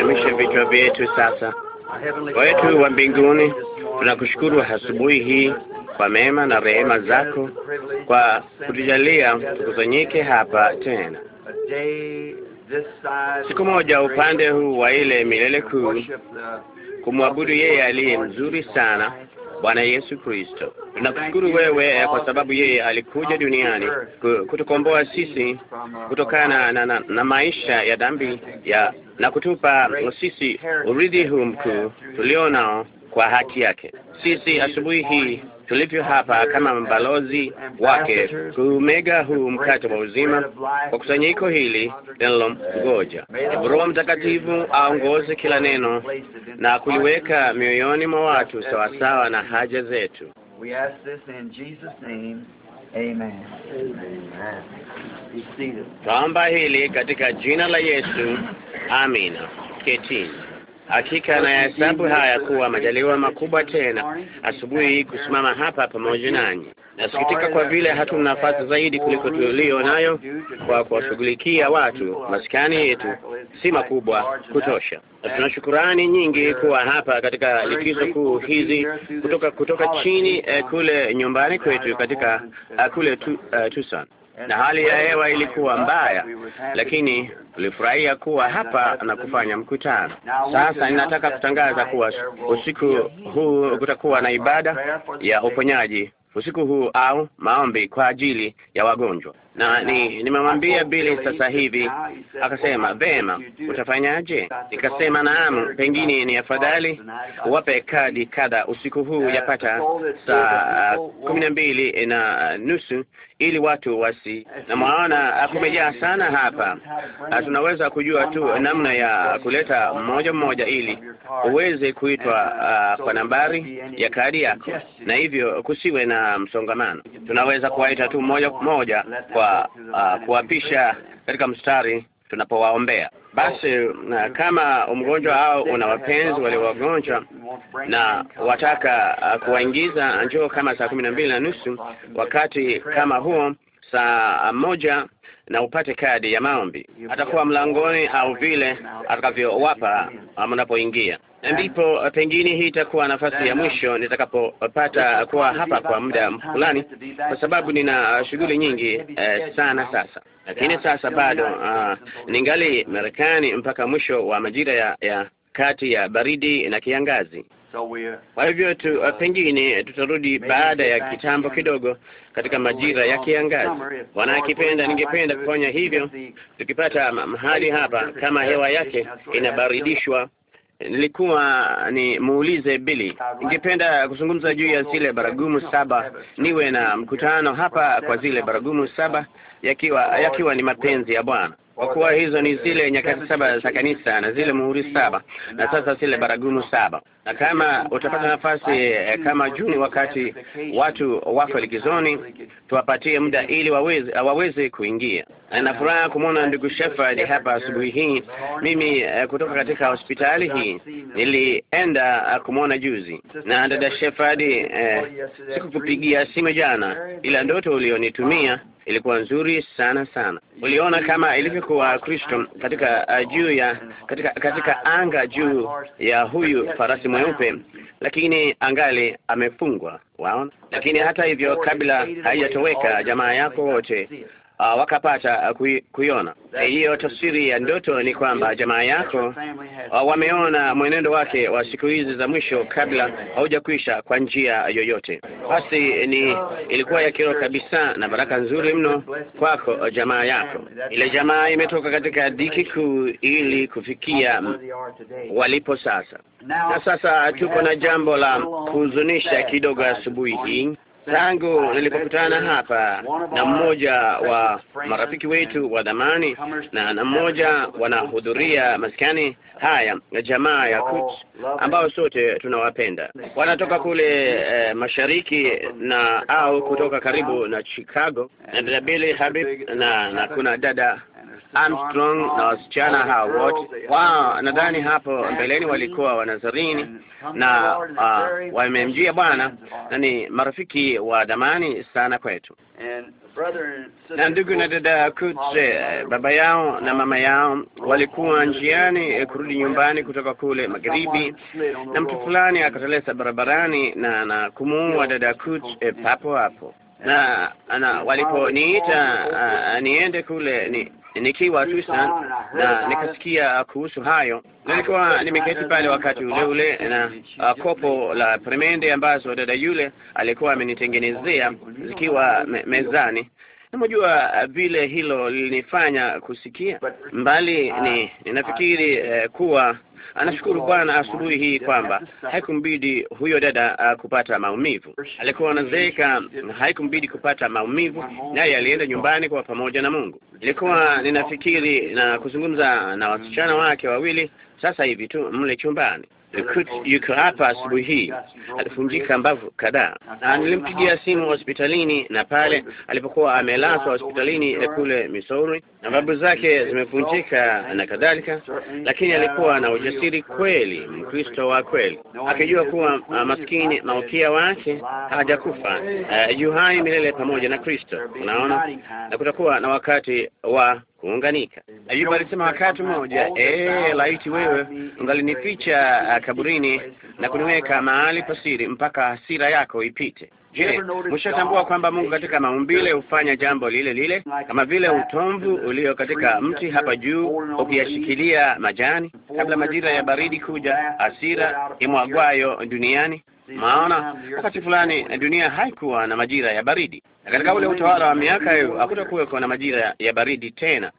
amisha vichwa vyetu sasa. Wetu wa mbinguni, tunakushukuru asubuhi hii kwa mema na rehema zako, kwa kutujalia tukusanyike hapa tena siku moja upande huu wa ile milele kuu, kumwabudu yeye aliye mzuri sana, Bwana Yesu Kristo. Tunakushukuru wewe kwa sababu yeye alikuja duniani kutukomboa sisi kutokana na, na, na, na maisha ya dhambi ya na kutupa sisi urithi huu mkuu nao kwa haki yake. Sisi asubuhi hii tulivyo hapa kama mabalozi wake kuumega huu mkate wa uzima kwa kusanyiko hili linalomgoja. Roho Mtakatifu aongoze kila neno na kuliweka mioyoni mwa watu sawasawa na haja zetu. twaomba hili katika jina la Yesu. Amina. Ketini. Hakika anayahesabu haya kuwa majaliwa makubwa tena asubuhi kusimama hapa pamoja nanyi. Nasikitika kwa vile hatuna nafasi zaidi kuliko tulio nayo kwa kuwashughulikia watu. Maskani yetu si makubwa kutosha. Tuna shukurani nyingi kuwa hapa katika likizo kuu hizi kutoka kutoka chini eh, kule nyumbani kwetu katika eh, kule tu, eh, Tucson na hali ya hewa ilikuwa mbaya, lakini Tulifurahia kuwa hapa na kufanya mkutano. Sasa ninataka kutangaza kuwa usiku huu kutakuwa na ibada ya uponyaji usiku huu au maombi kwa ajili ya wagonjwa, na ni nimemwambia Bili sasa hivi. Akasema vema, utafanyaje? Nikasema naamu pengine ni afadhali uwape kadi kadha usiku huu yapata saa kumi na mbili na nusu ili watu wasi na maana kumejaa sana hapa. Tunaweza kujua tu namna ya kuleta mmoja mmoja, ili uweze kuitwa uh, kwa nambari ya kadi yako, na hivyo kusiwe na msongamano. Tunaweza kuwaita tu mmoja mmoja kwa uh, kuwapisha katika mstari tunapowaombea. Basi kama mgonjwa au una wapenzi wale wagonjwa na wataka uh, kuwaingiza, njoo kama saa kumi na mbili na nusu wakati kama huo, saa moja na upate kadi ya maombi. Atakuwa mlangoni au vile atakavyowapa uh, mnapoingia ndipo uh, pengine hii itakuwa nafasi ya mwisho nitakapopata kuwa hapa kwa muda fulani, kwa sababu nina uh, shughuli nyingi eh, sana sasa. Lakini sasa bado uh, ningali Marekani mpaka mwisho wa majira ya, ya kati ya baridi na kiangazi. Kwa hivyo tu, pengine tutarudi baada ya kitambo kidogo, katika majira ya kiangazi. Bwana akipenda, ningependa kufanya hivyo tukipata um, mahali hapa, kama hewa yake inabaridishwa nilikuwa ni muulize Billy, ningependa kuzungumza juu ya zile baragumu saba. Niwe na mkutano hapa kwa zile baragumu saba, yakiwa yakiwa ni mapenzi ya Bwana, kwa kuwa hizo ni zile nyakati saba za kanisa na zile muhuri saba na sasa zile baragumu saba na kama utapata nafasi eh, kama Juni, wakati watu wako likizoni, tuwapatie muda ili waweze, waweze kuingia. Eh, na furaha kumwona ndugu Shepherd hapa asubuhi hii. Mimi eh, kutoka katika hospitali hii nilienda kumwona juzi, na dada Shepherd, eh, sikukupigia simu jana, ila ndoto ulionitumia ilikuwa nzuri sana sana. Uliona kama ilivyokuwa Kristo katika uh, juu ya katika, katika anga juu ya huyu farasi mweupe, lakini angali amefungwa. Waona, lakini hata hivyo, kabla haijatoweka, jamaa yako wote uh, wakapata uh, kuiona eh, hiyo. Tafsiri ya ndoto ni kwamba jamaa yako uh, wameona mwenendo wake wa siku hizi za mwisho kabla haujakwisha kwa njia yoyote. Basi ni ilikuwa ya kiroho kabisa na baraka nzuri mno kwako jamaa yako. Ile jamaa imetoka katika dhiki kuu ili kufikia walipo sasa, na sasa tuko na jambo la kuhuzunisha kidogo asubuhi hii tangu nilipokutana hapa na mmoja wa marafiki wetu wa dhamani na na mmoja wanahudhuria maskani haya, jamaa ya Kut ambao sote tunawapenda, wanatoka kule eh, mashariki na au kutoka karibu na Chicago, na dada Billy Habib na, na kuna dada Armstrong na wasichana hao wote wao, nadhani hapo mbeleni walikuwa Wanazarini na uh, wamemjia Bwana na ni marafiki wa damani sana kwetu. Na ndugu na dada Kutse, eh, baba yao na mama yao walikuwa njiani eh, kurudi nyumbani kutoka kule magharibi, na mtu fulani akateleza barabarani na na kumuua dada Kutse eh, papo hapo na, na waliponiita ah, niende kule ni nikiwa Tucson na nikasikia kuhusu hayo, na nilikuwa nimeketi pale wakati ule ule na uh, kopo la premende ambazo dada yule alikuwa amenitengenezea zikiwa me mezani. Namojua vile hilo lilinifanya kusikia mbali, ni ninafikiri uh, kuwa Anashukuru Bwana asubuhi hii kwamba haikumbidi huyo dada uh, kupata maumivu. Alikuwa anazeeka, haikumbidi kupata maumivu, naye alienda nyumbani kwa pamoja na Mungu. Nilikuwa ninafikiri na kuzungumza na wasichana wake wawili sasa hivi tu mle chumbani yuko hapa asubuhi hii, alifunjika mbavu kadhaa. Nilimpigia simu hospitalini na pale alipokuwa amelazwa hospitalini kule Missouri, na mbavu zake zimevunjika na kadhalika, lakini alikuwa na ujasiri kweli, Mkristo wa kweli, akijua kuwa uh, maskini na wake hajakufa, uh, yu hai milele pamoja na Kristo. Unaona, na kutakuwa na wakati wa kuunganika. Ayubu alisema wakati mmoja, ee, laiti wewe ungalinificha ah, kaburini na kuniweka mahali pasiri mpaka hasira yako ipite. Je, mshatambua kwamba Mungu katika maumbile hufanya jambo lile lile, kama vile utomvu ulio katika mti hapa juu ukiyashikilia majani kabla majira ya baridi kuja, hasira imwagwayo duniani maana um, wakati fulani dunia haikuwa na majira ya baridi, na katika ule utawala wa miaka hiyo hakutakuweko na majira ya baridi tena.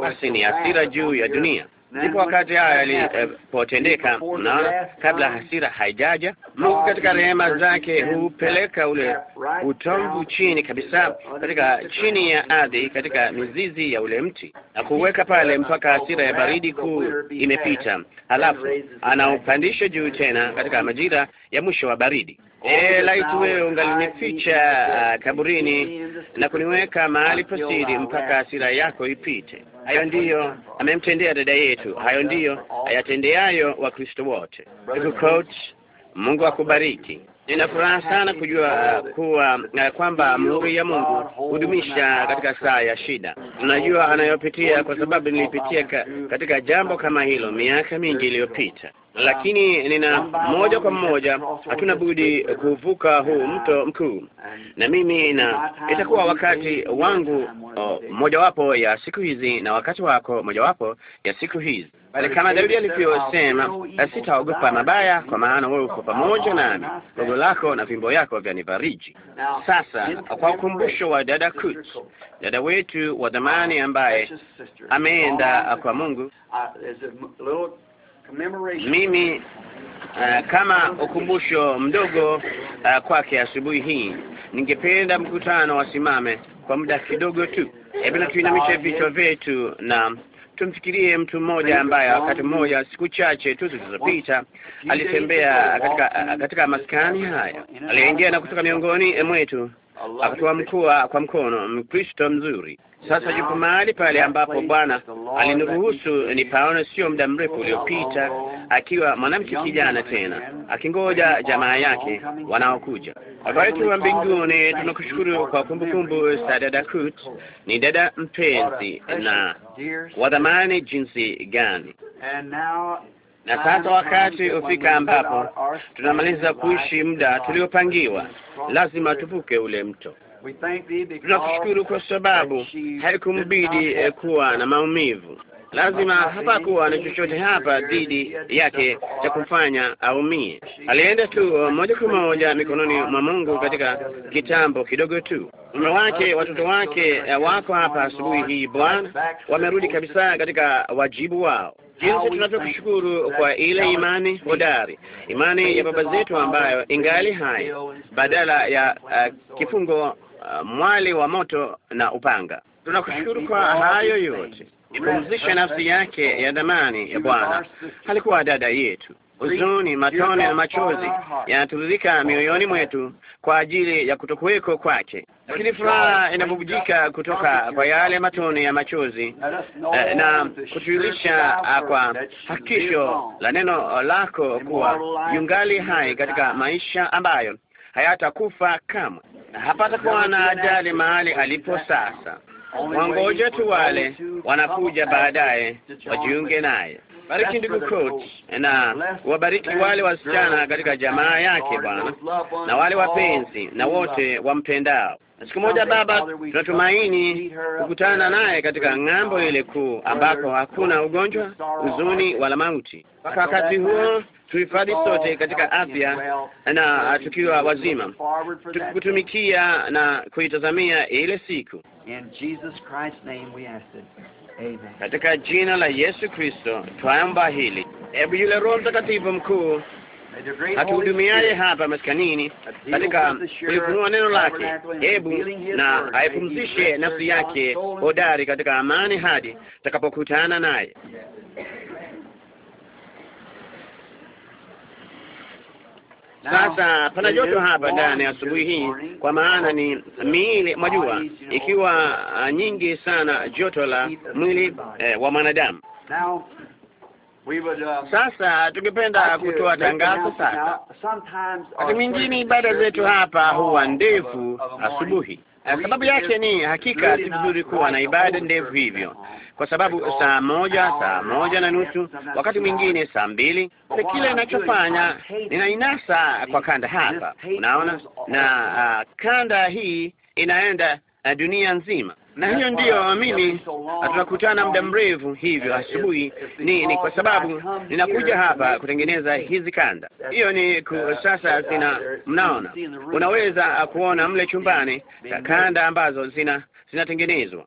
Basi ni hasira juu ya dunia, Ndipo wakati haya yalipotendeka, na kabla hasira haijaja, Mungu katika rehema zake hupeleka ule utomvu chini kabisa, katika chini ya ardhi, katika mizizi ya ule mti na kuweka pale mpaka hasira ya baridi kuu imepita, halafu anaupandisha juu tena katika majira ya mwisho wa baridi. Eh, laiti wewe ungalinificha eh, kaburini na kuniweka mahali pasiri mpaka hasira yako ipite. Hayo ndiyo amemtendea dada yetu, hayo ndiyo ayatendeayo Wakristo wote. Ndugu Mungu akubariki. Nina furaha sana kujua kuwa eh, kwamba muhuri ya Mungu hudumisha katika saa ya shida. Unajua anayopitia kwa sababu nilipitia ka, katika jambo kama hilo miaka mingi iliyopita lakini nina moja kwa moja, hatuna budi kuvuka huu mto mkuu, na mimi na itakuwa wakati wangu oh, mojawapo ya siku hizi na wakati wako mojawapo ya siku hizi. Bali kama Daudi alivyosema, sitaogopa mabaya, kwa maana wewe uko pamoja nami, gogo lako na vimbo yako vyanifariji. Sasa kwa ukumbusho wa dada Kut, dada wetu wa dhamani ambaye ameenda kwa Mungu uh, mimi uh, kama ukumbusho mdogo uh, kwake asubuhi hii, ningependa mkutano wasimame kwa muda kidogo tu. Hebu na tuinamishe vichwa vyetu na tumfikirie mtu mmoja ambaye wakati mmoja siku chache tu zilizopita alitembea katika, katika maskani haya, aliingia na kutoka miongoni mwetu akiwamtua ah, kwa mkono Mkristo mzuri. Sasa yuko mahali pale ambapo Bwana aliniruhusu nipaone sio muda mrefu uliopita, oh, oh, oh. akiwa mwanamke kijana tena, akingoja jamaa yake wanaokuja. Baba yetu wa mbinguni, tunakushukuru kwa kumbukumbu za dada Kut. Ni dada mpenzi na wa jinsi gani! na sasa wakati ufika ambapo tunamaliza kuishi muda tuliopangiwa, lazima tuvuke ule mto. Tunakushukuru kwa sababu haikumbidi eh, kuwa na maumivu lazima hapakuwa na chochote hapa dhidi yake cha kufanya aumie. Alienda tu uh, moja kwa moja mikononi mwa Mungu katika kitambo kidogo tu. Mume wake, watoto wake uh, wako hapa asubuhi hii, Bwana, wamerudi kabisa katika wajibu wao. Jinsi tunavyokushukuru kwa ile imani hodari, imani ya baba zetu ambayo ingali hai badala ya uh, kifungo, uh, mwali wa moto na upanga. Tunakushukuru kwa hayo yote ipumzishe nafsi yake ya dhamani ya Bwana. Alikuwa dada yetu. Huzuni, matone na machozi yanatiririka mioyoni mwetu kwa ajili ya kutokuweko kwake, lakini furaha inabubujika kutoka kwa yale matone ya machozi eh, na kutuilisha ah, kwa hakikisho la neno lako kuwa yungali hai katika maisha ambayo hayatakufa kamwe na hapatakuwa na ajali mahali alipo sasa wangoja tu wale wanakuja baadaye wajiunge naye. Bariki ndugu Coates na wabariki wale wasichana katika jamaa yake Bwana, na wale wapenzi na wote wampendao. Siku moja Baba, tunatumaini kukutana naye katika ng'ambo ile kuu ambako hakuna ugonjwa, huzuni wala mauti. Mpaka wakati huo tuhifadhi sote katika afya na tukiwa wazima, tukikutumikia na kuitazamia ile siku. Katika jina la Yesu Kristo twaomba hili. Hebu yule Roho Mtakatifu mkuu atuhudumiaye hapa maskanini katika kulifunua neno lake, hebu na aipumzishe nafsi yake hodari katika amani hadi tutakapokutana naye. Sasa pana joto hapa ndani asubuhi hii, kwa maana ni miili, mwajua, ikiwa uh, nyingi sana joto la mwili eh, wa mwanadamu. Um, sasa tungependa kutoa tangazo sasa. Wakati mwingine ibada zetu hapa huwa ndefu asubuhi Eh, sababu yake ni hakika si vizuri kuwa na ibada ndefu hivyo, kwa sababu saa moja, saa moja na nusu, wakati mwingine saa mbili, na kile ninachofanya ninainasa kwa kanda hapa, unaona, na uh, kanda hii inaenda uh, dunia nzima na hiyo ndiyo mimi tunakutana muda mrefu hivyo asubuhi. Ni kwa sababu ninakuja hapa kutengeneza hizi kanda, hiyo ni sasa zina, mnaona, unaweza kuona mle chumbani kanda ambazo zina zinatengenezwa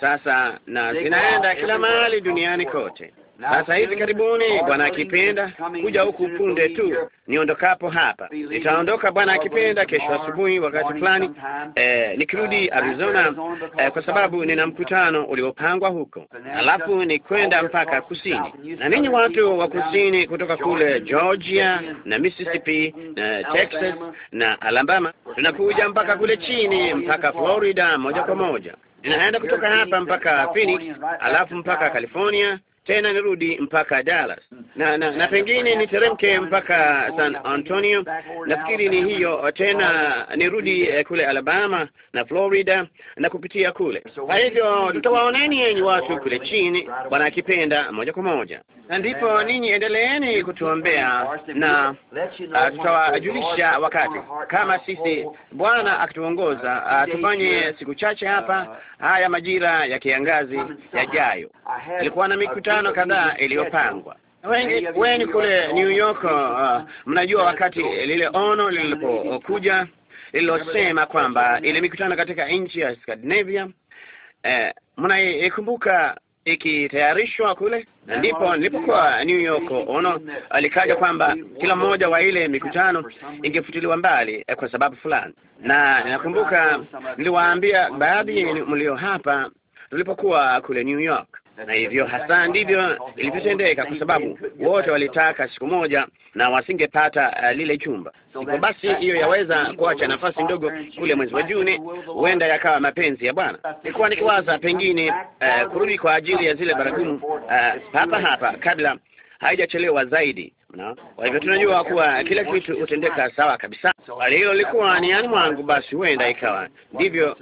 sasa na zinaenda kila mahali duniani kote. Sasa hivi karibuni, Bwana akipenda, kuja huku punde tu niondokapo hapa. Nitaondoka Bwana akipenda kesho asubuhi wakati fulani, eh, nikirudi uh, Arizona, eh, kwa sababu nina mkutano uliopangwa huko, alafu ni kwenda mpaka kusini, na ninyi watu wa kusini kutoka kule Georgia na Mississippi na Texas na Alabama, tunakuja mpaka kule chini mpaka Florida moja kwa moja. Ninaenda kutoka hapa mpaka Phoenix, alafu mpaka California tena nirudi mpaka Dallas na na, na pengine niteremke mpaka San Antonio. Nafikiri ni hiyo tena, nirudi eh, kule Alabama na Florida na kupitia kule. Kwa hivyo tutawaoneni yenyi watu kule chini, Bwana akipenda, moja kwa moja, na ndipo ninyi endeleeni kutuombea na uh, tutawajulisha wakati kama sisi Bwana akituongoza, uh, tufanye siku chache hapa haya majira ya kiangazi yajayo. Ilikuwa na mikutano mikutano kadhaa iliyopangwa wengi wengi kule New York. Uh, mnajua wakati lile ono lilipokuja lililosema kwamba ile mikutano katika nchi ya Scandinavia, eh, mnaikumbuka ikitayarishwa kule, na ndipo nilipokuwa New York, ono alikaja kwamba kila mmoja wa ile mikutano ingefutiliwa mbali eh, kwa sababu fulani, na nakumbuka niliwaambia baadhi mlio hapa tulipokuwa kule New York na hivyo hasa ndivyo ilivyotendeka, kwa sababu wote walitaka siku moja na wasingepata uh, lile chumba. Hivyo basi, hiyo yaweza kuacha nafasi ndogo kule mwezi wa Juni, huenda yakawa mapenzi ya Bwana. Nilikuwa nikiwaza pengine uh, kurudi kwa ajili ya zile baragumu uh, hapa hapa kabla haijachelewa zaidi na kwa hivyo tunajua kuwa kila kitu hutendeka sawa kabisa. Bali hilo lilikuwa yani mwangu, basi huenda ikawa ndivyo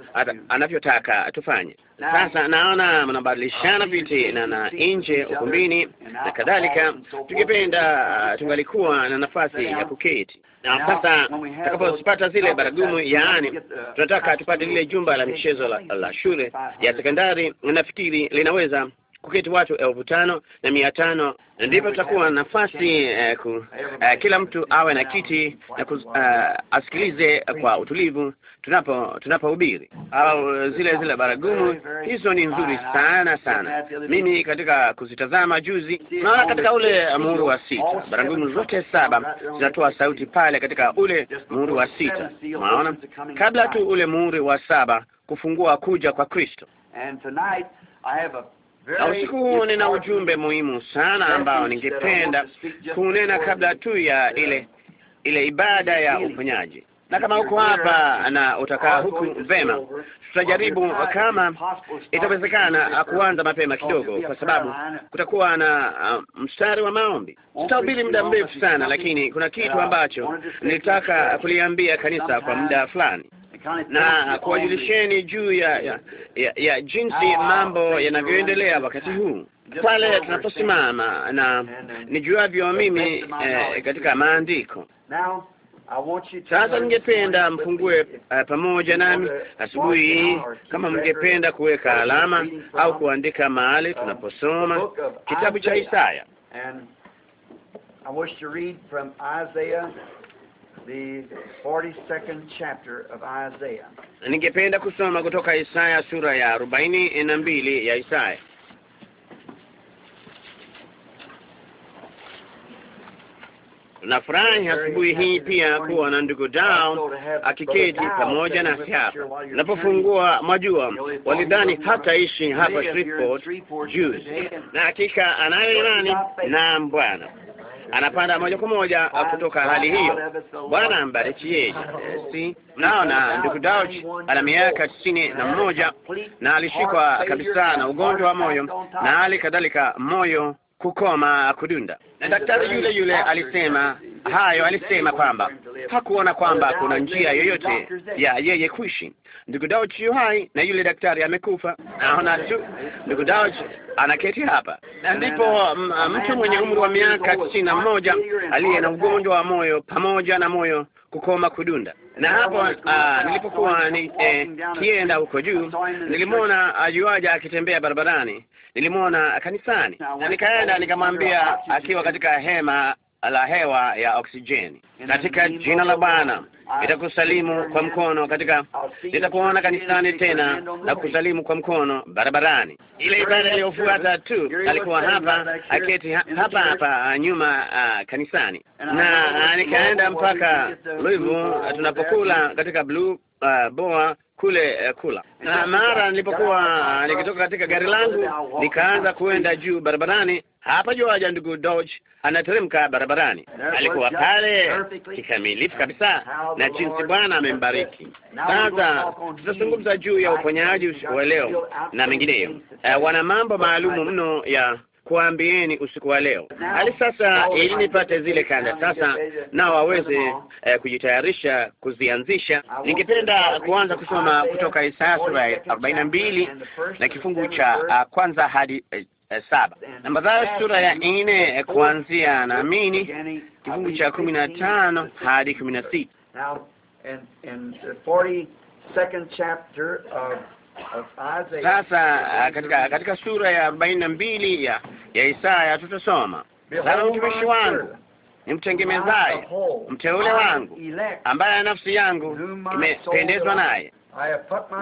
anavyotaka tufanye. Sasa naona mnabadilishana viti na na nje ukumbini na kadhalika. Tungependa uh, tungalikuwa na nafasi ya kuketi, na sasa tutakapopata zile baragumu, yaani tunataka tupate lile jumba la michezo la, la shule ya sekondari, nafikiri linaweza kuketi watu elfu tano na mia tano ndipo tutakuwa nafasi eh, ku, eh, kila mtu awe na kiti na kuz, uh, eh, asikilize kwa utulivu tunapo tunapohubiri au zile zile baragumu hizo ni nzuri sana sana. Mimi katika kuzitazama juzi, naona katika ule muhuri wa sita baragumu zote saba zinatoa sauti pale katika ule muhuri wa sita, unaona, kabla tu ule muhuri wa saba kufungua kuja kwa Kristo na usiku huu nina ujumbe muhimu sana ambao ningependa kunena kabla tu ya ile ile ibada ya uponyaji, na kama uko hapa na utakaa huku vema, tutajaribu kama itawezekana kuanza mapema kidogo, kwa sababu kutakuwa na uh, mstari wa maombi. Tutahubiri muda mrefu sana, lakini kuna kitu ambacho nilitaka kuliambia kanisa kwa muda fulani na kuwajulisheni juu ya ya, ya, ya jinsi ah, mambo yanavyoendelea wakati huu pale tunaposimama na nijuavyo mimi eh, katika maandiko. Sasa ningependa mfungue uh, pamoja nami asubuhi hii, kama mngependa kuweka alama au kuandika mahali tunaposoma kitabu cha Isaya. Ningependa kusoma kutoka Isaya sura ya arobaini na mbili ya Isaya. Nafurahi asubuhi hii pia kuwa na ndugu Down akiketi pamoja na hapa. Napofungua majua, walidhani hataishi hapa Shreveport juzi, na hakika anayo imani na Bwana anapanda moja kwa moja kutoka hali hiyo. Bwana ambariki yeye. Si mnaona, ndugu Dauch ana miaka tisini na mmoja na alishikwa kabisa na ugonjwa wa moyo na hali kadhalika moyo kukoma kudunda. Na daktari yule yule alisema hayo, alisema kwamba hakuona kwamba kuna njia yoyote ya yeye kuishi. Ndugu Dauch yu hai na yule daktari amekufa. Naona tu ndugu Dauch anaketi hapa, na ndipo mm, mtu mwenye umri wa miaka tisini na mmoja aliye na ugonjwa wa moyo pamoja na moyo kukoma kudunda na hapo ah, nilipokuwa nikienda eh, huko juu nilimwona ajuaja akitembea barabarani, nilimwona kanisani na nikaenda nikamwambia, akiwa katika hema la hewa ya oksijeni. Katika jina la Bwana nitakusalimu kwa mkono katika, nitakuona kanisani tena na kusalimu kwa mkono barabarani. Ile ibada iliyofuata tu alikuwa hapa aketi hapa hapa ah, nyuma uh, kanisani, na ah, nikaenda mpaka Louisville tunapokula katika blue uh, boa kule uh, kula na mara nilipokuwa uh, nikitoka katika gari langu nikaanza kuenda juu barabarani hapa Georgia, ndugu Dodge anateremka barabarani, alikuwa pale kikamilifu kabisa, na jinsi Bwana amembariki. Sasa tutazungumza juu ya uponyaji usiku wa leo na mengineyo. Uh, wana mambo maalumu mno ya kuambieni usiku wa leo. Hali sasa, ili nipate zile kanda sasa, nao waweze eh, kujitayarisha kuzianzisha. Ningependa kuanza kusoma kutoka Isaya sura ya arobaini na mbili na kifungu cha uh, kwanza hadi uh, saba na Mathayo sura ya nne eh, kuanzia naamini kifungu cha kumi na tano hadi kumi na sita. Sasa katika katika sura ya arobaini na mbili ya ya Isaya tutasoma sana mtumishi wangu mtengemezaye, mteule wangu ambaye nafsi yangu imependezwa naye,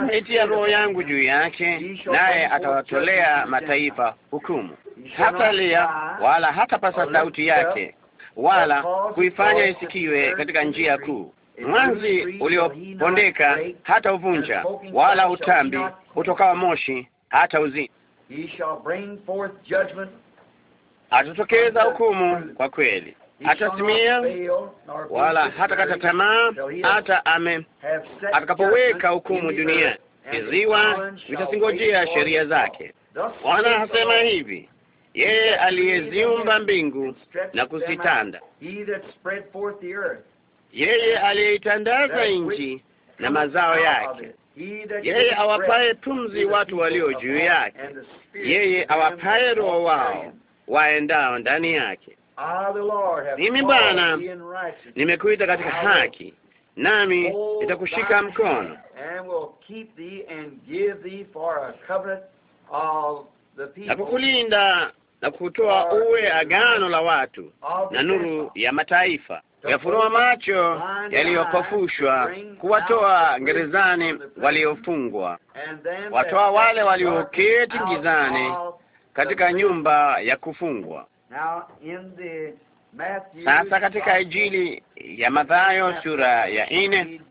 naitia roho yangu juu yake, naye atawatolea mataifa hukumu. Hata lia wala hata pasa sauti yake, wala kuifanya isikiwe katika njia kuu, mwanzi uliopondeka hata uvunja, wala utambi utokao moshi hata uzi. Atatokeza hukumu kwa kweli, atasimia wala kata tamaa, hata ame atakapoweka hukumu duniani. Viziwa vitasingojea sheria zake. Bwana hasema hivi, yeye aliyeziumba mbingu na kuzitanda yeye aliyeitandaza nchi na mazao yake, yeye awapaye pumzi watu walio juu yake, yeye awapaye roho wao waendao ndani yake. Ah, Mimi Bwana nimekuita katika haki, nami nitakushika mkono na kukulinda na kutoa uwe agano la watu na nuru ya mataifa yafunua macho yaliyopofushwa, kuwatoa gerezani waliofungwa, watoa wale walioketi gizani katika nyumba ya kufungwa. Sasa katika Injili ya Mathayo sura ya nne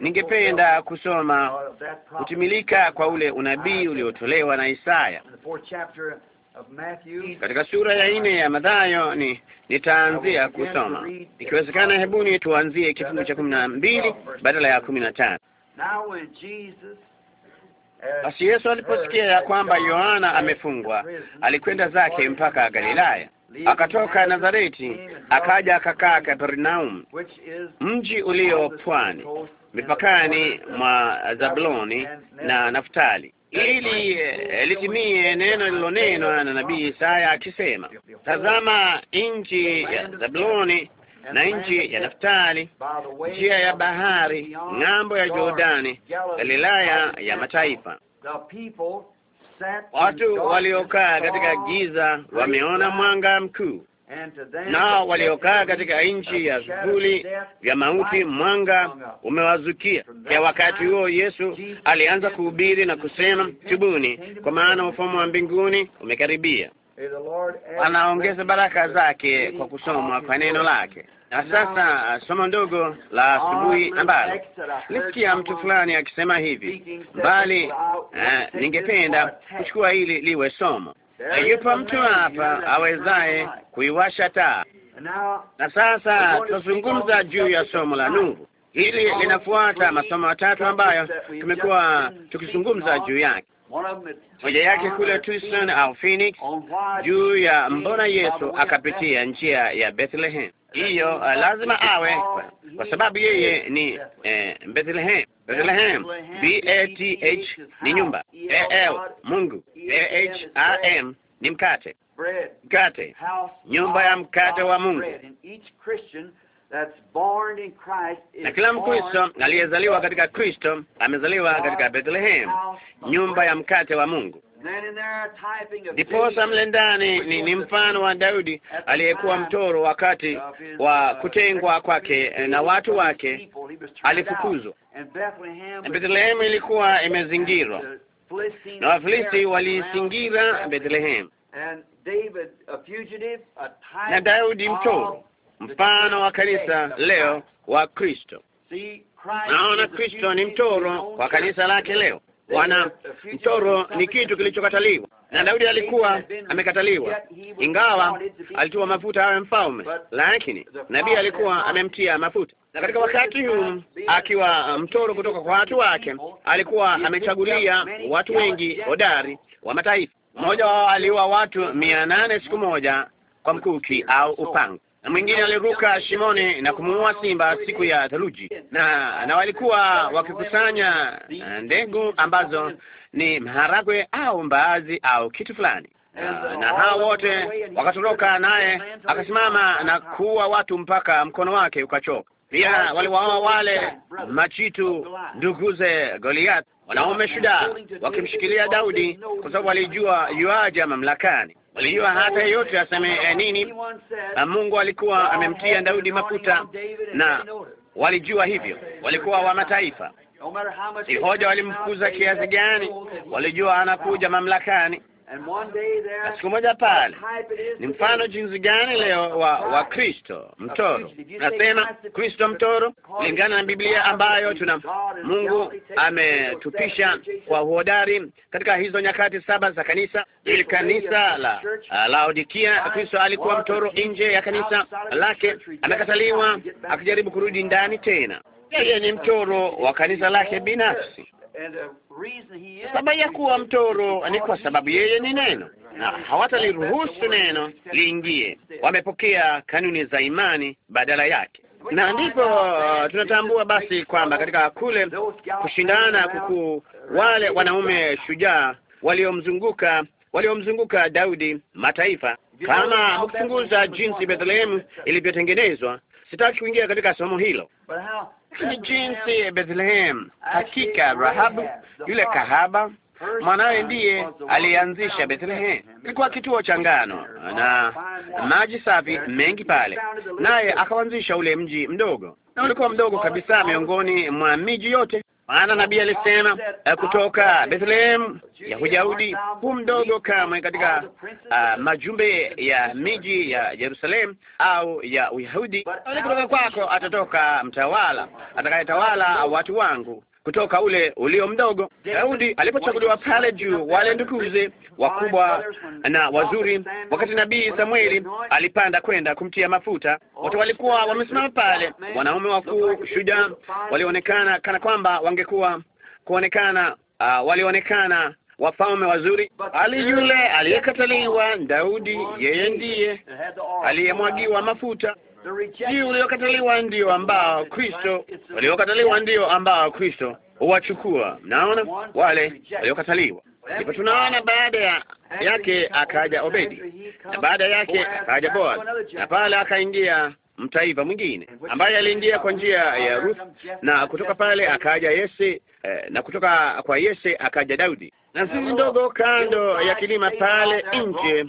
ningependa kusoma kutimilika kwa ule unabii uliotolewa na Isaya katika sura ya nne ya Mathayo. Ni nitaanzia kusoma, ikiwezekana, hebuni tuanzie kifungu cha kumi na mbili badala ya kumi na tano. Uh, Basi Yesu aliposikia ya kwamba Yohana amefungwa, alikwenda zake mpaka Galilaya, akatoka Nazareti akaja akakaa Kapernaum, mji ulio pwani mipakani mwa Zabuloni na Naftali, ili eh, litimie neno lilonenwa na nabii Isaya akisema, tazama nchi ya Zabuloni na nchi ya Naftali, njia ya bahari, ng'ambo ya Jordani, Galilaya ya mataifa. Watu waliokaa katika giza wameona mwanga mkuu, na waliokaa katika nchi ya vivuli vya mauti, mwanga umewazukia. Ya wakati huo Yesu alianza kuhubiri na kusema, tubuni, kwa maana ufalme wa mbinguni umekaribia. Anaongeza baraka zake kwa kusomwa kwa neno lake. Na sasa somo ndogo la asubuhi ambalo nilisikia mtu fulani akisema hivi, bali uh, ningependa kuchukua hili liwe somo hayupo mtu hapa awezaye kuiwasha taa. Na sasa tunazungumza juu ya somo la nuru. Hili linafuata masomo matatu ambayo tumekuwa tukizungumza juu yake moja yake kule Tucson au Phoenix, juu ya mbona Yesu akapitia njia ya Bethlehem. Hiyo uh, lazima awe kwa, kwa sababu yeye ni eh, Bethlehem. Bethlehem, B A T H ni nyumba, A e L Mungu, A H I M ni mkate, mkate, nyumba ya mkate wa Mungu na kila Mkristo aliyezaliwa katika Kristo amezaliwa katika Bethlehem, nyumba ya mkate wa Mungu. Ndiposa mle ndani ni, ni mfano wa Daudi aliyekuwa mtoro wakati wa uh, kutengwa kwake na watu wake, alifukuzwa. Bethlehemu ilikuwa imezingirwa na Wafilisti, waliisingira Bethlehemu na Daudi mtoro mfano wa kanisa leo wa Kristo. Naona Kristo ni mtoro kwa kanisa lake leo. Wana mtoro ni kitu kilichokataliwa, na Daudi alikuwa amekataliwa, ingawa alitiwa mafuta awe mfalme, lakini nabii alikuwa amemtia mafuta. Na katika wakati huu akiwa uh, mtoro kutoka kwa watu wake, alikuwa amechagulia watu wengi hodari wa mataifa. Mmoja wao aliua watu mia nane siku moja kwa mkuki au upanga na mwingine aliruka shimoni na kumuua simba siku ya theluji, na na walikuwa wakikusanya eh, ndegu ambazo ni maharagwe au mbaazi au kitu fulani, ah, na hao wote wakatoroka, naye akasimama na kuua watu mpaka mkono wake ukachoka. Pia waliwaoa wale machitu nduguze Goliath, wanaume shujaa wakimshikilia Daudi kwa sababu walijua yuaja mamlakani. Unajua hata yeyote aseme eh, nini, Mungu alikuwa amemtia Daudi mafuta, na walijua hivyo, walikuwa wa mataifa. Si hoja walimfukuza kiasi gani, walijua anakuja mamlakani na siku moja pale, ni mfano jinsi gani leo wa wa Kristo mtoro. Nasema Kristo mtoro kulingana na Biblia ambayo tuna Mungu ametupisha kwa uhodari katika hizo nyakati saba za kanisa. Ili kanisa la Laodikia, Kristo alikuwa mtoro nje ya kanisa lake, amekataliwa akijaribu kurudi ndani tena. Yeye ni mtoro wa kanisa lake binafsi. Sababu ya kuwa mtoro ni kwa sababu yeye ni neno, na hawataliruhusu neno liingie. Wamepokea kanuni za imani badala yake, na ndipo uh, tunatambua basi kwamba katika kule kushindana kukuu, wale wanaume shujaa waliomzunguka waliomzunguka Daudi, mataifa kama hukuchunguza jinsi Bethlehemu ilivyotengenezwa sitaki kuingia katika somo hilo, lakini jinsi Bethlehem, hakika Rahabu yule kahaba mwanawe ndiye alianzisha Bethlehem. Ilikuwa kituo cha ngano na maji safi mengi pale, naye akaanzisha ule mji mdogo, na ulikuwa mdogo kabisa miongoni mwa miji yote maana nabii alisema eh, kutoka Bethlehem ya Uyahudi, hu mdogo kamwe katika uh, majumbe ya miji ya Yerusalemu au ya Uyahudi, lakini kutoka kwako atatoka mtawala atakayetawala watu wangu kutoka ule ulio mdogo. Daudi alipochaguliwa pale juu, wale ndukuze wakubwa na wazuri, wakati nabii Samueli alipanda kwenda kumtia mafuta, watu walikuwa wamesimama pale, wanaume wakuu, shujaa, walionekana kana kwamba wangekuwa kuonekana, uh, walionekana wafalme wazuri. Ali yule aliyekataliwa, Daudi, yeye ndiye aliyemwagiwa mafuta si uliokataliwa ndio ambao Kristo, waliokataliwa ndio ambao Kristo huwachukua. Mnaona wale waliokataliwa. Ndipo tunaona baada ya yake akaja Obedi, na baada yake akaja Boaz, na pale akaingia mtaifa mwingine ambaye aliingia kwa njia ya Ruth, na kutoka pale akaja Yese Eh, na kutoka kwa Yese akaja Daudi na zizi ndogo kando ya kilima pale nje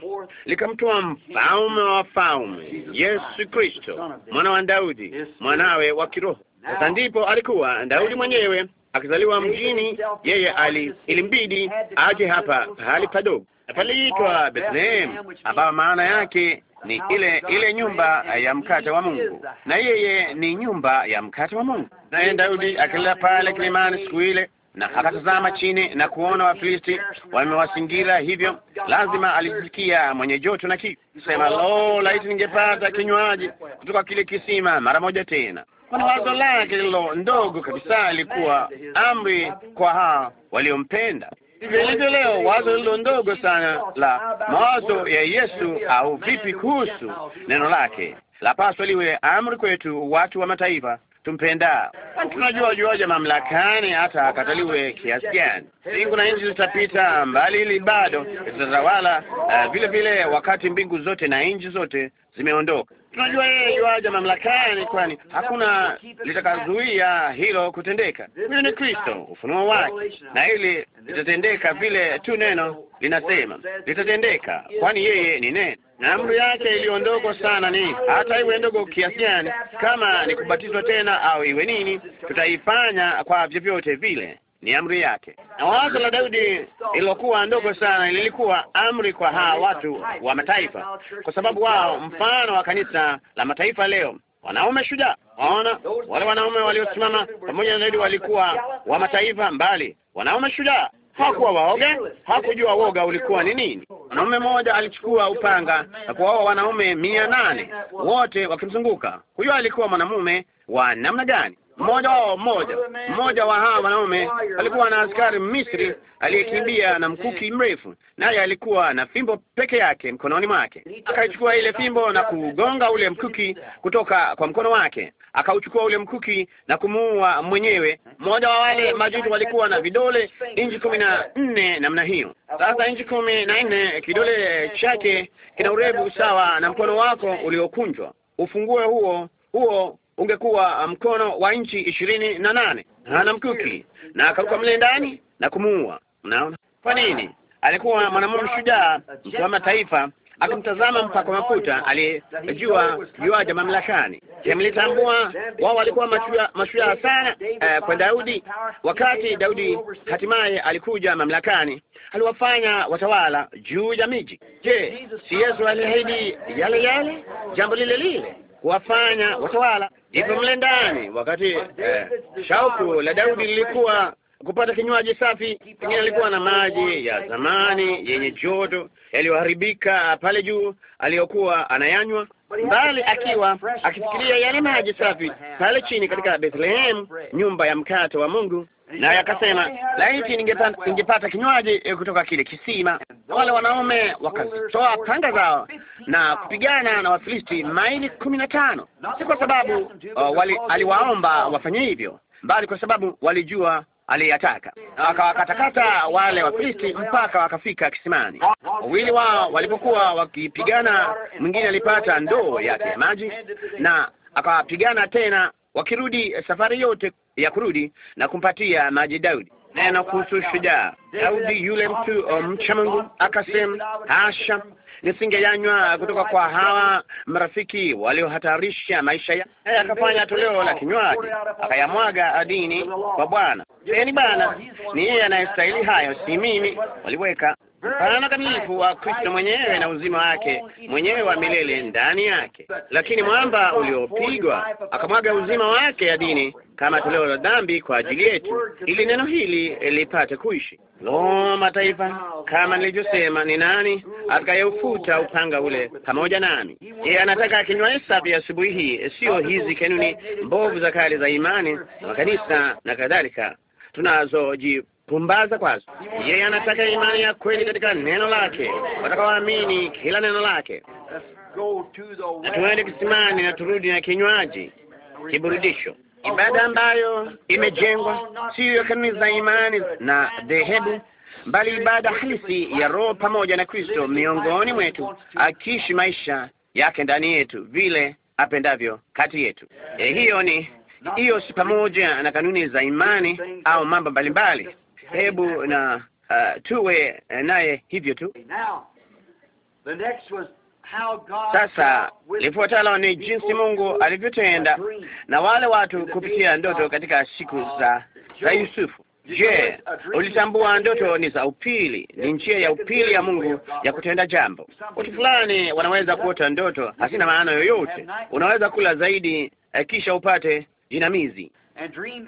likamtoa mfalme wa wafalme Yesu Kristo mwana wa Daudi mwanawe wa kiroho. Sasa ndipo alikuwa Daudi mwenyewe akizaliwa mjini, yeye ali- ilimbidi aje hapa pahali padogo paliitwa Bethlehem, ambayo maana yake ni ile ile nyumba ya mkate wa Mungu, na yeye ni nyumba ya mkate wa Mungu. Naye Daudi akilala pale kilimani siku ile na akatazama chini na kuona Wafilisti wamewasingira, hivyo lazima alisikia mwenye joto na kiu kusema, lo, laiti ningepata kinywaji kutoka kile kisima mara moja tena. Kwani wazo lake lilo ndogo kabisa ilikuwa amri kwa hao waliompenda vilivyo leo, wazo lilo ndogo sana la mawazo ya Yesu au vipi kuhusu neno lake, paswa liwe amri kwetu watu wa mataifa tumpenda. Tunajua juaja mamlakani, hata akataliwe kiasi gani, mbingu na nchi zitapita, mbali hili bado litatawala. Uh, vile vile wakati mbingu zote na nchi zote zimeondoka, tunajua yeye yuaja mamlakani, kwani hakuna litakazuia hilo kutendeka. Huyo ni Kristo, ufunuo wake, na hili litatendeka vile tu neno linasema litatendeka, kwani yeye ni neno, na amri yake iliyo ndogo sana ni hata iwe ndogo kiasi gani, kama ni kubatizwa tena au iwe nini, tutaifanya kwa vyovyote vile ni amri yake. Na wazo la Daudi lililokuwa ndogo sana lilikuwa amri kwa hawa watu wa mataifa, kwa sababu wao mfano wa kanisa la mataifa leo, wanaume shujaa. Waona wale wanaume waliosimama pamoja na Daudi walikuwa wa mataifa mbali, wanaume shujaa hakuwa waoga, hakujua woga ulikuwa ni nini. Mwanaume mmoja alichukua upanga na kuwaua wanaume mia nane wote wakimzunguka. Huyo alikuwa mwanamume wa namna gani? mmoja wao, mmoja mmoja wa hawa wanaume alikuwa na askari Misri aliyekimbia na mkuki mrefu, naye alikuwa na fimbo peke yake mkononi mwake. Akaichukua ile fimbo na kuugonga ule mkuki kutoka kwa mkono wake, akauchukua ule mkuki na kumuua mwenyewe. Mmoja wa wale majuto walikuwa na vidole inchi kumi na nne namna hiyo. Sasa inchi kumi na nne kidole chake kina urefu sawa na mkono wako uliokunjwa. Ufungue huo huo ungekuwa uh, mkono wa nchi ishirini na nane. Hana mkuki na akaruka mle ndani na kumuua. Unaona kwa nini? Alikuwa mwanamume shujaa, mtu wa mataifa, akimtazama mpaka mafuta aliyejua viwaja mamlakani. Je, mlitambua wao walikuwa mashujaa mashujaa sana eh, kwa Daudi. Wakati Daudi hatimaye alikuja mamlakani, aliwafanya watawala juu ya miji. Je, si Yesu aliahidi yale yale, jambo lile lile? kuwafanya watawala. Ndipo mle ndani, wakati eh, shauku la Daudi lilikuwa kupata kinywaji safi. Pengine alikuwa na maji ya zamani yenye joto yaliyoharibika pale juu aliyokuwa anayanywa, bali akiwa akifikiria yale maji safi pale chini katika Bethlehem, nyumba ya mkate wa Mungu, naye akasema, laiti ningepata, kinywaji eh, kutoka kile kisima. Wale wanaume wakazitoa panga zao na kupigana na Wafilisti maili kumi na tano, si kwa sababu uh, wali, aliwaomba wafanye hivyo, bali kwa sababu walijua aliyataka, akawakatakata wale Wafilisti mpaka wakafika kisimani. Wawili wao walipokuwa wakipigana, mwingine alipata ndoo yake ya maji na akawapigana tena, wakirudi safari yote ya kurudi na kumpatia maji Daudi. Neno kuhusu shujaa Daudi, yule mtu mcha um, Mungu, akasema, hasha, nisingeyanywa kutoka kwa hawa marafiki waliohatarisha maisha ya akafanya toleo la kinywaji akayamwaga adini kwa Bwana. Seni ee Bwana ni yeye anayestahili hayo, si mimi. Waliweka mfano kamilifu wa Kristo mwenyewe na uzima wake mwenyewe wa milele ndani yake. Lakini mwamba uliopigwa akamwaga uzima wake ya dini kama toleo la dhambi kwa ajili yetu, ili neno hili lipate kuishi. Lo, mataifa! Kama nilivyosema, ni nani atakayeufuta upanga ule pamoja nami? Yeye anataka kinywa safi asubuhi hii, sio hizi kanuni mbovu za kale za imani na makanisa na kadhalika tunazoji pumbaza kwazo. Yeye anataka imani ya kweli katika neno lake, watakaoamini kila neno lake. Natuende kisimani na turudi na kinywaji kiburudisho, ibada ambayo imejengwa siyo kanuni za imani na dhehebu, bali ibada halisi ya Roho pamoja na Kristo miongoni mwetu, akiishi maisha yake ndani yetu vile apendavyo kati yetu. E, hiyo ni hiyo si pamoja na kanuni za imani au mambo mbalimbali hebu na uh, tuwe naye hivyo tu. Sasa lifuatalo ni jinsi Mungu alivyotenda na wale watu kupitia ndoto katika siku uh, za za Yusufu. Je, ulitambua ndoto ni za upili? Ni njia ya upili ya Mungu ya kutenda jambo. Watu fulani wanaweza kuota ndoto hazina maana yoyote. Unaweza kula zaidi kisha upate jinamizi.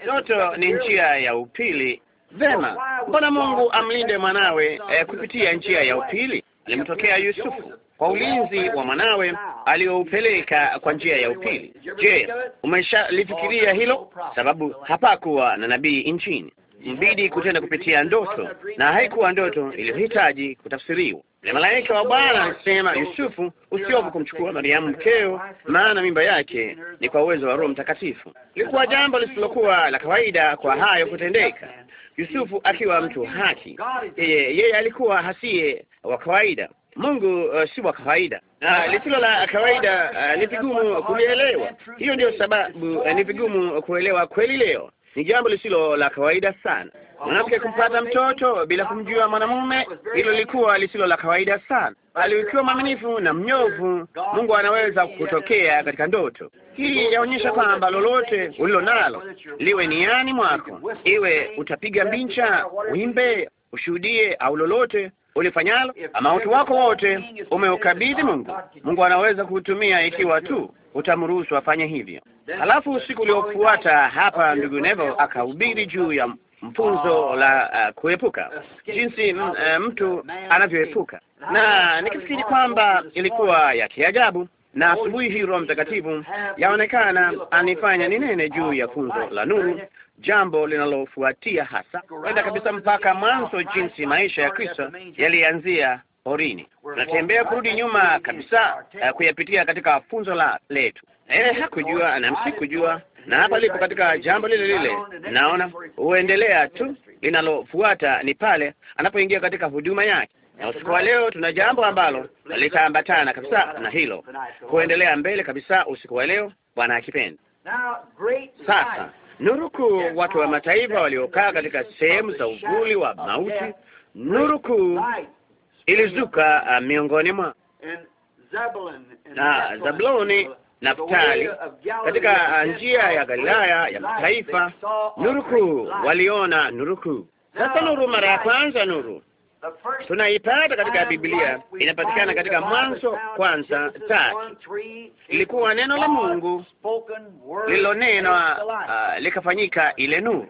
Ndoto ni njia ya upili Vema, mbona Mungu amlinde mwanawe eh, kupitia njia ya upili? Ilimtokea Yusufu kwa ulinzi wa mwanawe aliyoupeleka kwa njia ya upili. Je, umeshalifikiria hilo? Sababu hapakuwa na nabii nchini, mbidi kutenda kupitia ndoto, na haikuwa ndoto iliyohitaji kutafsiriwa. Malaika wa Bwana alisema, Yusufu, usiofu kumchukua Mariamu mkeo, maana mimba yake ni kwa uwezo wa Roho Mtakatifu. Ilikuwa jambo lisilokuwa la kawaida kwa hayo kutendeka. Yusufu akiwa mtu haki, yeye yeye alikuwa hasiye wa kawaida. Mungu uh, si wa kawaida na uh, lisilo la kawaida uh, ni vigumu kulielewa. Hiyo ndio sababu uh, ni vigumu kuelewa kweli leo. Ni jambo lisilo la kawaida sana mwanamke kumpata mtoto bila kumjua mwanamume, hilo lilikuwa lisilo la kawaida sana. Bali ukiwa mwaminifu na mnyovu Mungu anaweza kutokea katika ndoto. Hii inaonyesha kwamba lolote ulilo nalo, liwe ni yani mwako, iwe utapiga mbincha, uimbe, ushuhudie au lolote ulifanyalo, ama utu wako wote umeukabidhi Mungu. Mungu anaweza kuutumia ikiwa tu utamruhusu afanye hivyo. Halafu usiku uliofuata hapa, ndugu Nevo akahubiri juu ya mfunzo ah. la ah, uh, kuepuka jinsi uh, mtu anavyoepuka, ah, na nikifikiri kwamba ilikuwa ya kiajabu. Na asubuhi hii Roho Mtakatifu yaonekana anifanya ninene juu ya funzo la nuru, jambo linalofuatia hasa kwenda kabisa mpaka mwanzo, jinsi maisha ya Kristo yalianzia porini. Tunatembea kurudi nyuma kabisa, uh, kuyapitia katika funzo la letu. Eh, hakujua namsi kujua na hapa lipo katika jambo lile lile. Naona huendelea tu, linalofuata ni pale anapoingia katika huduma yake. Na usiku wa leo tuna jambo ambalo litaambatana kabisa na hilo, kuendelea mbele kabisa usiku wa leo, Bwana akipenda. Sasa nuruku, watu wa mataifa waliokaa katika sehemu za uvuli wa mauti, nuruku ilizuka uh, miongoni mwa na Zabuloni Naftali katika uh, njia ya Galilaya ya mataifa, nuru kuu, waliona nuru kuu. Sasa nuru mara ya kwanza, nuru tunaipata katika Biblia, inapatikana katika Mwanzo kwanza tatu. Ilikuwa neno la Mungu lililonenwa, uh, likafanyika ile nuru.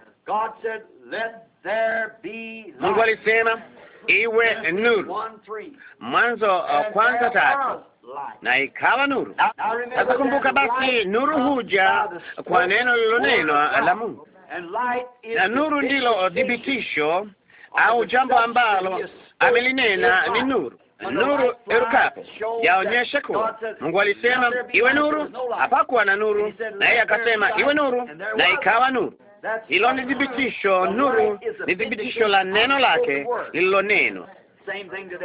Mungu alisema iwe nuru. Mwanzo wa kwanza tatu na ikawa nuru. Sasa kumbuka, basi nuru huja kwa neno lililonenwa la Mungu, na nuru ndilo thibitisho au jambo ambalo amelinena ni nuru. Nuru erukapo yaonyeshe kuwa Mungu alisema iwe nuru, hapakuwa na nuru, na yeye akasema iwe nuru, na ikawa nuru. Hilo ni dhibitisho, nuru ni dhibitisho la neno lake lililonenwa.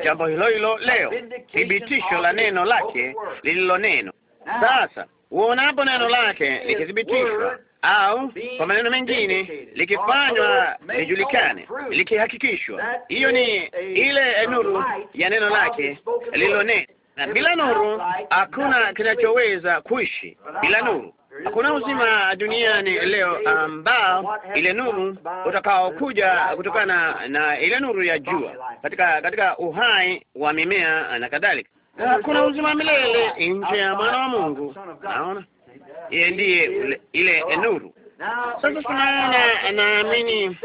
Jambo hilo hilo leo, thibitisho la neno lake lililonenwa. Sasa uonapo neno lake likithibitishwa au kwa maneno mengine likifanywa lijulikane, likihakikishwa, hiyo ni ile nuru ya neno lake lililonena Na bila nuru hakuna kinachoweza kuishi. Bila nuru Hakuna uzima duniani leo ambao ile nuru utakaokuja kutokana na ile nuru ya jua katika katika uhai wa mimea na kadhalika. Hakuna uzima milele nje ya mwana wa Mungu. Naona yeye ndiye ile nuru. Sasa tunaona, naamini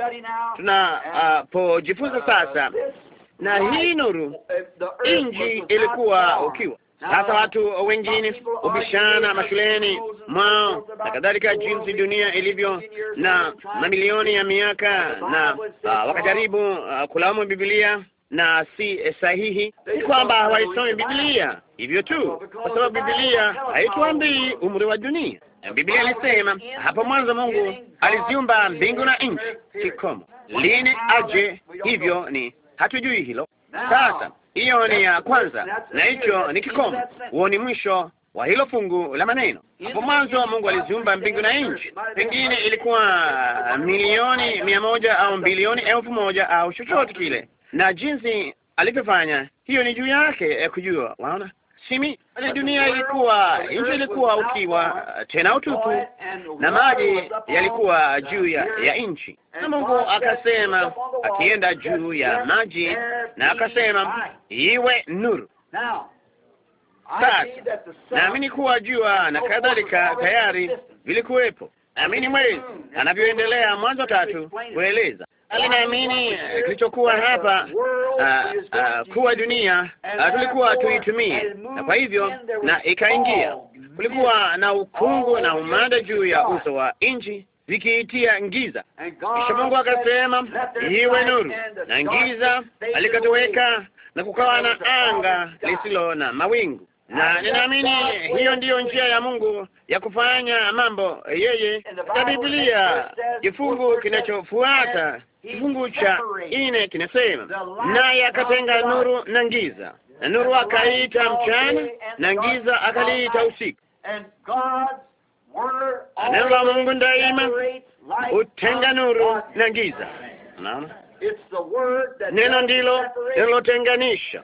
tunapojifunza sasa na hii nuru, inji ilikuwa ukiwa sasa watu wengine hubishana mashuleni mwao na kadhalika, jinsi dunia ilivyo na mamilioni ya miaka, na uh, ah, wakajaribu uh, ah, kulaumu Biblia na si sahihi. Ni kwamba hawaisomi Biblia hivyo tu, kwa sababu Biblia haituambii umri wa dunia. Biblia ilisema hapo mwanzo Mungu aliziumba mbingu na nchi, kikomo. Lini aje? Hivyo ni hatujui hilo sasa hiyo ni ya kwanza, na hicho ni kikomo. Huo ni mwisho wa hilo fungu la maneno. Hapo mwanzo Mungu aliziumba mbingu na nchi, pengine ilikuwa milioni mia moja au bilioni elfu moja au chochote kile, na jinsi alivyofanya hiyo ni juu yake ya eh, kujua. Waona, chini, dunia ilikuwa, nchi ilikuwa ukiwa uh, tena utupu, na maji yalikuwa juu ya, ya nchi, na Mungu akasema, akienda juu ya maji, na akasema iwe nuru. Sasa naamini kuwa jua na kadhalika tayari vilikuwepo. Naamini mwezi anavyoendelea Mwanzo tatu kueleza alinaamini kilichokuwa hapa uh, uh, kuwa dunia uh, tulikuwa tuitumie, na kwa hivyo na ikaingia. Kulikuwa na ukungu na umada juu ya uso wa nchi zikiitia ngiza, kisha Mungu akasema iwe nuru, na ngiza alikatoweka na kukawa na anga lisilo na mawingu na ninaamini hiyo ndiyo njia ya Mungu ya kufanya mambo. Yeye katika Biblia, kifungu kinachofuata kifungu cha nne kinasema, naye akatenga nuru na ngiza na nuru akaliita mchana na ngiza akaliita usiku. Neno la Mungu daima hutenga nuru na ngiza Unaona, neno ndilo linalotenganisha.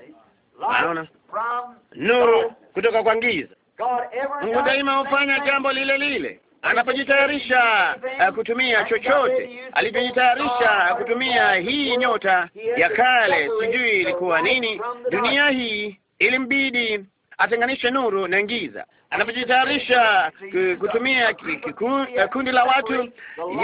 Unaona nuru kutoka kwa giza. Mungu daima hufanya jambo lile lile anapojitayarisha eh, kutumia chochote alipojitayarisha kutumia hii nyota ya kale, sijui ilikuwa nini, dunia hii ilimbidi atenganishe nuru na giza. Anapojitayarisha kutumia kundi la watu,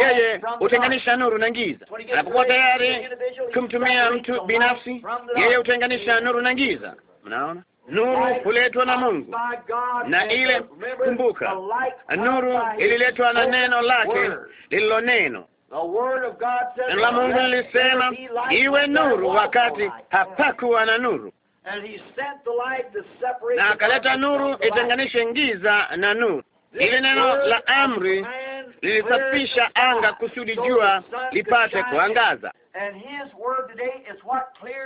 yeye hutenganisha nuru na giza. Anapokuwa tayari kumtumia mtu binafsi, yeye hutenganisha nuru na giza. Mnaona, nuru huletwa na Mungu na ile kumbuka, nuru ililetwa na neno lake lililo neno. Neno la Mungu lilisema iwe nuru, wakati hapakuwa na nuru, na akaleta nuru itenganishe ngiza na nuru. Ile neno la amri lilisafisha anga kusudi jua lipate kuangaza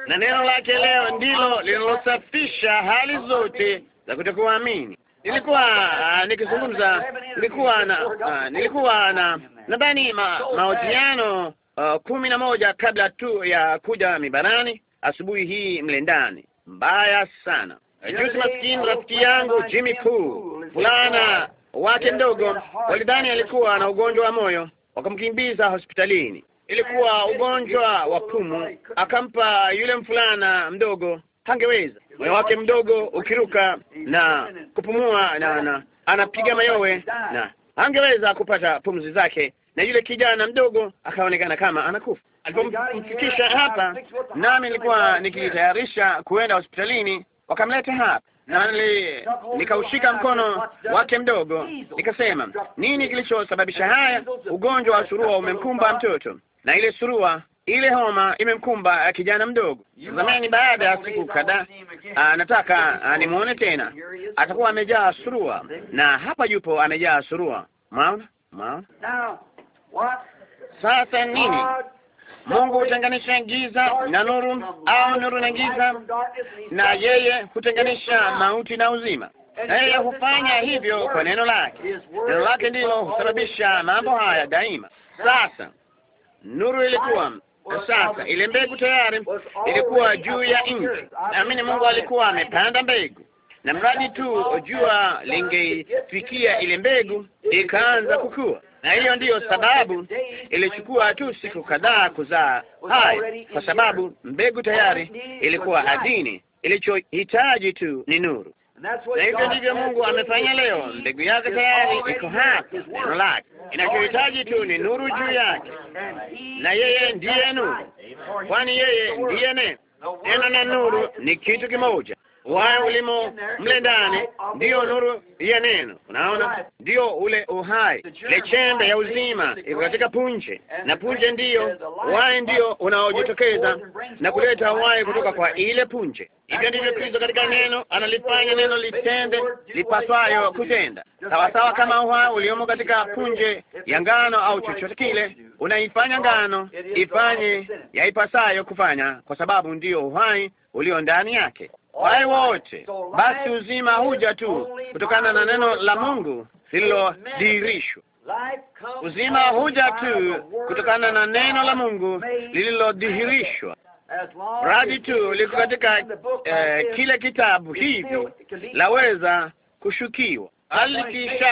na neno lake leo ndilo linalosafisha hali zote za kutokuamini. Nilikuwa ah, nikizungumza, nilikuwa na ah, nilikuwa na nadhani mahojiano ah, kumi na moja kabla tu ya kuja mibarani asubuhi hii mlendani. Mbaya sana. Juzi maskini rafiki yangu Jimmy Pool, fulana wake mdogo walidhani alikuwa na ugonjwa wa moyo, wakamkimbiza hospitalini ilikuwa ugonjwa wa pumu, akampa yule mfulana mdogo, hangeweza moyo wake mdogo ukiruka na kupumua na, na anapiga mayowe na hangeweza kupata pumzi zake, na yule kijana mdogo akaonekana kama anakufa. Alipomfikisha hapa, nami nilikuwa nikitayarisha kuenda hospitalini, wakamleta hapa na nikaushika mkono wake mdogo, nikasema, nini kilichosababisha haya? Ugonjwa wa surua umemkumba mtoto na ile surua, ile homa imemkumba kijana mdogo. Tazameni, baada ya siku kadhaa ah, nataka ah, nimwone tena, atakuwa amejaa surua, na hapa yupo amejaa surua. Maona, maona sasa nini? Mungu hutenganisha giza na nuru, au nuru na giza, na yeye hutenganisha mauti na uzima, na yeye hufanya hivyo kwa neno lake. Neno lake ndilo husababisha mambo haya daima. Sasa Nuru ilikuwa sasa, ile mbegu tayari ilikuwa juu ya nchi. Naamini Mungu alikuwa amepanda mbegu, na mradi tu jua lingeifikia ile mbegu, ikaanza kukua. Na hiyo ndiyo sababu ilichukua tu siku kadhaa kuzaa hai, kwa sababu mbegu tayari ilikuwa ardhini. Ilichohitaji tu ni nuru na hivyo ndivyo Mungu amefanya leo. Mbegu yake tayari iko hapa, neno lake. Inachohitaji tu ni nuru juu yake, na yeye ndiye nuru, kwani yeye ndiye neno. Neno na nuru ni kitu kimoja wao ulimo mle ndani, ndiyo nuru ya neno. Unaona, ndiyo ule uhai, ile chembe ya uzima iko katika punje, na punje ndiyo wai, ndiyo unaojitokeza na kuleta wai kutoka kwa ile punje. Hivyo ndivyo Kristo katika neno analifanya neno litende lipaswayo kutenda, sawasawa kama uhai uliomo katika punje ya ngano au chochote kile. Unaifanya ngano ifanye yaipasayo kufanya, kwa sababu ndiyo uhai ulio ndani yake wale wote. Basi uzima huja tu kutokana na neno la Mungu lililodhihirishwa Uzima huja tu kutokana na neno la Mungu lililodhihirishwa. Radi tu liko katika eh, kile kitabu hivi laweza kushukiwa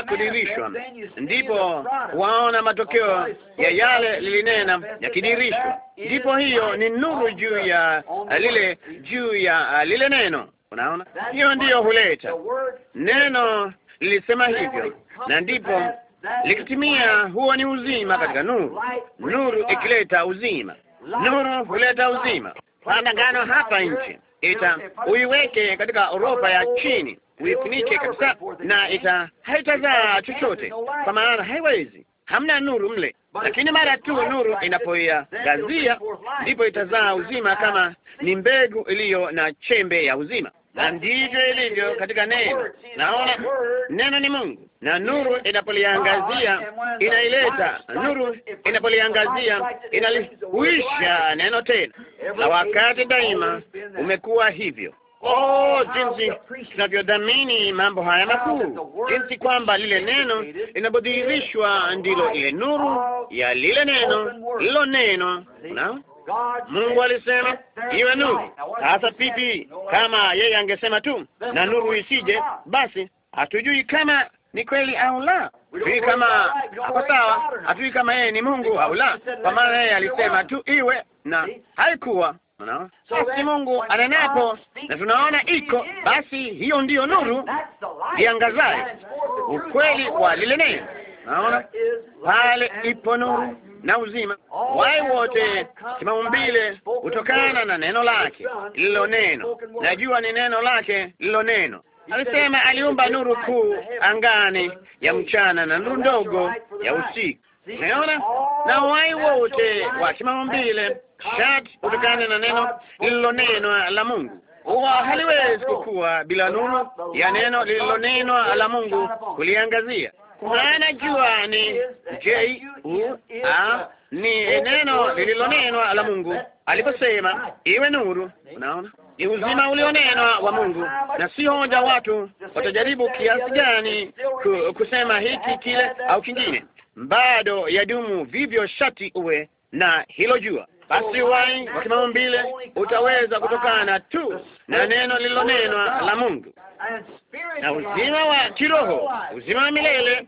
kudirishwa ndipo waona matokeo ya yale lilinena yakidirishwa, ndipo hiyo ni nuru juu ya uh, lile juu ya uh, lile neno. Unaona, hiyo ndiyo huleta neno. Lilisema hivyo, na ndipo likitimia. Huo ni uzima katika nuru, nuru ikileta uzima, nuru huleta uzima. Pandagano hapa nchi ita uiweke katika orofa ya chini uifunike kabisa, na ita haitazaa chochote, kwa maana haiwezi, hamna nuru mle. Lakini mara tu nuru inapoiangazia, ndipo itazaa uzima, kama ni mbegu iliyo na chembe ya uzima. Na ndivyo ilivyo katika neno. Naona neno ni Mungu, na nuru inapoliangazia inaileta nuru, inapoliangazia inalihuisha neno tena, na wakati daima umekuwa hivyo. Oh, jinsi tunavyodhamini mambo haya makuu, jinsi kwamba lile neno linapodhihirishwa ndilo ile nuru ya lile neno, lilo neno na Mungu alisema iwe nuru. Sasa pipi, kama yeye angesema tu na nuru isije, basi hatujui kama ni kweli au la, hatujui kama ako sawa, hatujui kama yeye ni Mungu au la, kwa maana yeye alisema tu iwe na haikuwa Unaona, basi Mungu anenapo na tunaona iko basi, hiyo ndiyo nuru iangazayo ukweli wa lile neno. Naona pale ipo nuru na uzima, wai wote kimaumbile hutokana na neno lake lilo neno. Najua ni neno lake lilo neno. Alisema aliumba nuru kuu angani ya mchana na nuru ndogo ya usiku. naona na wai wote wa kimaumbile sharti kutokana na neno lililonenwa neno la Mungu. Huwa haliwezi kukua bila nuru ya neno lililonenwa neno la Mungu kuliangazia. Maana jua ni j u a ni neno lililonenwa la Mungu aliposema iwe nuru. Unaona, ni uzima ulionenwa wa Mungu, na si hoja watu watajaribu kiasi gani kusema hiki kile au kingine, bado yadumu vivyo, shati uwe na hilo jua basi wai wa kimaumbile utaweza kutokana tu na neno lililonenwa la Mungu, na uzima wa kiroho, uzima wa milele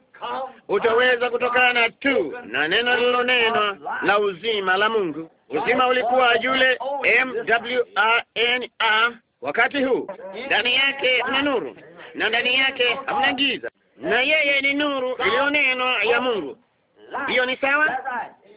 utaweza kutokana tu na neno lililonenwa la uzima la Mungu. Uzima ulikuwa yule MWRNA wakati huu, ndani yake kuna nuru na ndani yake hamna giza, na yeye ni nuru iliyonenwa ya Mungu. Hiyo ni sawa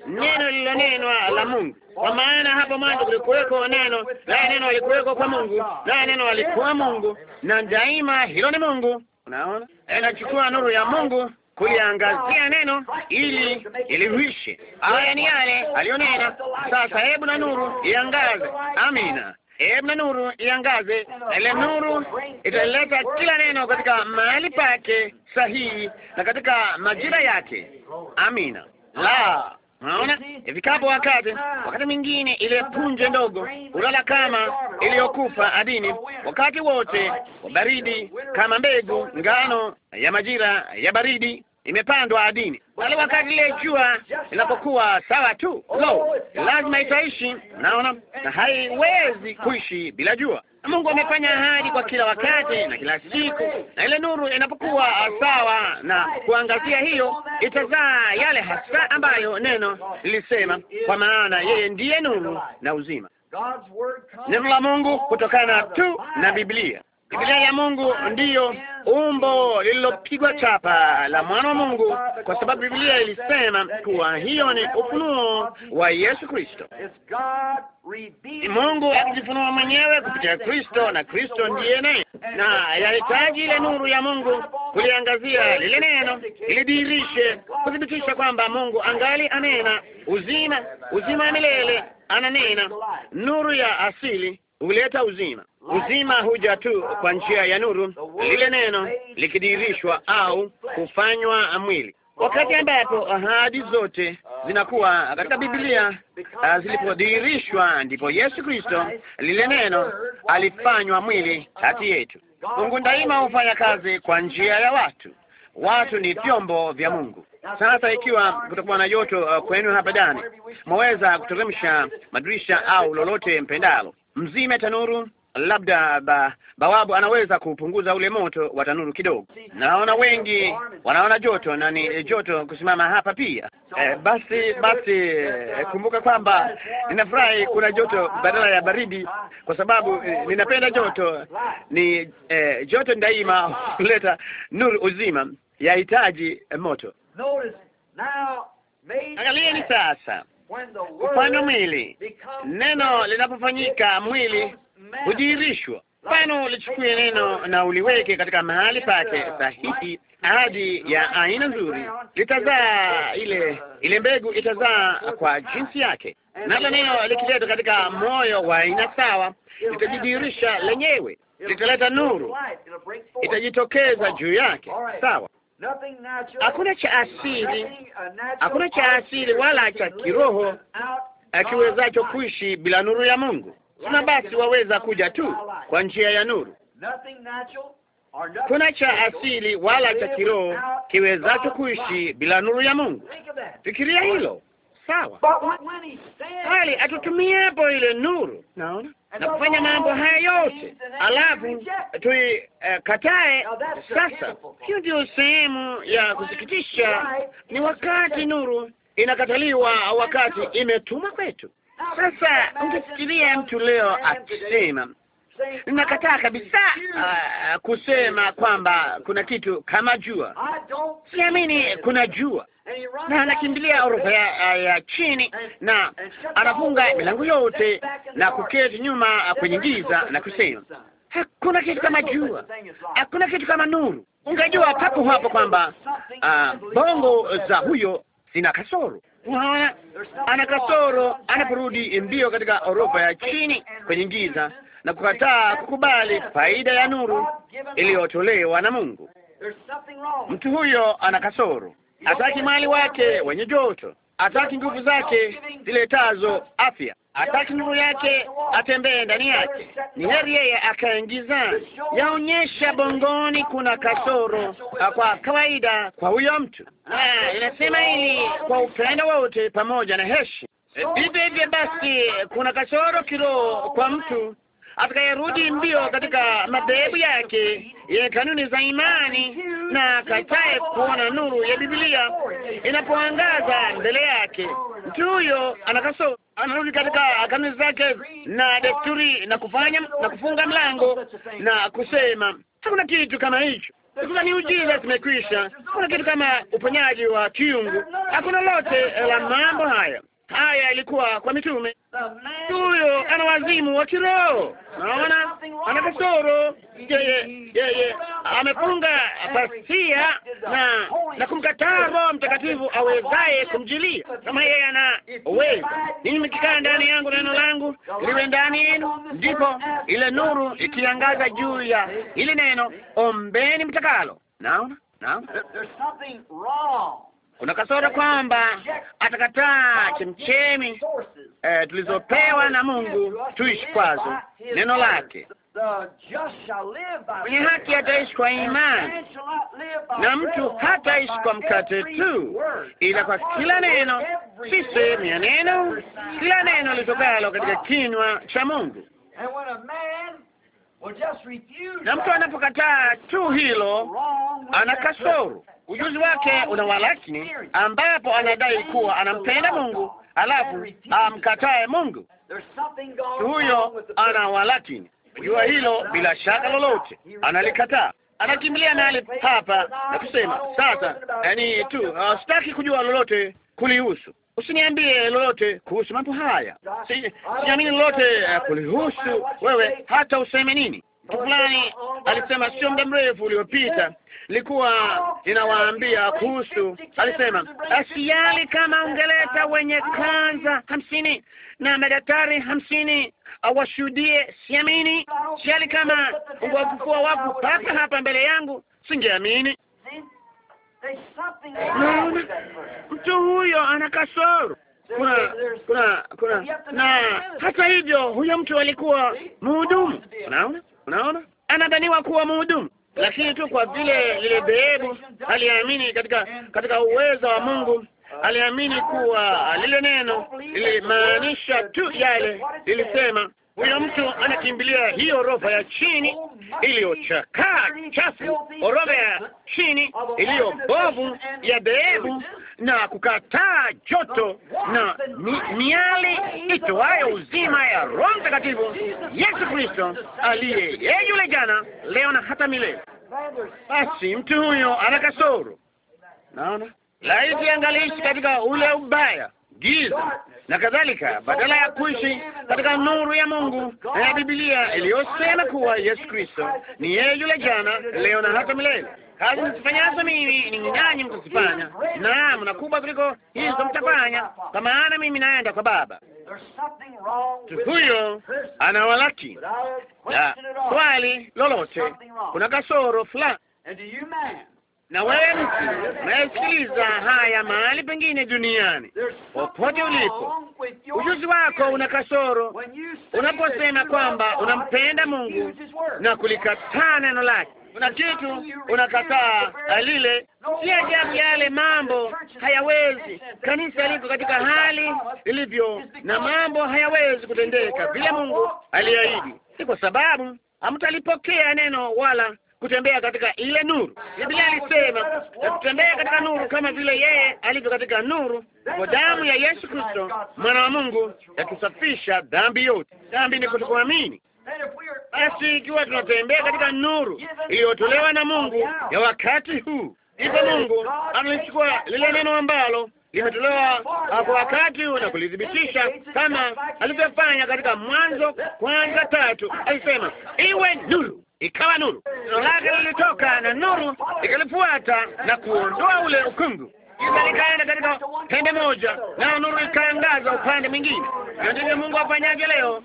neno lililonenwa la Mungu, kwa maana hapo mwanzo kulikuweko neno, naye neno alikuweko kwa Mungu, naye neno alikuwa Mungu, na daima hilo ni Mungu. Unaona, inachukua e, nuru ya Mungu kuliangazia neno ili ilihuishe. Haya ni yale aliyonena. Sasa hebu na nuru iangaze. Amina. Hebu na nuru iangaze, na ile nuru italeta kila neno katika mahali pake sahihi na katika majira yake. Amina. La, Unaona, ifikapo wakati, wakati mwingine ile punje ndogo ulala kama iliyokufa adini, wakati wote wa baridi, kama mbegu ngano ya majira ya baridi imepandwa adini. Wale wakati ile jua linapokuwa sawa tu, lo, lazima itaishi. Naona, na haiwezi kuishi bila jua. Mungu amefanya ahadi kwa kila wakati na kila siku, na ile nuru inapokuwa sawa na kuangazia, hiyo itazaa yale hasa ambayo neno lilisema, kwa maana yeye ndiye nuru na uzima. Neno la Mungu kutokana tu na Biblia Biblia ya Mungu ndiyo umbo lililopigwa chapa la mwana wa Mungu, kwa sababu Biblia ilisema kuwa hiyo ni ufunuo wa Yesu Kristo. Ni Mungu akijifunua mwenyewe kupitia Kristo, na Kristo ndiye naye, na yahitaji ile nuru ya Mungu kuliangazia lile neno ilidhihirishe, kuthibitisha kwamba Mungu angali anena uzima, uzima wa milele ananena. Nuru ya asili huleta uzima Uzima huja tu kwa njia ya nuru, lile neno likidirishwa au kufanywa mwili. Wakati ambapo ahadi zote zinakuwa katika Biblia ah, zilipodirishwa, ndipo Yesu Kristo, lile neno, alifanywa mwili kati yetu. Mungu daima hufanya kazi kwa njia ya watu. Watu ni vyombo vya Mungu. Sasa ikiwa kutakuwa na joto uh, kwenu hapa ndani, mwaweza kuteremsha madirisha au lolote mpendalo, mzime tanuru labda ba, bawabu anaweza kupunguza ule moto wa tanuru kidogo. Naona wengi wanaona joto na ni joto kusimama hapa pia. E, basi basi, eh, kumbuka kwamba ninafurahi kuna joto badala ya baridi, kwa sababu eh, ninapenda joto. Ni e, joto daima huleta nuru uzima, yahitaji moto. Angalieni sasa kufanywa mwili. Neno linapofanyika mwili hudhihirishwa. Mfano, lichukue neno na uliweke katika mahali pake sahihi, ahadi ya aina nzuri, litazaa ile ile mbegu itazaa kwa jinsi yake, nalo neno likiletwa katika moyo wa aina sawa litajidhihirisha lenyewe, litaleta nuru, itajitokeza juu yake. Sawa. Hakuna cha asili, uh, hakuna cha asili wala cha kiroho akiwezacho kuishi bila nuru ya Mungu. Na basi waweza kuja tu kwa njia ya nuru. Kuna cha asili wala cha kiroho kiwezacho kuishi bila nuru ya Mungu. Fikiria hilo, sawa? Bali atutumiepo ile nuru, naona na kufanya mambo haya yote alafu tuikatae. Eh, uh, sasa hiyo ndio sehemu ya kusikitisha, ni wakati nuru inakataliwa wakati imetumwa kwetu. Sasa ungefikiria mtu leo akisema ninakataa kabisa, uh, kusema kwamba kuna kitu kama jua. Siamini kuna jua na anakimbilia orofa ya, ya chini na anafunga milango yote na kuketi nyuma kwenye giza na kusema hakuna kitu kama jua, hakuna kitu kama nuru. Ungejua papo hapo kwamba uh, bongo za huyo zina kasoro. Unaona, ana kasoro anaporudi mbio katika orofa ya chini kwenye giza na kukataa kukubali faida ya nuru iliyotolewa na Mungu. Mtu huyo ana kasoro ataki mali wake wenye joto, ataki nguvu zake ziletazo afya, ataki nuru yake atembee ndani yake. Ni heri yeye akaingiza. Yaonyesha bongoni kuna kasoro ah, kwa kawaida kwa huyo mtu. Ah, inasema hili kwa upendo wote pamoja na heshima. Eh, vivyo hivyo basi, kuna kasoro kiroho kwa mtu atakayerudi mbio katika madhehebu yake ya kanuni za imani na akatae kuona nuru ya Biblia inapoangaza mbele yake, mtu huyo anakaso anarudi katika kanuni zake na desturi na kufanya na kufunga mlango na kusema hakuna kitu kama hicho. Sasa miujiza zimekwisha, kuna kitu kama uponyaji wa kiungu, hakuna lote la mambo haya. Haya ilikuwa kwa mitume huyo ana wazimu wa kiroho. Naona ana kasoro, yeye yeye amefunga pasia na na kumkataa Roho Mtakatifu awezaye kumjilia. Kama yeye ana anaweza, ninyi mkikaa ndani yangu, neno langu liwe ndani yenu, ndipo ile nuru ikiangaza juu ya ile neno, ombeni mtakalo. Naona, naona kuna kasoro kwamba atakataa chemchemi eh, tulizopewa na Mungu tuishi kwazo, neno lake mwenye haki hataishi kwa imani, na mtu hataishi kwa mkate tu, ila kwa kila neno, si sehemu ya neno, kila neno litokalo katika kinywa cha Mungu. Na mtu anapokataa tu hilo, ana kasoro. Ujuzi wake unawalakini, ambapo anadai kuwa anampenda Mungu alafu amkatae Mungu, huyo ana walakini. Jua hilo bila shaka lolote, analikataa anakimbilia mahali hapa na kusema sasa, yani tu uh, sitaki kujua lolote kulihusu, usiniambie lolote kuhusu mambo haya, siamini lolote eh, kulihusu wewe, hata useme nini. Mtu fulani alisema sio muda mrefu uliopita likuwa inawaambia kuhusu, alisema asiali kama ungeleta wenye kanza hamsini na madaktari hamsini awashuhudie, siamini. Siali kama ungewafufua wafu papa hapa mbele yangu, singeamini. Naona mtu huyo ana kasoro kuna kuna kuna na hata hivyo, huyo mtu alikuwa mhudumu. Unaona, unaona, anadhaniwa kuwa mhudumu lakini tu kwa vile lile dhehebu aliamini katika katika uwezo wa Mungu, aliamini kuwa lile neno lilimaanisha tu yale lilisema, huyo mtu anakimbilia hii orofa ya chini iliyochakaa chafu, orofa ya chini iliyo bovu ya dhehebu, na kukataa joto na miali itoayo uzima ya Roho Mtakatifu Yesu Kristo aliye yeye yule jana, leo na hata milele. Basi mtu huyo ana kasoro, naona laiti angaliishi katika ule ubaya, giza na kadhalika, badala ya kuishi katika nuru ya Mungu na ya Biblia iliyosema kuwa Yesu Kristo ni yeye yule jana, leo na hata milele. Kazi mzifanyazo mimi ni nanyi mtazifanya, naam, na kubwa kuliko hizo mtafanya, kwa maana mimi naenda kwa Baba. Huyo anawalaki swali lolote, kuna kasoro fulani na wewe mtu unayesikiza haya mahali pengine duniani, popote ulipo, ujuzi wako una kasoro unaposema kwamba unampenda Mungu na kulikataa neno lake. Kuna kitu unakataa alile Si ajabu yale mambo hayawezi. Kanisa liko katika hali ilivyo, na mambo hayawezi kutendeka vile Mungu aliahidi, si kwa sababu hamtalipokea neno wala kutembea katika ile nuru. Biblia ilisema tutembea katika nuru kama vile yeye alivyo katika nuru, kwa damu ya Yesu Kristo mwana wa Mungu yakusafisha dhambi yote. Dhambi ni kutokuamini. Basi ikiwa tunatembea katika nuru iliyotolewa na Mungu ya wakati huu, ndipo Mungu analichukua lile neno ambalo limetolewa ah, kwa wakati huu na kulithibitisha kama alivyofanya katika Mwanzo kwanza tatu, alisema iwe nuru ikawa nuru, neno lake lilitoka na nuru ikalifuata na kuondoa ule ukungu, kisha likaenda katika pande moja, nayo nuru ikaangaza upande mwingine. Ndio ndivyo Mungu afanyaje leo,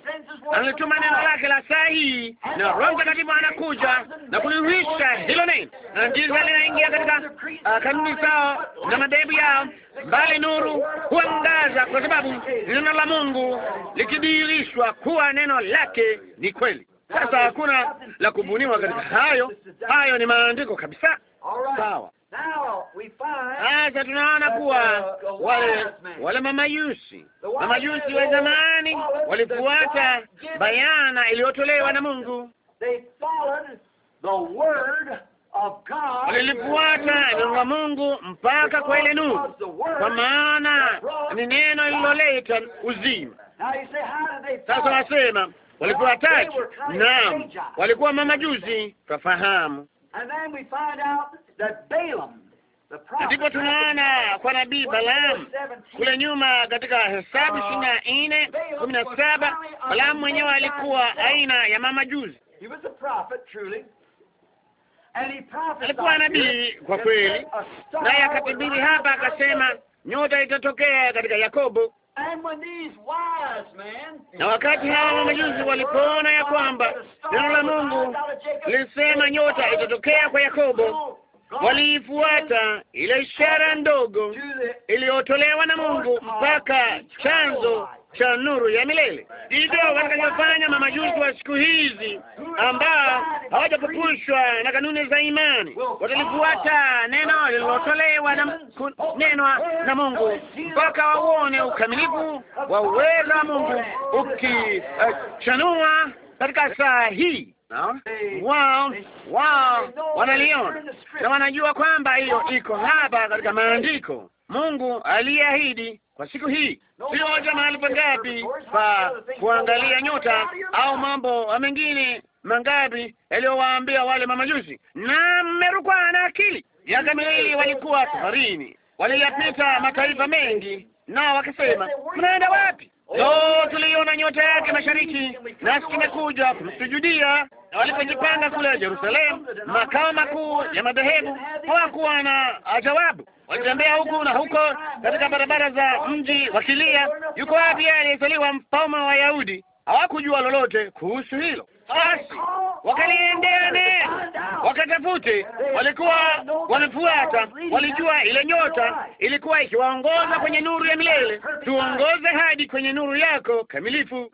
Anatuma neno lake la saa hii, na Roho Mtakatifu anakuja na kulihuisha hilo neno, na ndivyo linaingia katika uh, ah, kanuni zao na madhehebu yao, bali nuru huangaza, kwa sababu neno la Mungu likidhihirishwa kuwa neno lake ni kweli. Sasa hakuna la kubuniwa katika hayo, hayo ni maandiko kabisa. Sawa. Sasa tunaona kuwa wale wale mamajusi mamajusi wa zamani walifuata bayana iliyotolewa na Mungu, walilifuata neno la Mungu mpaka kwa ile nuru, kwa maana ni neno lililoleta uzima. Sasa wasema walikuwa watatu, naam, walikuwa mamajuzi, twafahamu. ndipo tunaona kwa nabii Balaam kule nyuma katika Hesabu ishirini na nne kumi na saba Balaam mwenyewe alikuwa aina ya mamajuzi, alikuwa nabii kwa kweli, naye akatibiri hapa akasema, nyota itatokea katika Yakobo na wakati hawa mamajuzi walipoona ya kwamba neno la Mungu lisema nyota itatokea kwa Yakobo, waliifuata ile ishara ndogo iliyotolewa na Mungu mpaka chanzo cha nuru ya milele. Hivyo watakavyofanya mamajusi wa siku hizi ambao hawajapupushwa na kanuni za imani, watalifuata neno lililotolewa na kunenwa na Mungu mpaka wauone ukamilifu wa uwezo wa Mungu ukichanua uh, katika saa hii Wao wao wanaliona na wanajua kwamba hiyo iko hapa katika maandiko. Mungu aliahidi kwa siku hii sio moja mahali pangapi pa kuangalia nyota au mambo mengine mangapi yaliyowaambia wale mamajusi, na mmerukwa na akili. Miaka miwili walikuwa safarini, waliyapita mataifa mengi, nao wakasema mnaenda wapi? Lo, tuliona nyota yake mashariki, nasi tumekuja kumsujudia. Na walipojipanga kule Jerusalemu, makao makuu ya madhehebu, hawakuwa na jawabu. Walitembea huku na huko katika barabara za mji wakilia, yuko wapi aliyezaliwa mfalme wa Wayahudi? Hawakujua lolote kuhusu hilo basi wakaliendea neno, wakatafute. Walikuwa wamefuata, walijua ile nyota ilikuwa ikiwaongoza kwenye nuru ya milele. Tuongoze hadi kwenye nuru yako kamilifu.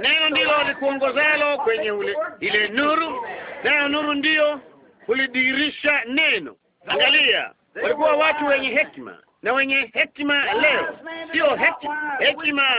Neno ndilo likuongozalo kwenye ule, ile nuru, nayo nuru ndiyo kulidirisha neno. Angalia, walikuwa watu wenye hekima na wenye hekima leo, sio hekima,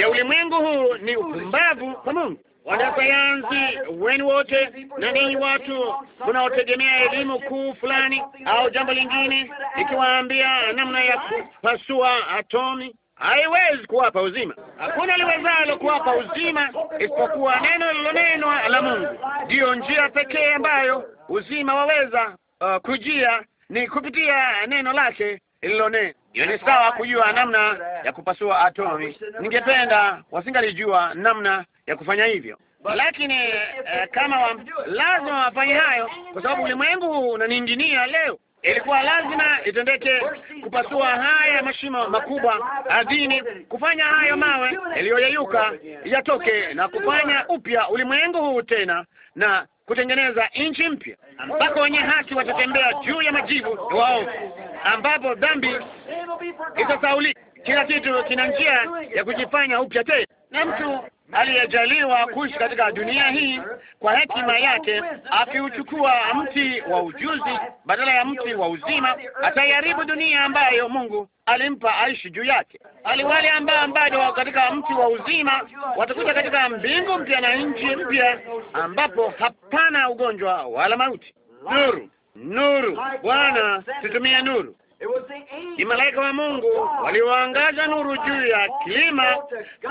ya ulimwengu huu. Ni upumbavu kwa Mungu. Wanasayansi wenu wote na ninyi watu mnaotegemea elimu kuu fulani au jambo lingine, ikiwaambia namna ya kupasua atomi haiwezi kuwapa uzima. Hakuna liwezalo kuwapa uzima isipokuwa neno lilonenwa la Mungu. Ndiyo njia pekee ambayo uzima waweza uh, kujia ni kupitia neno lake hilo neno. Hiyo ni sawa kujua namna ya kupasua atomi. Ningependa wasingalijua namna ya kufanya hivyo, lakini eh, kama wa, lazima oh, wafanye hayo, kwa sababu ulimwengu unaninginia leo. Ilikuwa lazima itendeke kupasua haya mashimo makubwa ardhini, kufanya hayo mawe yaliyoyeyuka yatoke na kufanya upya ulimwengu huu tena na kutengeneza nchi mpya ambako wenye haki watatembea juu ya majivu ya waovu, ambapo dhambi itasaulika. Kila kitu kina njia ya kujifanya upya tena, na mtu aliyejaliwa kuishi katika dunia hii kwa hekima yake, akiuchukua mti wa ujuzi badala ya mti wa uzima, ataiharibu dunia ambayo Mungu alimpa aishi juu yake. Ali wale ambao bado katika mti wa uzima watakuja katika mbingu mpya na nchi mpya ambapo hapana ugonjwa wala mauti. Nuru, nuru. Bwana, tutumie nuru ni malaika wa Mungu walioangaza nuru juu ya kilima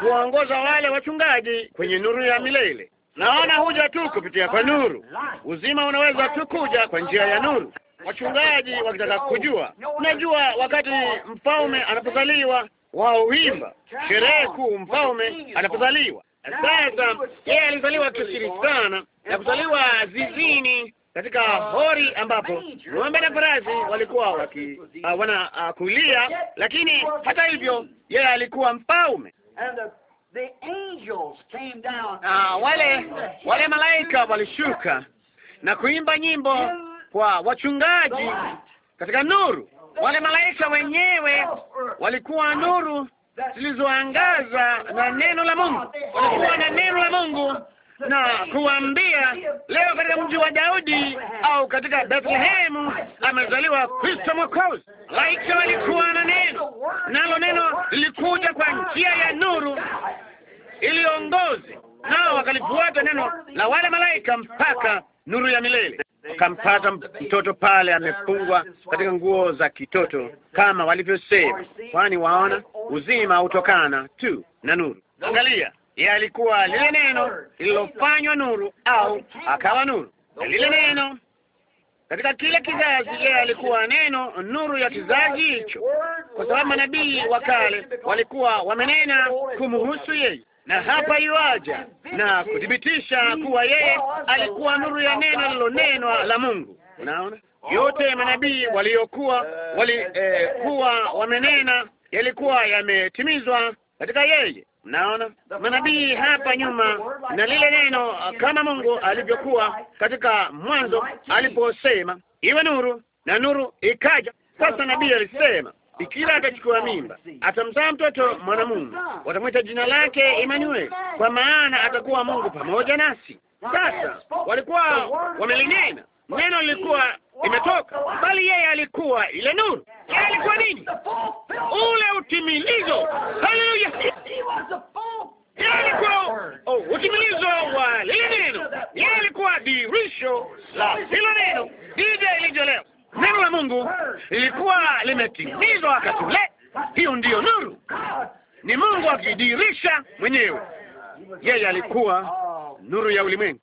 kuwaongoza wale wachungaji kwenye nuru ya milele. Naona huja tu kupitia kwa nuru. Uzima unaweza tu kuja kwa njia ya nuru. Wachungaji wakitaka kujua, unajua, wakati mfalme anapozaliwa wao huimba sherehe kuu, mfalme anapozaliwa. Sasa yeye alizaliwa kisiri sana na kuzaliwa zizini katika hori ambapo ng'ombe na farasi walikuwa waki uh, wana uh, kulia, lakini hata hivyo yeye alikuwa mfalme. Uh, wale wale malaika walishuka na kuimba nyimbo kwa wachungaji katika nuru. Wale malaika wenyewe walikuwa nuru zilizoangaza na neno la Mungu, walikuwa na neno la Mungu na kuambia leo, katika mji wa Daudi au katika Bethlehemu amezaliwa Kristo Mwokozi. Malaika walikuwa na neno, nalo neno lilikuja kwa njia ya nuru iliongozi, nao wakalifuata neno la wale malaika mpaka nuru ya milele. Wakampata mtoto pale amefungwa katika nguo za kitoto kama walivyosema, kwani waona uzima hutokana tu na nuru. Angalia yeye alikuwa lile neno lililofanywa nuru au akawa nuru, lile neno katika kile kizazi. Yeye alikuwa neno, nuru ya kizazi hicho, kwa sababu manabii wa kale walikuwa wamenena kumhusu yeye, na hapa yuaja na kuthibitisha kuwa yeye alikuwa nuru ya neno lililonenwa la Mungu. Unaona, yote manabii waliokuwa walikuwa eh, wamenena yalikuwa yametimizwa katika yeye Naona manabii hapa nyuma na lile neno, uh, kama Mungu alivyokuwa katika mwanzo aliposema iwe nuru, na nuru ikaja. Sasa nabii alisema ikila atachukua mimba, atamzaa mtoto mwanamume, watamwita jina lake Emmanuel, kwa maana atakuwa Mungu pamoja nasi. Sasa walikuwa wamelinena neno lilikuwa imetoka, bali yeye alikuwa ile nuru. Yeye alikuwa nini? Ule utimilizo. Haleluya! Yeye alikuwa utimilizo wa lile neno. Yeye alikuwa dirisho la hilo neno, ndivyo ilivyo leo. Neno la Mungu lilikuwa limetimizwa wakati ule. Hiyo ndiyo nuru, ni Mungu akidirisha mwenyewe. Yeye alikuwa nuru ya ulimwengu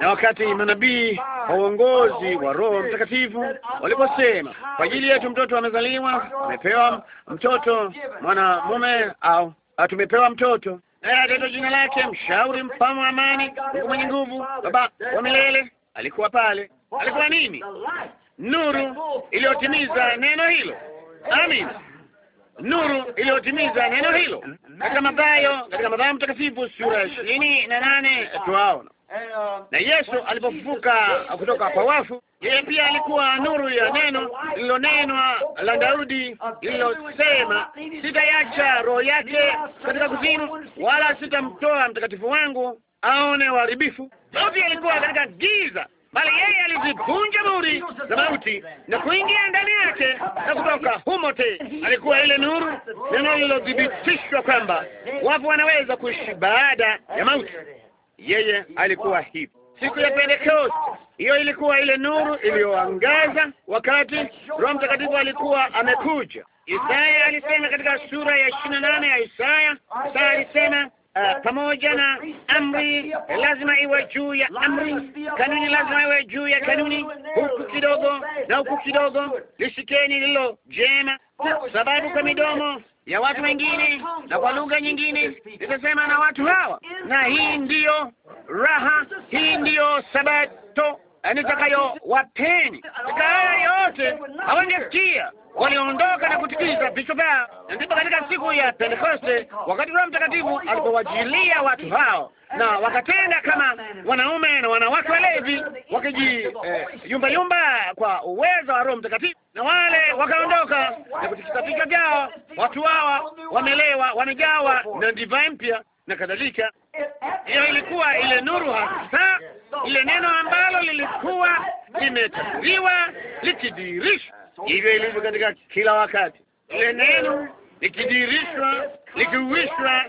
na wakati manabii wa uongozi wa Roho Mtakatifu waliposema kwa ajili yetu mtoto amezaliwa, amepewa mtoto mwanamume, au tumepewa mtoto naye atatoa jina lake Mshauri, mpamo wa Amani, Mungu mwenye nguvu, Baba wa milele. Alikuwa pale, alikuwa nini? Nuru iliyotimiza neno hilo. Amin, nuru iliyotimiza neno hilo. Katika Mathayo, katika Mathayo Mtakatifu sura ya ishirini na nane tuaona na Yesu alipofufuka kutoka kwa wafu, yeye pia alikuwa nuru ya neno lililonenwa la Daudi lililosema, sitayacha roho yake katika kuzimu, wala sitamtoa mtakatifu wangu aone uharibifu. Mauti alikuwa katika giza, bali yeye alizivunja muri za mauti na kuingia ndani yake na kutoka humo te. Alikuwa ile nuru, neno lililothibitishwa kwamba wafu wanaweza kuishi baada ya mauti yeye alikuwa hivi. Siku ya Pentekoste, hiyo ilikuwa ile nuru iliyoangaza wakati Roho Mtakatifu alikuwa amekuja. Isaya alisema katika sura ya ishirini na nane ya Isaya, Isaya alisema Uh, pamoja na amri lazima iwe juu ya amri, kanuni lazima iwe juu ya kanuni, huku kidogo na huku kidogo. Lishikeni lilo jema, sababu kwa midomo ya watu wengine na kwa lugha nyingine nitasema na watu hawa, na hii ndiyo raha, hii ndiyo sabato nitakayowapeni yaani katika haya yote hawangesikia, waliondoka na kutikisa vichwa vyao. Ndipo katika siku ya Pentekoste, wakati Roho Mtakatifu alipowajilia watu hao, na wakatenda kama wanaume na wanawake walevi, wakiji eh, yumba yumba kwa uwezo wa Roho Mtakatifu, na wale wakaondoka na kutikisa vichwa vyao. Watu hawa wamelewa, wamejawa na divai mpya na kadhalika. Hiyo ilikuwa ile nuru hasa ile neno ambalo lilikuwa limetafsiriwa likidirishwa. Hivyo ilivyo katika kila wakati, ile neno likidirishwa, likiuishwa,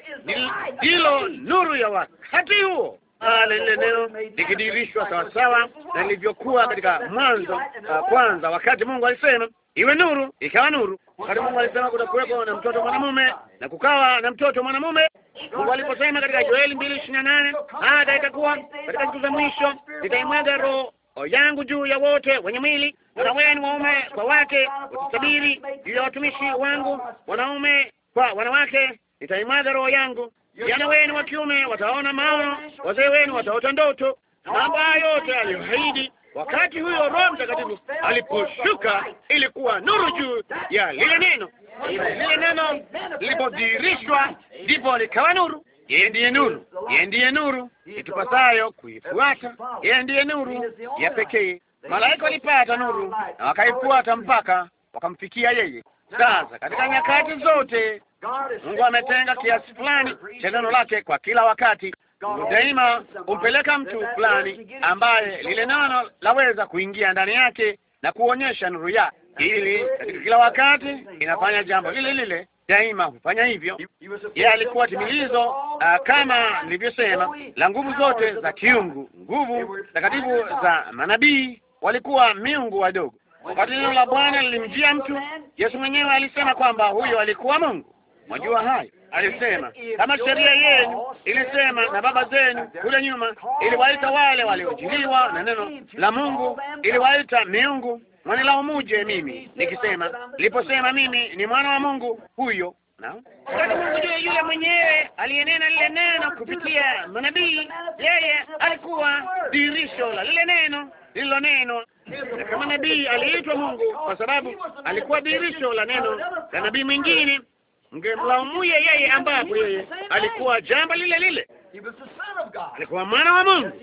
ndilo nuru ya wakati huo lile neno likidirishwa sawasawa na nilivyokuwa katika mwanzo kwanza, wakati Mungu alisema iwe nuru, ikawa nuru. Wakati Mungu alisema kutakuwepo na mtoto mwanamume na kukawa na mtoto mwanamume, Mungu aliposema katika Joeli mbili ishirini na nane hata itakuwa katika siku za mwisho nitaimwaga roho yangu juu ya wote wenye mwili, wewe ni waume kwa wake watatabiri, juu ya watumishi wangu wanaume kwa wanawake nitaimwaga roho yangu Vijana wenu wa kiume wataona maono, wazee wenu wataota ndoto, na mambo yote aliyoahidi wakati huyo Roho Mtakatifu aliposhuka, ilikuwa nuru juu ya lile neno. Lile neno lilipodhihirishwa, ndipo likawa nuru. Yeye ndiye nuru, yeye ndiye nuru itupasayo kuifuata. Yeye ndiye nuru ya pekee. Malaika walipata nuru na wakaifuata mpaka wakamfikia yeye. Sasa katika nyakati zote Mungu ametenga kiasi fulani cha neno lake kwa kila wakati. Mungu daima humpeleka mtu fulani ambaye lile neno laweza kuingia ndani yake na kuonyesha nuru ya ili katika kila wakati inafanya jambo lile lile, daima hufanya hivyo. Yeye alikuwa timilizo, uh, kama nilivyosema, la nguvu zote za kiungu. Nguvu takatifu za manabii walikuwa miungu wadogo Wakati neno la Bwana lilimjia mtu, Yesu mwenyewe alisema kwamba huyo alikuwa Mungu. Mwajua hayo, alisema kama sheria yenu ilisema na baba zenu kule nyuma, iliwaita wale waliojiliwa na neno la Mungu, iliwaita miungu. Mwanilaumuje mimi nikisema, niliposema mimi ni mwana wa Mungu huyo Wakati Mungu juu yule mwenyewe aliyenena lile neno kupitia manabii, yeye alikuwa dirisho la lile neno lililonenwa neno kama nabii aliitwa Mungu kwa sababu alikuwa dirisho la neno la nabii mwingine, ungemlaumuye yeye, ambapo yeye alikuwa jambo lile lile, alikuwa mwana wa Mungu,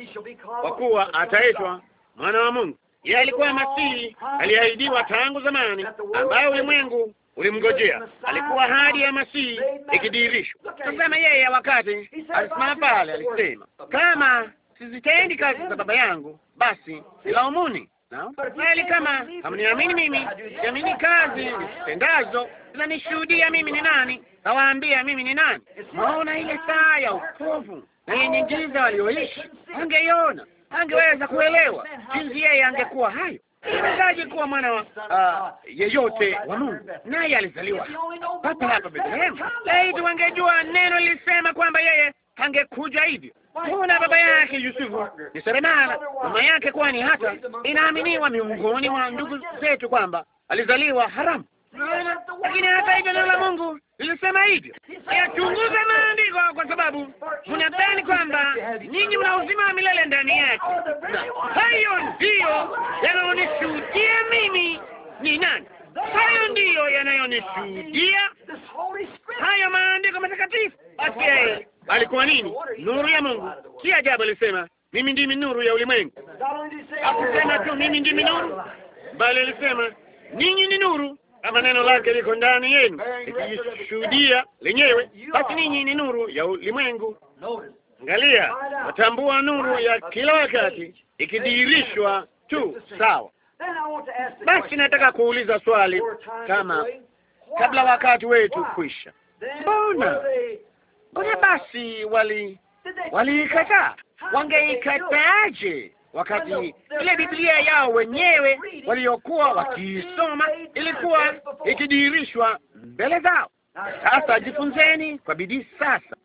kwa kuwa ataitwa mwana wa Mungu. Yeye alikuwa Masihi aliahidiwa tangu zamani, ambayo ulimwengu ulimngojea. Alikuwa ahadi ya Masihi ikidirishwa. Tazama yeye, wakati alisimama pale, alisema kama sizitendi kazi za Baba yangu, basi silaumuni Kweli, kama hamniamini mimi, siamini kazi nizipendazo zinanishuhudia mimi ni nani, nawaambia mimi ni nani. Maona ile saa ya ukovu na yenye giza walioishi, angeiona angeweza kuelewa jinsi yeye angekuwa hayo. Iwezaje kuwa mwana wa uh, yeyote wa Mungu, naye alizaliwa papa hapa Bethlehemu? Laiti wangejua neno lilisema kwamba yeye kangekuja hivyo. Mbona baba yake Yusufu ni seremala, mama yake, kwani hata inaaminiwa miongoni mwa ndugu zetu kwamba alizaliwa haramu. Lakini hata hivyo neno la Mungu lilisema hivyo, yachunguze maandiko, kwa sababu mnadhani kwamba ninyi mna uzima wa milele ndani yake. Hayo ndiyo yanayonishuhudia mimi ni nani. Hayo ndiyo yanayonishuhudia hayo maandiko matakatifu. Basi yeye bali kwa nini? Nuru ya Mungu. Si ajabu alisema mimi ndimi nuru ya ulimwengu. akusema tu mimi ndimi nuru, bali alisema ninyi ni nuru, kama neno lake liko ndani yenu ikijishuhudia lenyewe, basi ninyi ni nuru ya ulimwengu. Angalia, watambua nuru ya kila wakati ikidhihirishwa tu. Sawa, basi nataka kuuliza swali kama kabla wakati wetu kwisha, mbona Mbona basi wali waliikataa? Wangeikataaje wakati ile Biblia yao wenyewe waliokuwa wakiisoma ilikuwa ikidirishwa mbele zao? Sasa jifunzeni kwa bidii. Sasa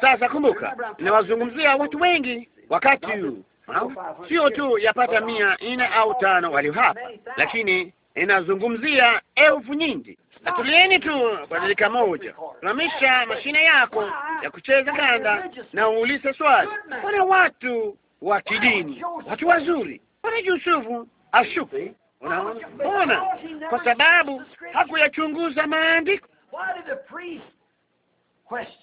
sasa, kumbuka, inawazungumzia watu wengi wakati huu, sio tu yapata mia nne au tano walio hapa, lakini inazungumzia elfu nyingi na tulieni tu kwa dakika moja. Simamisha mashine yako ya kucheza kanda na uulize swali, wana watu wa kidini, watu wazuri, wana Yusufu ashuke. Unaona, kwa sababu hakuyachunguza maandiko.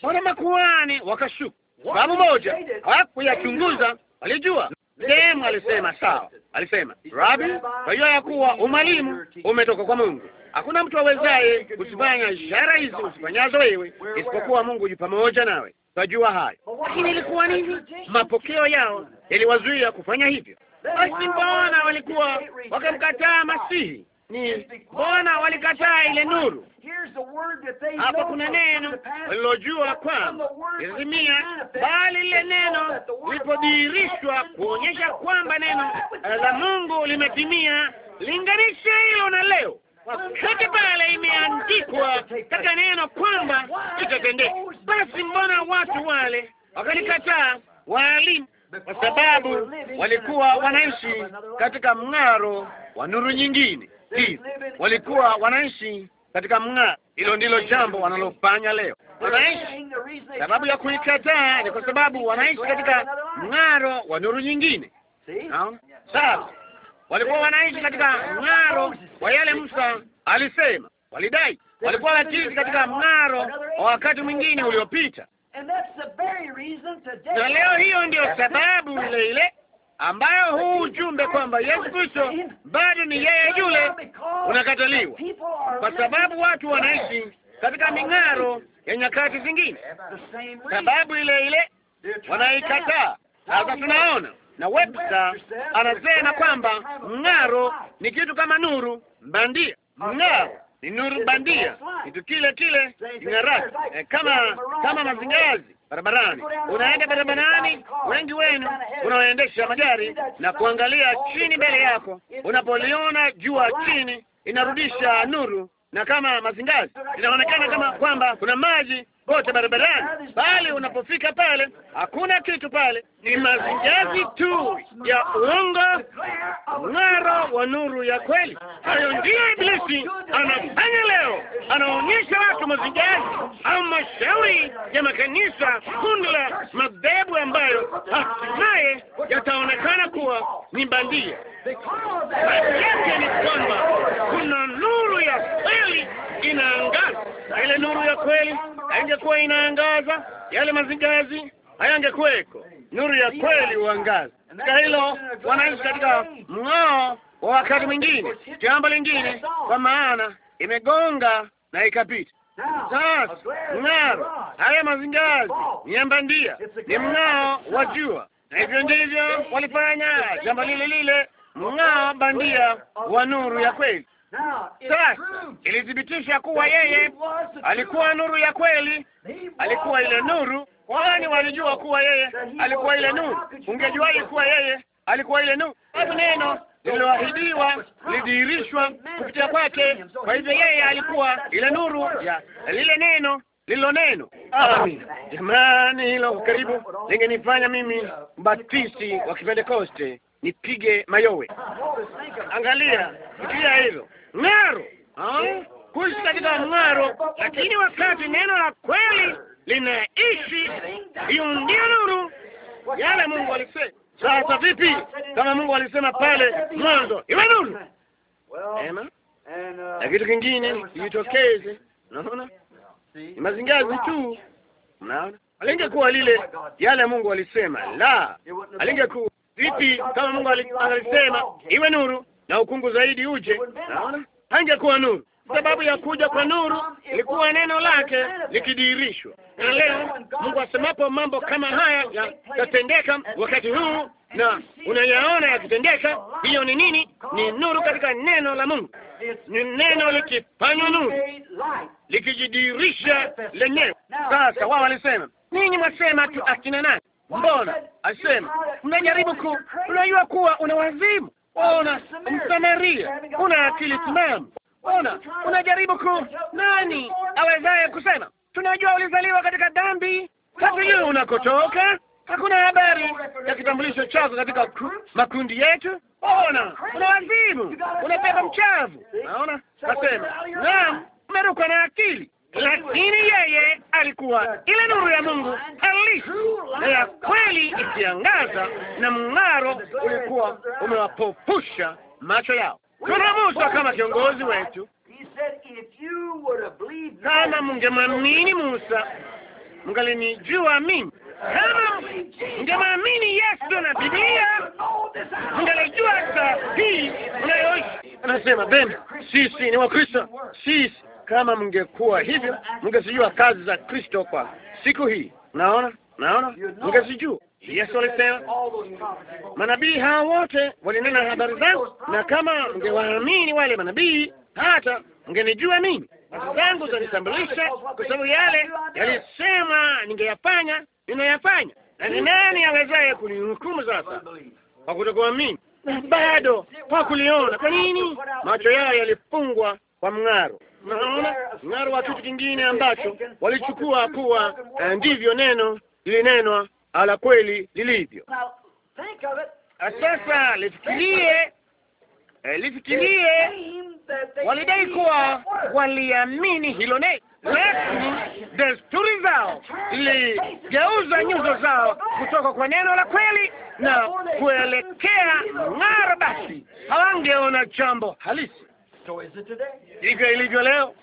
Wana makuhani wakashuku, sababu moja, hawakuyachunguza, walijua Sehemu alisema sawa, alisema Rabi, kwa hiyo ya kuwa umalimu umetoka kwa Mungu. Hakuna mtu awezaye kuzifanya ishara hizi usifanyazo wewe, isipokuwa Mungu yu pamoja nawe. Twajua hayo, lakini ilikuwa nini? Mapokeo yao yaliwazuia kufanya hivyo. Basi mbona walikuwa wakamkataa Masihi? ni mbona walikataa ile nuru? Hapa kuna neno walilojua kwamba lizimia, bali lile neno lilipodhihirishwa kuonyesha kwamba neno la Mungu limetimia. Linganisha hilo na leo, wakati pale imeandikwa katika neno kwamba itatendeka. Basi mbona watu wale wakalikataa waalimu kwa sababu walikuwa wanaishi katika mng'aro wa nuru nyingine walikuwa wanaishi katika mng'aa. Hilo ndilo jambo wanalofanya leo, wanaishi. Sababu ya kuikataa ni kwa sababu wanaishi katika mng'aro wa nuru nyingine. Sasa walikuwa wanaishi katika mng'aro wa yale Musa alisema, walidai walikuwa wakiishi katika mng'aro wa wakati mwingine uliopita, na leo hiyo ndiyo sababu ile ile ambayo huu ujumbe kwamba Yesu Kristo bado ni yeye yule unakataliwa, kwa sababu watu wanaishi katika ming'aro ya nyakati zingine, sababu ile ile wanaikataa. Sasa tunaona na Webster anasema kwamba mng'aro ni kitu kama nuru bandia. Mng'aro ni nuru bandia, kitu kile kile king'aracho, eh, kama kama mazingazi barabarani, unaenda barabarani, wengi wenu unaoendesha magari na kuangalia chini mbele yako, unapoliona jua chini inarudisha nuru na kama mazingazi inaonekana kama kwamba kuna maji bote barabarani, bali unapofika pale hakuna kitu pale, ni mazingazi tu ya uongo, ng'aro wa nuru ya kweli. Hayo ndiyo Iblisi anafanya leo, anaonyesha watu mazingazi au mashauri ya makanisa, kundi la madhehebu ambayo hatimaye yataonekana kuwa ni bandia. Yake ni kwamba kuna nuru ya kweli inaangaza, ile nuru ya kweli haingekuwa inaangaza, yale mazingazi hayangekuweko. Nuru ya kweli huangaza. Katika hilo wanaishi katika mng'ao wa wakati mwingine, jambo lingine, kwa maana imegonga na ikapita. Sasa mng'aro, haya mazingazi ni ya bandia, ni mng'ao wa jua, na hivyo ndivyo walifanya jambo lile lile, mng'ao bandia wa nuru ya kweli. Sasa ilithibitisha kuwa yeye alikuwa nuru ya kweli, alikuwa ile nuru. Kwani walijua kuwa yeye alikuwa ile nuru? Ungejuaje kuwa yeye alikuwa ile nuru? Hapo neno lililoahidiwa lidhihirishwa kupitia kwake. Kwa hivyo yeye alikuwa ile nuru ya lile neno lilo neno. Amina jamani, hilo karibu lingenifanya mimi mbatisi wa Kipentekoste nipige mayowe. Angalia, fikiria hilo ng'aro au kuishi katika ng'aro, lakini wakati neno la kweli linaishi, hiyo ndio nuru yale Mungu alisema. Sasa vipi kama Mungu alisema pale mwanzo iwe nuru? Ema na kitu kingine kijitokeze. Unaona, ni mazingazi tu. Unaona, alingekuwa lile yale Mungu alisema, la alingekuwa vipi kama Mungu alisema iwe nuru na ukungu zaidi uje. Naona hangekuwa nuru. Sababu ya kuja kwa nuru ilikuwa neno lake likidirishwa, na leo Mungu asemapo mambo kama haya yatatendeka wakati huu na unayaona yakitendeka. Hiyo ni nini? Ni nuru katika neno la Mungu, ni neno likifanywa nuru, likijidirisha lenyewe. Sasa wao walisema, ninyi mwasema tu akina nani? Mbona asema mnajaribu ku, unajua kuwa una wazimu Ona Msamaria, una akili timamu. Ona unajaribu ku, nani awezaye kusema tunajua ulizaliwa katika dhambi, hatujui unakotoka, hakuna habari ya kitambulisho chako katika makundi yetu. Ona una wazimu, una mchavu. Naona nasema naam, umerukwa na akili lakini yeye alikuwa ile nuru ya Mungu halisi na ya kweli ikiangaza, na mng'aro ulikuwa umewapofusha macho yao. Tuna Musa kama kiongozi wetu. Kama mngemwamini Musa, mngalinijua mimi. Kama mngemwamini Yesu na Biblia, mngalijua saa hii unayoishi. Anasema Ben, sisi ni Wakristo, sisi kama mngekuwa hivyo, mngezijua kazi za Kristo kwa siku hii. Naona, naona, mngezijua. Yesu alisema manabii hawa wote walinena habari zangu, na kama mngewaamini wale manabii, hata mngenijua mimi. Kazi zangu zanitambulisha, kwa sababu yale yalisema ningeyafanya ninayafanya. Na ni nani awezaye kunihukumu sasa kwa kutokuamini? Bado hakuliona. Kwa nini? Macho yao yalifungwa kwa mng'aro. Mnaona ng'aro wa kitu kingine ambacho walichukua kuwa eh, ndivyo neno lilinenwa ala kweli lilivyo. Eh, sasa lifikirie, eh, lifikirie, walidai kuwa waliamini hilo neno, lakini desturi zao iligeuza nyuso zao kutoka kwa neno la kweli na kuelekea ng'ara, basi hawangeona jambo halisi hivyo ilivyo leo,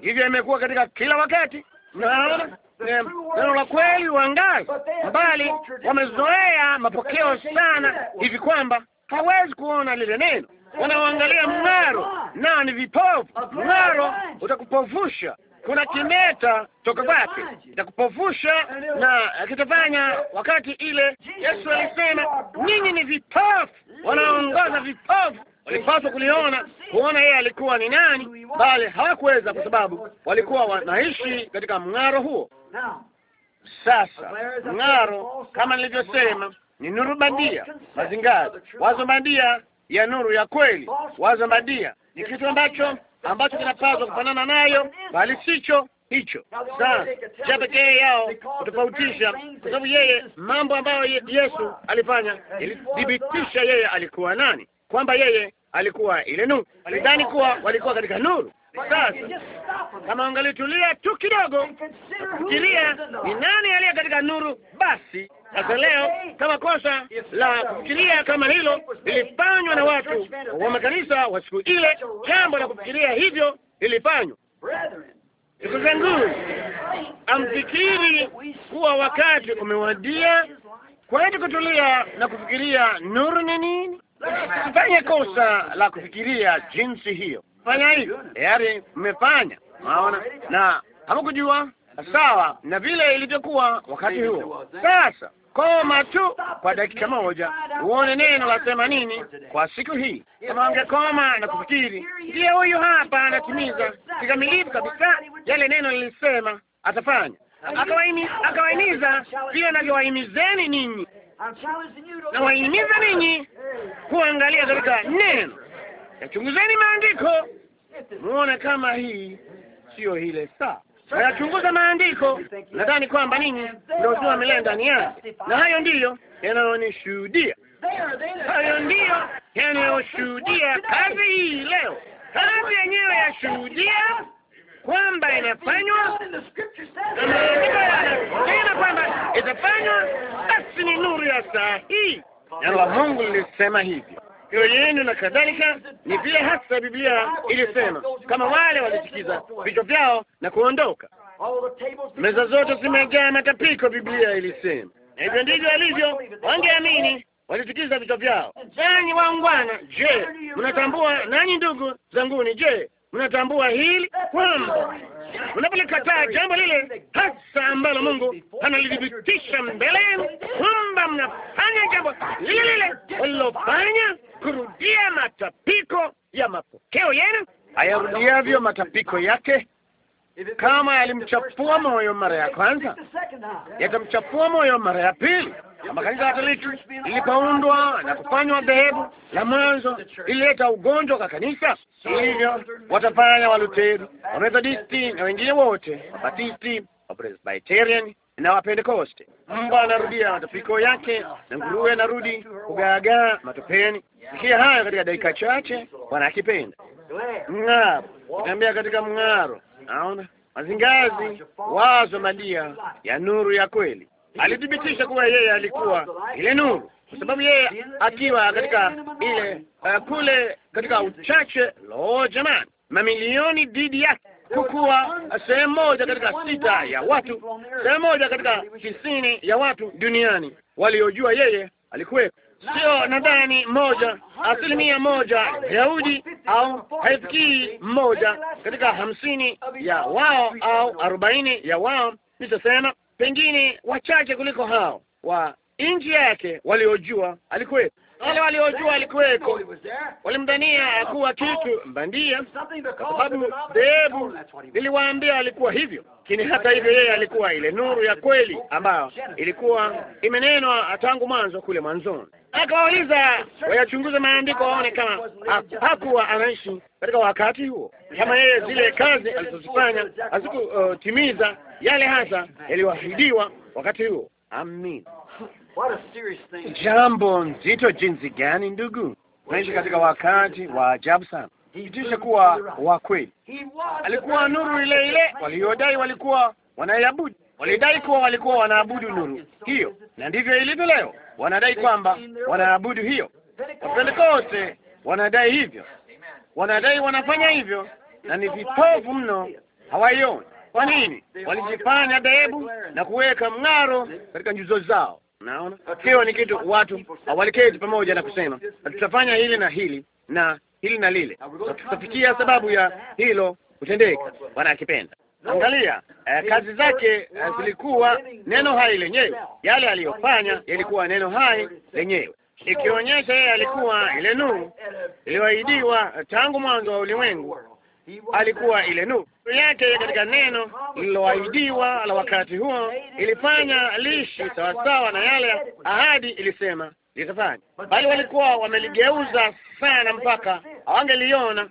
hivyo imekuwa katika kila wakati. Naona eh, neno la kweli wangali mbali, wamezoea mapokeo sana hivi kwamba hawezi kuona lile neno, wanaoangalia mng'aro nao ni vipofu. Mng'aro utakupofusha, kuna kimeta toka kwake itakupofusha na kitafanya. Wakati ile Yesu alisema, ninyi ni vipofu, wanaongoza vipofu walipaswa kuliona, kuona yeye alikuwa ni nani, bali hawakuweza kwa sababu walikuwa wanaishi katika mng'aro huo. Sasa mng'aro, kama nilivyosema, ni nuru bandia, mazingazi wazo bandia ya nuru ya kweli. Wazo bandia ni kitu ambacho ambacho kinapaswa kufanana nayo, bali sicho hicho. Sasa cha pekee yao kutofautisha, kwa sababu yeye mambo ambayo Yesu alifanya ilithibitisha yeye alikuwa nani, kwamba yeye alikuwa ile nuru, alidhani kuwa walikuwa katika nuru. Sasa kama wangalitulia tu kidogo, kufikiria ni nani aliye katika nuru, basi sasa leo, kama kosa la kufikiria kama hilo lilifanywa na watu wa makanisa wa siku ile, jambo la kufikiria hivyo lilifanywa. Siku zangu, amfikiri kuwa wakati umewadia kwetu kutulia na kufikiria nuru ni nini. Mfanye kosa la kufikiria jinsi hiyo. Fanya hivyo, tayari mmefanya. Maona na hamkujua sawa na vile ilivyokuwa wakati huo. Sasa koma tu kwa dakika moja, uone neno lasema nini kwa siku hii. Kama angekoma na kufikiri, ndiye huyu hapa anatimiza kikamilifu kabisa yale neno lilisema atafanya, akawahimiza akawaimiza vile anavyowahimizeni ninyi na wahimiza ninyi kuangalia katika neno, yachunguzeni maandiko muone kama hii siyo ile saa Nayachunguza maandiko, nadhani kwamba ninyi ndio jua amelea ndani yake, na hayo ndiyo yanayonishuhudia, hayo ndiyo yanayoshuhudia kazi hii leo. Kazi yenyewe yashuhudia kwamba inafanywa na maandiko yanasema kwamba itafanywa, basi ni nuru ya saa hii. Neno la Mungu lilisema hivyo hiyo yenu na kadhalika. Ni vile hasa Biblia ilisema, kama wale walisikiza vichwa vyao na kuondoka, meza zote zimejaa matapiko, Biblia ilisema. Na hivyo ndivyo alivyo, wangeamini walitikiza vichwa vyao. Nanyi waungwana, je, mnatambua? Nanyi ndugu zanguni, je, Unatambua hili kwamba unapolikataa jambo lile hasa ambalo Mungu analithibitisha mbele yenu kwamba mnafanya jambo lile lile walilofanya, kurudia matapiko ya mapokeo yenu, ayarudiavyo matapiko yake. Kama yalimchafua moyo mara ya kwanza, yatamchafua moyo mara ya pili makanisa Katoliki ilipoundwa na kufanywa dhehebu la mwanzo, ilileta ugonjwa kwa kanisa. Hivyo watafanya Waluteri, Wamethodisti na wengine wote, Wabatisti, Wapresbiterian na Wapentekoste. Mbwa anarudia matapiko yake na nguruwe anarudi kugaagaa matopeni. Sikia haya katika dakika chache, Bwana akipenda. Mng'aro kutembea katika mng'aro, naona mazingazi wazo madia ya nuru ya kweli alithibitisha kuwa yeye alikuwa ile nuru, kwa sababu yeye akiwa katika ile uh, kule katika uchache. Lo, jamani, mamilioni dhidi yake kukuwa sehemu moja katika sita ya watu, sehemu moja katika tisini ya watu duniani waliojua yeye alikuwepo. Sio nadhani moja asilimia moja Yahudi au haifikii mmoja katika hamsini ya wao au arobaini ya wao nitasema pengine wachache kuliko hao wa nchi yake waliojua alikuwepo. Wale waliojua alikuweko walimdhania kuwa kitu bandia, kwa sababu dhehebu liliwaambia alikuwa hivyo. Lakini hata hivyo, yeye alikuwa ile nuru ya kweli ambayo ilikuwa imenenwa tangu mwanzo kule mwanzoni. Akawauliza wayachunguze maandiko waone kama hakuwa anaishi katika wakati huo, kama yeye zile kazi alizozifanya hazikutimiza yale hasa yaliyoahidiwa wakati huo. Amin. Jambo nzito jinsi gani, ndugu! naishi katika wakati wa ajabu sana. Kitisha kuwa wa kweli. Alikuwa nuru ile ile waliodai walikuwa wanaiabudu, walidai kuwa walikuwa wanaabudu nuru hiyo, na ndivyo ilivyo leo. Wanadai kwamba wanaabudu hiyo. Wapentekoste wanadai hivyo, wanadai wanafanya hivyo, na ni vipofu mno, hawaioni kwa nini walijifanya dhehebu na kuweka mng'aro katika nyuso zao? Naona hiyo ni kitu. Watu waliketi pamoja na kusema tutafanya hili na hili na hili na lile, tutafikia sababu ya hilo kutendeka. Bwana akipenda, angalia eh, kazi zake eh, zilikuwa neno hai lenyewe. Yale aliyofanya yalikuwa neno hai lenyewe, ikionyesha yeye alikuwa ile nuru iliyoahidiwa tangu mwanzo wa ulimwengu alikuwa ile nuru yake katika neno lililoahidiwa la wakati huo, ilifanya lishi sawasawa na yale ahadi ilisema litafanya, bali walikuwa wameligeuza sana mpaka hawangeliona,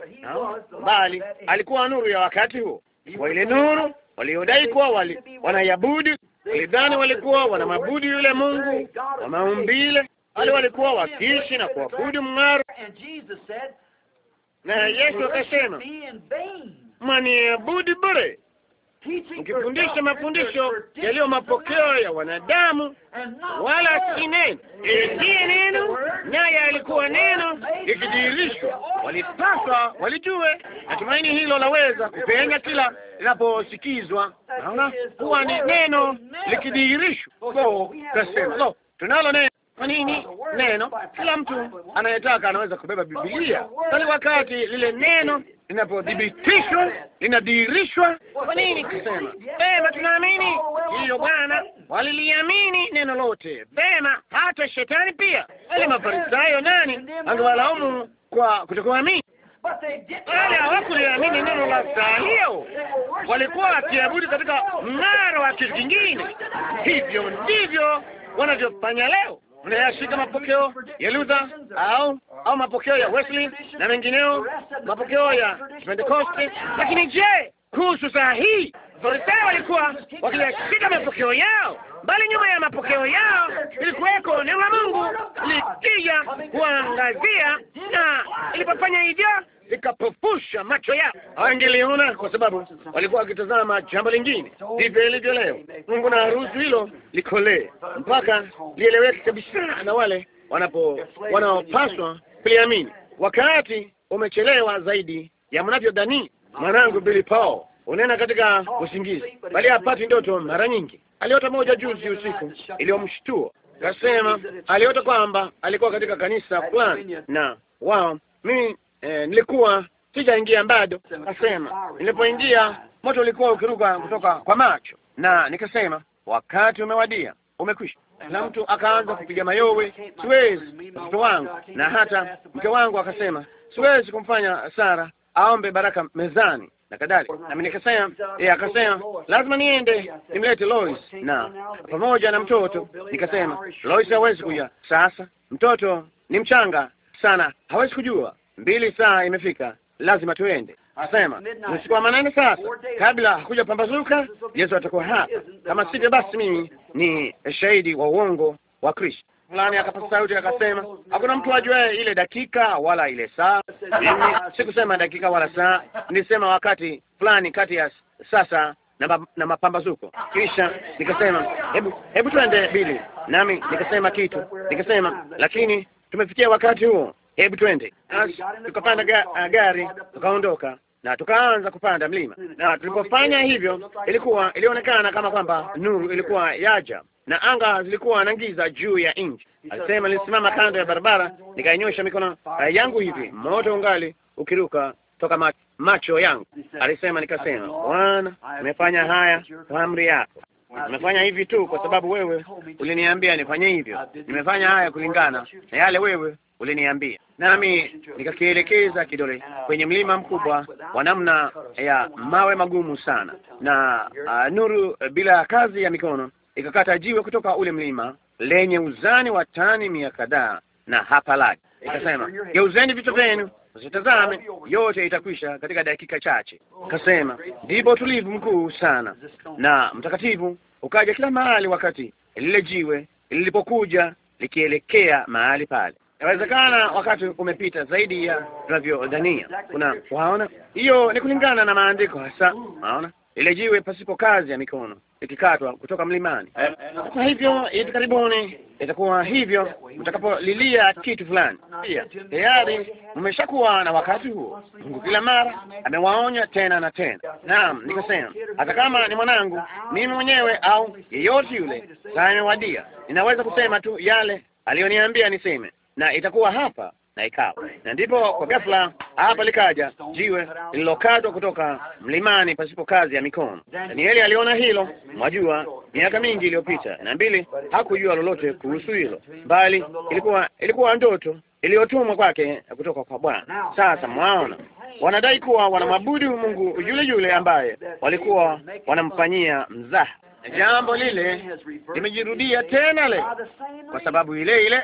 bali alikuwa nuru ya wakati huo. Kwa ile nuru waliodai kuwa wali wanaiabudu, walidhani walikuwa wanamabudi yule Mungu wa maumbile, bali walikuwa wakiishi na kuabudu mng'aro na Yesu akasema, mwaniabudu bure mkifundisha mafundisho yaliyo mapokeo ya wanadamu, wala si neno. E, neno, naye alikuwa neno ikidhihirishwa. Walipaswa walijue. Natumaini hilo laweza kupenya kila linaposikizwa. Naona huwa ni neno likidhihirishwa. Kasema lo, tunalo neno kwa nini neno? Kila mtu anayetaka anaweza kubeba Biblia, bali wakati lile neno linapodhibitishwa linadirishwa. Kwa nini kusema vema, tunaamini hiyo? Bwana waliliamini neno lote vema, hata shetani pia. Wale Mafarisayo, nani angewalaumu kwa kutokuamini? Wale hawakuliamini neno la saa hiyo, walikuwa wakiabudu katika mng'aro wa kitu kingine. Hivyo ndivyo wanavyofanya leo mnayashika mapokeo ya Luther au au mapokeo ya Wesley na mengineo, mapokeo ya Pentecost. Lakini je, kuhusu saa hii, Farisayo walikuwa wakiyashika mapokeo yao, bali nyuma ya mapokeo yao ilikuweko neno la Mungu likija kuangazia, na ilipofanya hivyo ikapofusha macho yao, angeliona kwa sababu walikuwa wakitazama jambo lingine. Ndivyo ilivyo leo. Mungu na harusi hilo likolee mpaka lieleweke kabisa na wale wanapo wanaopaswa kuliamini. Wakati umechelewa zaidi ya mnavyodhani. Mwanangu Billy Paul unena katika usingizi, bali hapati ndoto. Mara nyingi aliota moja juzi usiku iliyomshtua. Kasema aliota kwamba alikuwa katika kanisa fulani na wao mimi eh, nilikuwa sijaingia bado, nasema nilipoingia moto ulikuwa ukiruka kutoka kwa macho, na nikasema wakati umewadia, umekwisha. Na mtu akaanza kupiga mayowe, siwezi, mtoto wangu na hata mke wangu akasema siwezi kumfanya Sara aombe baraka mezani na kadhalika, nami nikasema yeye eh, akasema lazima niende nimlete Lois na pamoja na mtoto. Nikasema Lois hawezi kuja sasa, mtoto ni mchanga sana, hawezi kujua mbili saa imefika, lazima tuende. Asema usiku wa manane sasa, kabla hakuja pambazuka, Yesu atakuwa hapa, kama sivyo, basi mimi ni shahidi wa uongo wa Kristo. Fulani akapata sauti akasema, hakuna mtu ajue ile dakika wala ile saa. Mimi sikusema dakika wala saa, nilisema wakati fulani kati ya sasa na, na mapambazuko. Kisha nikasema hebu hebu tuende Bili, nami nikasema kitu, nikasema lakini tumefikia wakati huo hebu twende. Tukapanda ga, uh, gari tukaondoka na tukaanza kupanda mlima, na tulipofanya hivyo, ilikuwa ilionekana kama kwamba nuru ilikuwa yaja na anga zilikuwa na giza juu ya nchi. Alisema nilisimama kando ya barabara, nikainyosha mikono uh, yangu hivi, moto ungali ukiruka toka macho yangu. Alisema, nikasema, Bwana, nimefanya haya kwa amri yako. Nimefanya hivi tu kwa sababu wewe uliniambia nifanye hivyo. Nimefanya haya kulingana na yale wewe uliniambia, nami nikakielekeza kidole kwenye mlima mkubwa wa namna ya mawe magumu sana, na uh, nuru bila kazi ya mikono ikakata jiwe kutoka ule mlima lenye uzani wa tani mia kadhaa, na hapa lake ikasema, geuzeni vitu vyenu usitazame, yote itakwisha katika dakika chache. Kasema ndipo utulivu mkuu sana na mtakatifu ukaja kila mahali, wakati lile jiwe lilipokuja likielekea mahali pale. Inawezekana wakati umepita zaidi ya tunavyodhania. Kuna waona, hiyo ni kulingana na maandiko hasa. Unaona lile jiwe pasipo kazi ya mikono ikikatwa kutoka mlimani. Kwa hivyo hivi karibuni itakuwa hivyo, mtakapolilia kitu fulani. Tayari mmeshakuwa na wakati huo. Mungu kila mara amewaonya tena na tena. Naam, nikasema hata kama ni mwanangu mimi mwenyewe au yeyote yule, saa imewadia, ninaweza kusema tu yale aliyoniambia niseme, na itakuwa hapa na ikawa. Na ndipo kwa ghafla hapa likaja jiwe lililokatwa kutoka mlimani pasipo kazi ya mikono. Danieli aliona hilo, mwajua, miaka mingi iliyopita, na mbili hakujua lolote kuhusu hilo, bali ilikuwa ilikuwa ndoto iliyotumwa kwake kutoka kwa Bwana. Sasa mwaona, wanadai kuwa wanamwabudu Mungu yule yule ambaye walikuwa wanamfanyia mzaha. Jambo lile limejirudia tena leo kwa sababu ile ile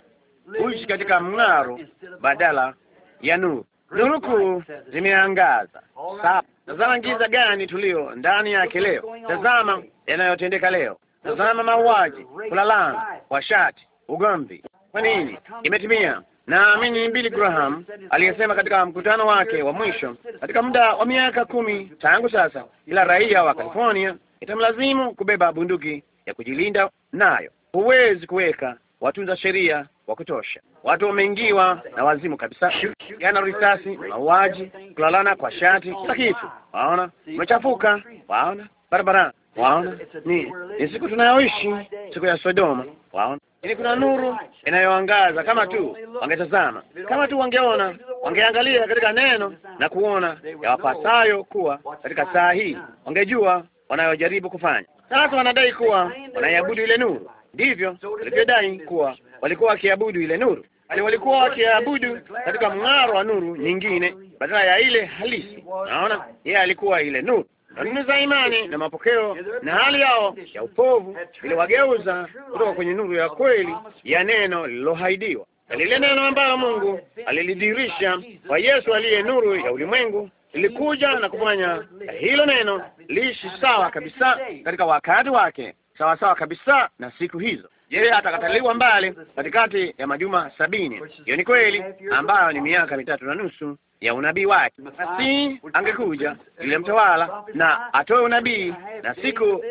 huishi katika mng'aro badala ya nuru. Nuru kuu limeangaza. Sasa tazama giza gani tulio ndani yake leo. Tazama yanayotendeka leo. Tazama mauaji, kulalana, washati, ugomvi. Kwa nini? Imetimia. Naamini Billy Graham aliyesema katika mkutano wake wa mwisho, katika muda wa miaka kumi tangu sasa, kila raia wa California itamlazimu kubeba bunduki ya kujilinda nayo. Huwezi kuweka watunza sheria wa kutosha. Watu wameingiwa na wazimu kabisa, yana risasi, mauaji, kulalana kwa shati, kila kitu. Waona umechafuka, waona barabara, waona ni ni siku tunayoishi, siku ya Sodoma, waona ili kuna nuru inayoangaza kama tu wangetazama, kama tu wangeona, wangeangalia katika neno na kuona yawapasayo kuwa katika saa hii, wangejua wanayojaribu kufanya. Sasa wanadai kuwa wanaiabudu ile nuru, ndivyo walivyodai kuwa walikuwa wakiabudu ile nuru, bali yaani walikuwa wakiabudu katika mng'aro wa nuru nyingine badala ya ile halisi. Naona yeye alikuwa ile nuru. Kanuni za imani na mapokeo na hali yao ya upovu iliwageuza kutoka kwenye nuru ya kweli ya neno lililoahidiwa, lile neno ambayo Mungu alilidirisha kwa Yesu aliye nuru ya ulimwengu lilikuja na kufanya hilo neno liishi sawa kabisa katika wakati wake, sawasawa kabisa na siku hizo. Yeye atakataliwa mbali katikati ya majuma sabini. Hiyo ni kweli, ambayo ni miaka mitatu na nusu ya unabii wake. Basi angekuja yule mtawala na atoe unabii na siku uh,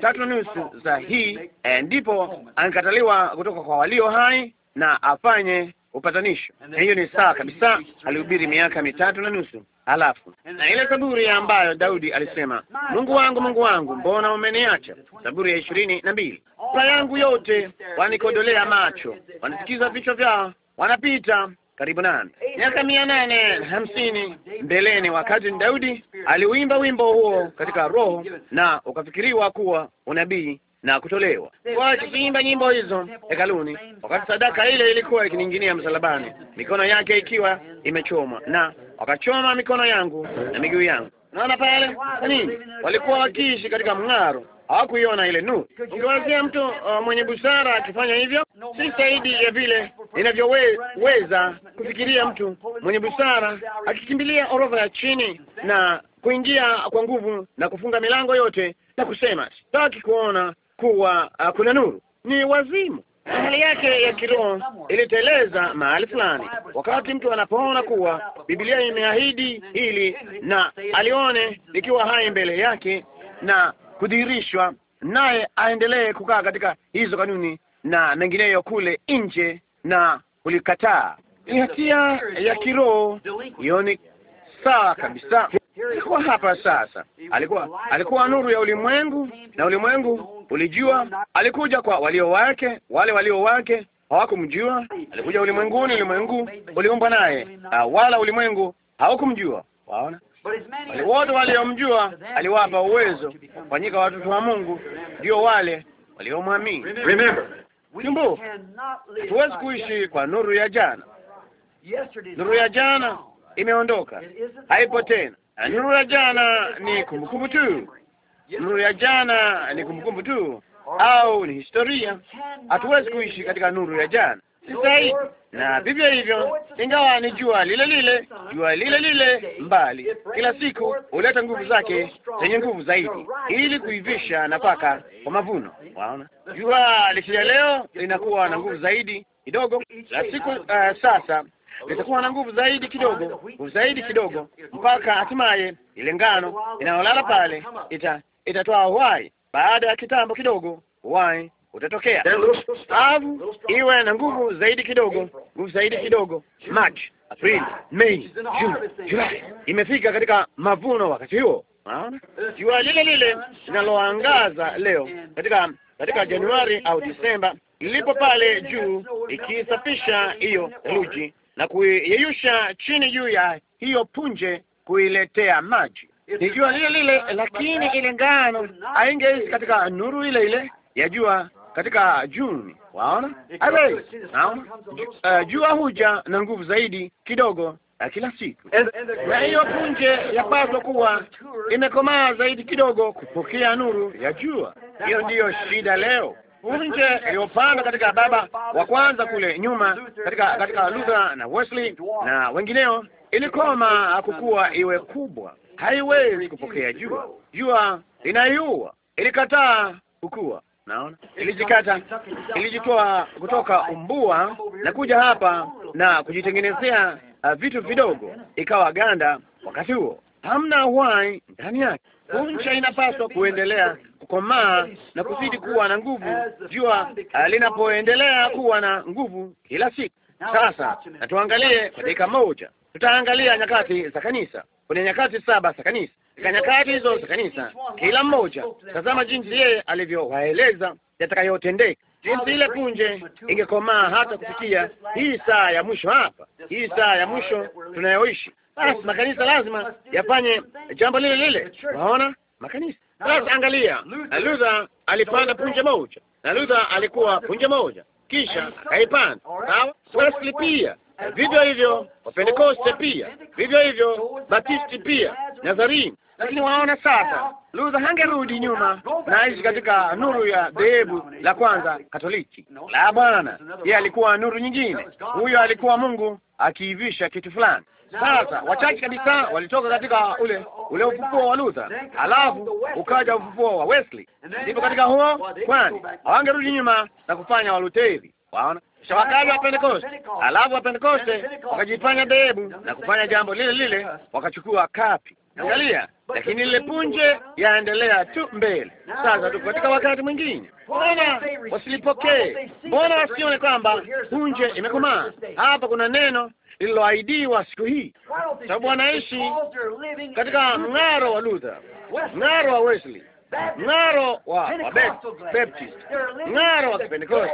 tatu na nusu za hii, eh, ndipo angekataliwa kutoka kwa walio hai na afanye upatanisho. Hiyo ni sawa kabisa. Alihubiri miaka mitatu na nusu, halafu na ile Zaburi ambayo Daudi alisema, Mungu wangu, Mungu wangu, mbona umeniacha? Zaburi ya ishirini na mbili. Saa yangu yote wanikodolea macho, wanasikiza vichwa vyao, wanapita karibu nani Miaka mia nane hamsini mbeleni, wakati Daudi aliuimba wimbo huo katika roho na ukafikiriwa kuwa unabii na kutolewa. Waache kuimba nyimbo hizo hekaluni, wakati sadaka ile ilikuwa ikininginia msalabani, mikono yake ikiwa imechomwa, na wakachoma mikono yangu na miguu yangu. Naona pale kwa nini walikuwa wakiishi katika mng'aro, hawakuiona ile nuru. Ungewazia mtu uh, mwenye busara akifanya hivyo, si zaidi ya vile inavyoweza kufikiria mtu mwenye busara akikimbilia orofa ya chini na kuingia kwa nguvu na kufunga milango yote na kusema sitaki kuona kuwa uh, kuna nuru, ni wazimu na hali yake ya kiroho iliteleza mahali fulani. Wakati mtu anapoona kuwa Biblia imeahidi hili na alione likiwa hai mbele yake na kudhihirishwa, naye aendelee kukaa katika hizo kanuni na mengineyo kule nje na kulikataa, ni hatia ya kiroho hiyo, ni sawa kabisa. Alikuwa hapa sasa, alikuwa alikuwa nuru ya ulimwengu, na ulimwengu ulijua. Alikuja kwa walio wake, wale walio wake hawakumjua. Alikuja ulimwenguni, ulimwengu uliumbwa naye, ah, wala ulimwengu hawakumjua Waona, wale wote waliomjua aliwapa uwezo kufanyika watoto wa Mungu, ndio wale waliomwamini. Kumbuka, hatuwezi kuishi kwa nuru ya jana. Nuru ya jana imeondoka, haipo tena. Nuru ya jana ni kumbukumbu tu, nuru ya jana ni kumbukumbu tu, au ni historia. Hatuwezi kuishi katika nuru ya jana sasa na vivyo hivyo, ingawa ni jua lile lile, jua lile lile mbali, kila siku huleta nguvu zake zenye nguvu zaidi, ili kuivisha nafaka kwa mavuno. Waona, jua likija leo linakuwa na nguvu zaidi kidogo la siku. Uh, sasa litakuwa na nguvu zaidi kidogo, nguvu zaidi kidogo, mpaka hatimaye ile ngano inayolala pale ita- itatoa uhai. Baada ya kitambo kidogo, uhai utatokea. Avu iwe na nguvu zaidi kidogo, nguvu zaidi kidogo. Machi, Aprili, Mei, Juni, Julai, imefika katika mavuno. Wakati huo jua lile lile linaloangaza leo katika katika Januari au Disemba lilipo pale juu, ikisafisha hiyo theluji na kuiyeyusha chini juu ya hiyo punje kuiletea maji. Ni jua lile lile, lakini ile ngano haingeishi katika nuru ile ile ya jua katika Juni. Waona haiwezi. Naona eh, jua huja na nguvu zaidi kidogo kila siku, na hiyo punje yapaswa kuwa imekomaa zaidi kidogo kupokea nuru ya jua. Hiyo ndiyo shida leo nje iliyopandwa katika baba wa kwanza kule nyuma katika katika Luther na Wesley na wengineo, ilikoma kukua iwe kubwa, haiwezi kupokea jua. Jua inaiua, ilikataa kukua. Naona ilijikata, ilijitoa kutoka umbua na kuja hapa na kujitengenezea uh, vitu vidogo, ikawa ganda. Wakati huo hamna uhai ndani yake. Kuncha inapaswa kuendelea kukomaa na kuzidi kuwa na nguvu, jua linapoendelea kuwa na nguvu kila siku. Sasa na tuangalie kwa dakika moja, tutaangalia nyakati za kanisa. Kuna nyakati saba za kanisa. Katika nyakati hizo za kanisa, kila mmoja tazama jinsi yeye alivyowaeleza yatakayotendeka jinsi ile punje ingekomaa hata kufikia hii saa ya mwisho hapa, hii saa ya mwisho tunayoishi. Basi makanisa lazima yafanye jambo lile lile, unaona makanisa. Sasa angalia, Luther alipanda punje moja, na Luther alikuwa punje moja, kisha akaipanda. Sawa, Wesley pia vivyo hivyo, Wapentekoste pia vivyo hivyo, Batisti pia, nazarini lakini waona sasa, Luther hangerudi nyuma naishi katika nuru ya dhehebu la kwanza Katoliki la Bwana. Yeye alikuwa nuru nyingine, huyo alikuwa Mungu akiivisha kitu fulani. Sasa wachache kabisa walitoka katika ule ule ufufuo wa Luther, alafu ukaja ufufuo wa Wesley. Ndipo katika huo kwani hawangerudi nyuma na kufanya Walutheri, waona shawakazi wa Pentekoste, alafu wa Pentekoste wakajifanya dhehebu na kufanya jambo lile lile, wakachukua kapi Angalia, lakini lile punje yaendelea tu mbele. Sasa tuko katika wakati mwingine, mbona wasilipokee? Mbona wasione kwamba punje imekomaa? Hapa kuna neno lililoahidiwa siku hii, sababu wanaishi katika mng'aro wa Luther, mng'aro wa Wesley, mng'aro wa Baptist, mng'aro wa Kipentekoste,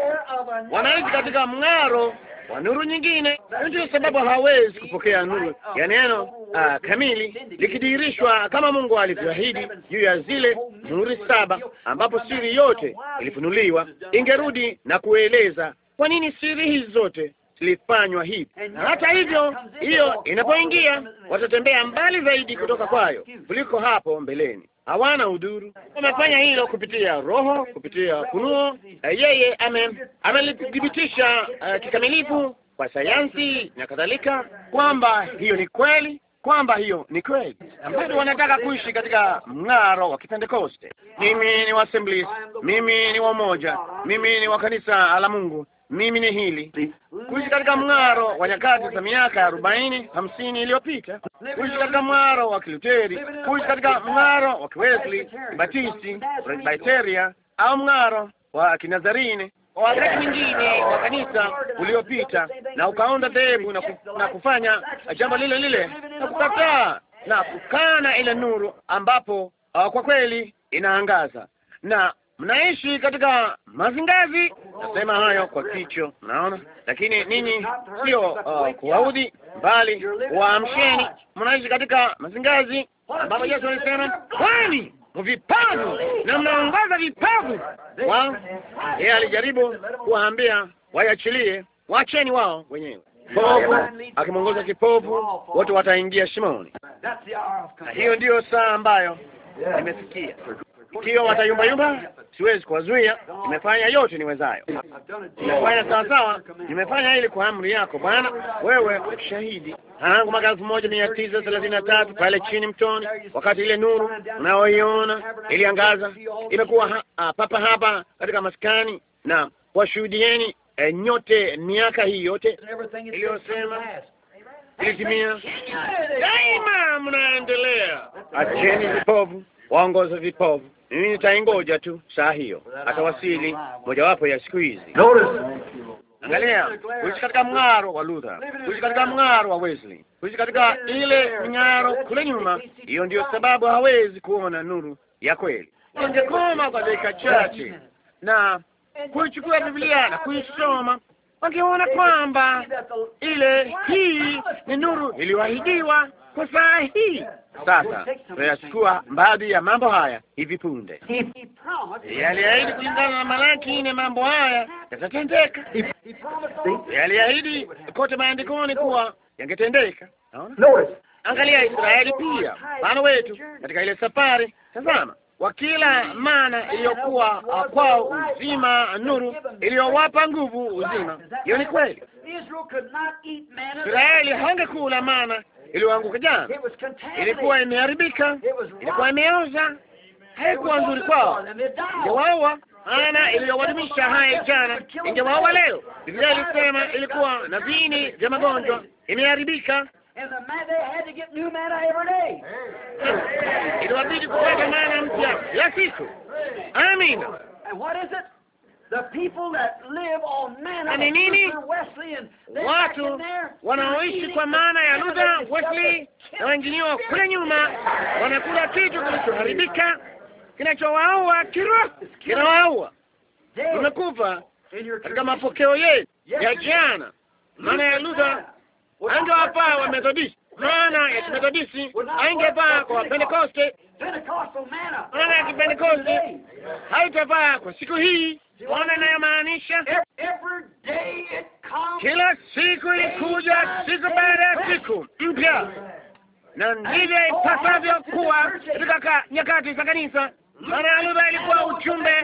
wanaishi katika mng'aro kwa nuru nyingine. Ndio sababu hawezi kupokea nuru ya neno uh, kamili likidirishwa kama Mungu alivyoahidi juu ya zile nuru saba, ambapo siri yote ilifunuliwa. Ingerudi na kueleza kwa nini siri hizi zote zilifanywa hivi, na hata hivyo, hiyo inapoingia watatembea mbali zaidi kutoka kwayo kuliko hapo mbeleni hawana udhuru. Wamefanya hilo kupitia Roho, kupitia kunuo. Eh, yeye amelithibitisha uh, kikamilifu kwa sayansi na kadhalika, kwamba hiyo ni kweli, kwamba hiyo ni kweli. Bado wanataka kuishi katika mng'aro wa Kipentekoste. Mimi ni wa Assemblies, mimi ni wa moja mimi ni wa kanisa la Mungu, mimi ni hili kuishi katika mng'aro wa nyakati za miaka arobaini hamsini iliyopita, kuishi katika mng'aro wa Kiluteri, kuishi katika mng'aro wa Kiwesli, Batisti, Presbiteria au mng'aro wa Kinazarine wakati mwingine wa kanisa uliopita, na ukaunda dhehebu na, ku, na kufanya jambo lile lile na kukataa na kukana ile nuru ambapo uh, kwa kweli inaangaza na mnaishi katika mazingazi Nasema hayo kwa kicho, naona lakini ninyi sio uh, kuwaudhi, bali waamsheni. Mnaishi katika mazingazi ambapo Yesu alisema kwani vipavu na mnaongoza vipavu wa Yeye alijaribu kuwaambia wayachilie waacheni wao wenyewe. Kipovu akimwongoza kipovu, wote wataingia shimoni. Hiyo ndiyo saa ambayo yeah. Ndiyo, watayumbayumba, siwezi kuwazuia. Nimefanya yote niwezayo, nimefanya sawasawa, nimefanya ili kwa amri yako Bwana. Wewe shahidi tangu mwaka elfu moja mia tisa thelathini na tatu pale chini mtoni, wakati ile nuru unaoiona iliangaza, imekuwa ha ah, papa hapa katika maskani na washuhudieni e, nyote miaka hii yote iliyosema ilitimia daima, mnaendelea. Acheni vipovu waongoze vipovu mimi nitaingoja tu saa hiyo, atawasili mojawapo ya siku hizi. Angalia, kuishi katika mng'aro wa Luther, kuishi katika mng'aro wa Wesley, kuishi katika ile mng'aro kule nyuma. Hiyo ndiyo sababu hawezi kuona nuru ya kweli. Wangekoma kwa dakika chache na kuichukua Biblia na kuisoma, wangeona kwamba ile hii ni nuru iliyoahidiwa kwa saa hii sasa. Tutayachukua baadhi ya mambo haya hivi punde. Yaliahidi kulingana na Malaki ni mambo haya yatatendeka. Yaliahidi kote maandikoni kuwa yangetendeka. Angalia Israeli pia, Bwana wetu katika ile safari. Tazama, wakila mana iliyokuwa uh, kwao uzima, nuru iliyowapa nguvu uzima. Hiyo ni kweli. Israeli hangekula maana iliyoanguka jana ilikuwa imeharibika, ilikuwa imeoza, haikuwa nzuri kwao, ingewaua. Ana iliyowadumisha haya jana ingewaua leo. Biblia ilisema ilikuwa na vini vya magonjwa, imeharibika, iliwabidi kupata maana mpya ya siku. Amina na ni nini? Watu wanaoishi kwa maana ya Luther, Wesley na wengineo kule nyuma wanakula kitu kilichoharibika, kinachowaua kiroho, kinawaua umekufa katika mapokeo yetu ya jana. Maana ya Luther angewapaa wa Methodisti, maana ya Kimethodisti angewapaa kwa Pentekoste maana ya Kipentekoste haitafaa kwa siku hii. Ona inayomaanisha kila siku ilikuja siku baada ya siku mpya, na ndivyo oh, ipasavyo kuwa katika nyakati za kanisa. Maana Luther ilikuwa ujumbe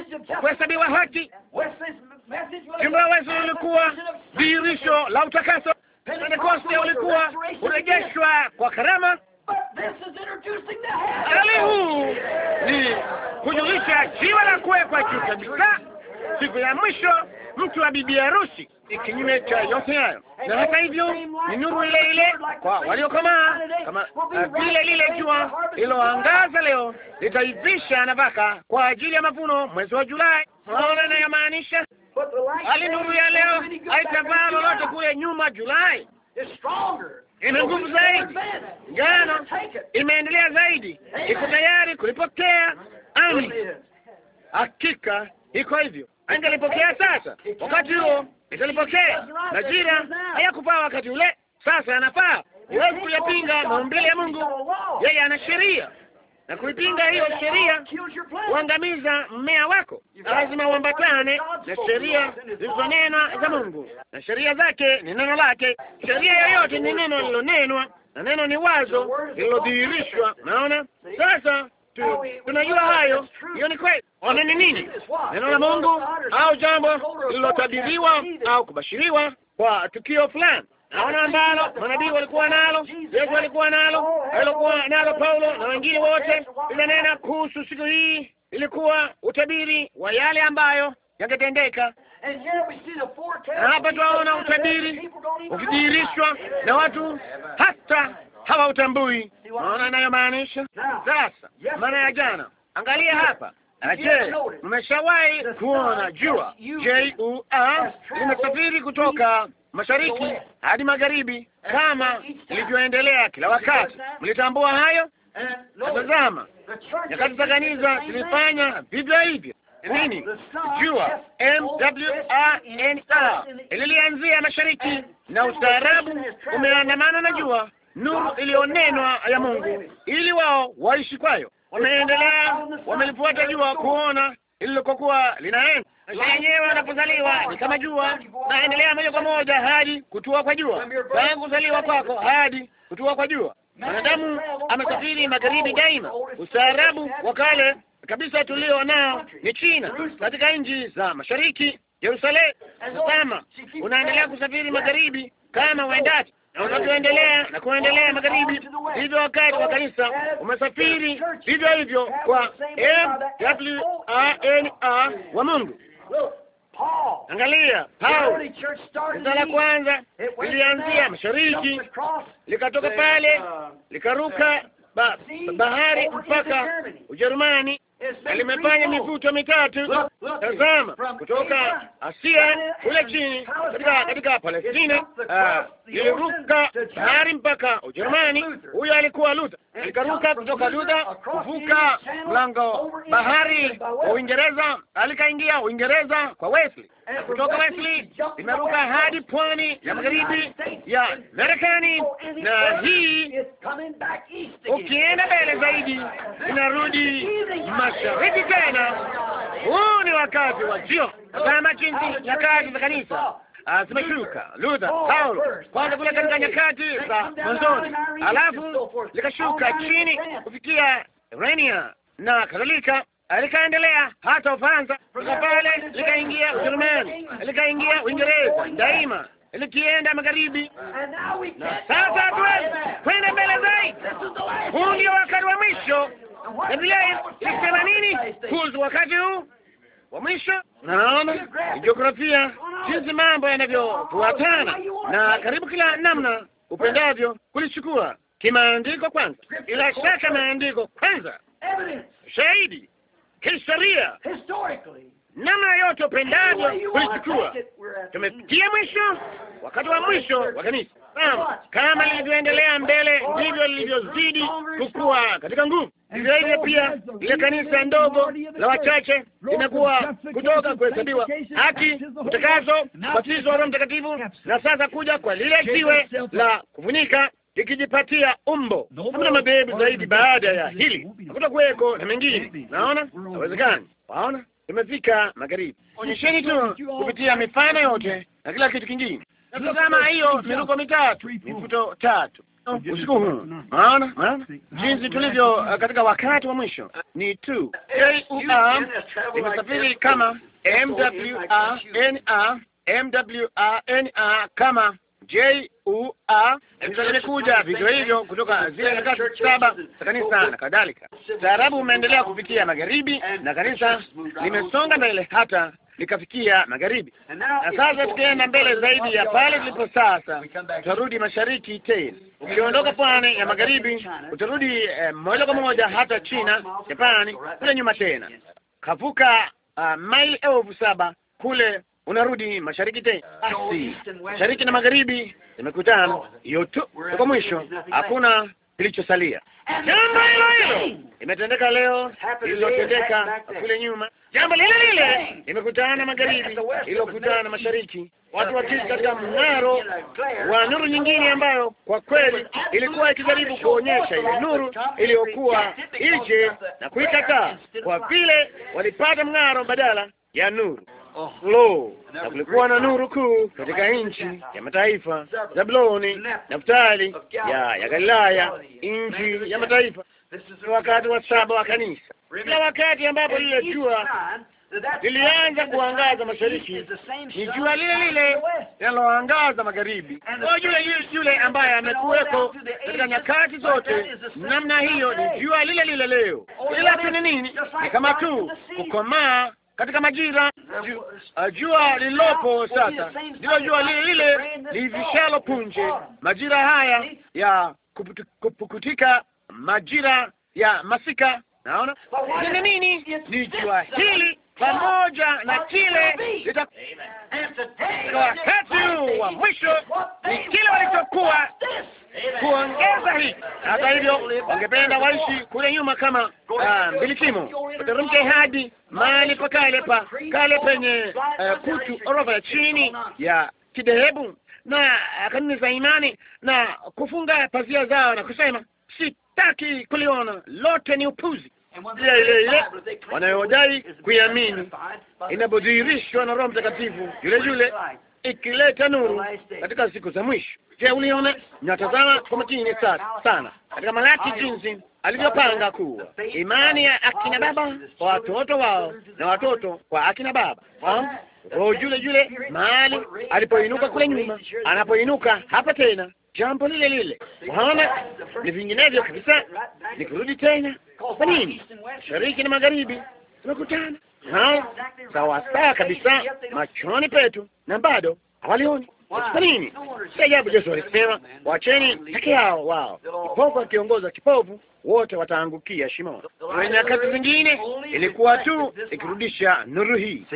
kuhesabiwa haki, ujumbe wa Wesley ulikuwa dhihirisho la utakaso, Pentekoste ulikuwa kurejeshwa kwa karama Bali huu ni kujulisha jiwe la kuwekwa juu kabisa, siku ya mwisho, mtu wa bibi harusi, ni kinyume cha yote hayo. Na hata hivyo ni nuru ile ile kwa waliokomaa, kama vile lile jua liloangaza leo litaivisha nafaka kwa ajili ya mavuno mwezi wa Julai. Naona inayomaanisha hali nuru ya leo haitavaa lolote kule nyuma Julai ina nguvu zaidi, ngano imeendelea zaidi, iko tayari kulipokea. Ami, hakika iko hivyo. Angelipokea sasa, wakati huo italipokea. Majira hayakufaa wakati ule, sasa anafaa Huwezi kuyapinga maumbile ya Mungu, yeye ana sheria na kuipinga hiyo sheria kuangamiza mmea wako. Lazima uambatane na sheria zilizonenwa za Mungu, na sheria zake ni neno lake. Sheria yoyote ni neno lilonenwa, na neno ni wazo lililodhihirishwa. Naona sasa tu, tunajua hayo, hiyo ni kweli. Ona ni nini neno la Mungu au jambo lililotabiriwa au kubashiriwa kwa tukio fulani naona ambalo manabii walikuwa nalo, Yesu alikuwa nalo, alikuwa nalo Paulo na wengine wote, linanena kuhusu siku hii. Ilikuwa utabiri wa yale ambayo yangetendeka, na hapa twaona utabiri ukidhihirishwa na watu hata hawautambui. Naona inayomaanisha sasa, maana ya jana. Angalia hapa. Je, mmeshawahi kuona jua A limesafiri kutoka mashariki hadi magharibi, eh. kama ilivyoendelea kila wakati. Eh. Mlitambua hayo? Eh, Tazama, nyakati za kanisa zilifanya vivyo hivyo. Nini jua MWRNR ililianzia mashariki, na ustaarabu umeandamana na jua, nuru iliyonenwa ya Mungu, ili wao waishi kwayo. Wameendelea, wamelifuata jua kuona lililokuwa linaenda lenyewe wanapozaliwa ni kama jua, naendelea moja kwa moja hadi kutua kwa jua, tangu kuzaliwa kwako hadi kutua kwa jua. Mwanadamu amesafiri magharibi daima. Ustaarabu wa kale kabisa tulio nao ni China, katika nchi za mashariki Yerusalemu. Tazama, unaendelea kusafiri magharibi kama uendati na unavyoendelea na kuendelea magharibi, hivyo wakati wa kanisa umesafiri vivyo hivyo kwa MWANA e. wa Mungu. Angalia, Paul kanisa la kwanza lilianzia mashariki, likatoka pale uh, likaruka bahari mpaka Ujerumani alimefanya mifuto mivuto mitatu. Tazama kutoka Asia kule chini katika katika Palestina, liliruka uh, bahari mpaka Ujerumani. Huyo alikuwa Luther alikaruka kutoka Yuda kuvuka mlango bahari wa Uingereza, alikaingia Uingereza kwa Wesley, kutoka Wesley imeruka hadi pwani ya magharibi ya Marekani, na hii ukienda mbele zaidi inarudi mashariki tena. Huu ni wakati wa jio kama jinsi nyakati za kanisa zimeshuka Luther, oh, Paulo, kwanza kule katika nyakati za mwanzoni, alafu likashuka chini kufikia Urania na kadhalika, likaendelea hata Ufaransa, kutoka pale likaingia Ujerumani, likaingia Uingereza, daima likienda magharibi. Na sasa hatuwezi kwenda mbele zaidi. Huu ndio wakati wa mwisho. Biblia inasema nini kuhusu wakati huu? wa mwisho. Naona jiografia, jinsi mambo yanavyofuatana na karibu kila namna upendavyo kulichukua kimaandiko kwanza, bila shaka maandiko kwanza, shahidi kisheria namna yote upendavyo kulichukua. Tumefikia mwisho, wakati wa mwisho wa kanisa. Kama lilivyoendelea mbele, ndivyo lilivyozidi kukua katika nguvu. Hivyo hivyo pia ile kanisa ndogo la wachache linakuwa kutoka kuhesabiwa haki, utakaso, ubatizo wa Roho Mtakatifu, na sasa kuja kwa lile jiwe la kufunika ikijipatia umbo. Hakuna mabebu zaidi baada ya hili, hakutakuweko na mengine. Naona hawezekani, waona tumefika magharibi. Onyesheni tu kupitia mifano yote na kila kitu kingine. Natazama hiyo miruko mitatu, mifuto tatu usiku huu, maana jinsi tulivyo uh, katika wakati wa mwisho ni tu imesafiri kama N A kama A vitu zimekuja vivyo hivyo kutoka zile nyakati saba za kanisa na kadhalika. Taarabu umeendelea kupitia magharibi na kanisa limesonga mbele hata likafikia magharibi, na sasa tukienda mbele zaidi ya pale tulipo sasa, tutarudi mashariki tena. Ukiondoka pwani ya magharibi, utarudi eh, moja kwa moja hata China, Japani kule nyuma tena, kavuka ah, maili elfu saba kule unarudi mashariki tena. Basi ah, ah, mashariki na magharibi zimekutana, hiyo tu kwa mwisho, hakuna kilichosalia. Jambo hilo hilo imetendeka leo, ililotendeka kule nyuma, jambo lile lile imekutana magharibi, ililokutana na mashariki, watu wakii katika mng'aro wa nuru nyingine, ambayo kwa kweli ilikuwa ikijaribu kuonyesha ile nuru iliyokuwa ije na kuikataa, kwa vile walipata mng'aro badala ya nuru. Oh, lo na kulikuwa na nuru kuu katika nchi ya mataifa Zabuloni, Naftali, ya ya Galilaya, nchi ya mataifa. Wakati wa saba wa kanisa, kila wakati ambapo lile jua lilianza kuangaza mashariki, ni jua lile lile linaloangaza magharibi. Kwa yule yule ambaye amekuweko katika nyakati zote, namna hiyo ni jua lile lile leo. Ila tu ni nini? Ni kama tu kukomaa katika majira jua lililopo sasa ndilo jua lile lile livishalo punje, majira haya ya kupukutika, majira ya masika. Naona ni nini, ni jua hili pamoja na kile wakati wa mwisho, ni kile walichokuwa kuongeza hii. Hata hivyo, wangependa waishi kule nyuma kama ah, mbilikimo wateremke hadi mahali pa kale pa kale penye eh, kutu, orofa ya chini ya kidhehebu na ah, kanuni za imani, na kufunga pazia zao na kusema sitaki kuliona, lote ni upuzi. Njia ile ile wanayodai kuiamini inapodhihirishwa na Roho Mtakatifu yule yule ikileta nuru katika siku za mwisho. Je, uliona? Natazama kwa makini sana katika Malaki jinsi alivyopanga kuwa imani ya akina baba kwa watoto wao na watoto kwa akina baba roho yule yule mahali alipoinuka kule nyuma, anapoinuka hapa tena, jambo lile lile. Unaona, ni vinginevyo kabisa. nikurudi tena, kwa nini shariki na magharibi tumekutana hao sawasawa kabisa machoni petu na bado hawalioni. Kwa nini? Si ajabu Yesu alisema, wacheni peke yao wao, kipofu akiongoza kipofu, wote wataangukia shimoni. Na nyakati zingine ilikuwa tu ikirudisha nuru hii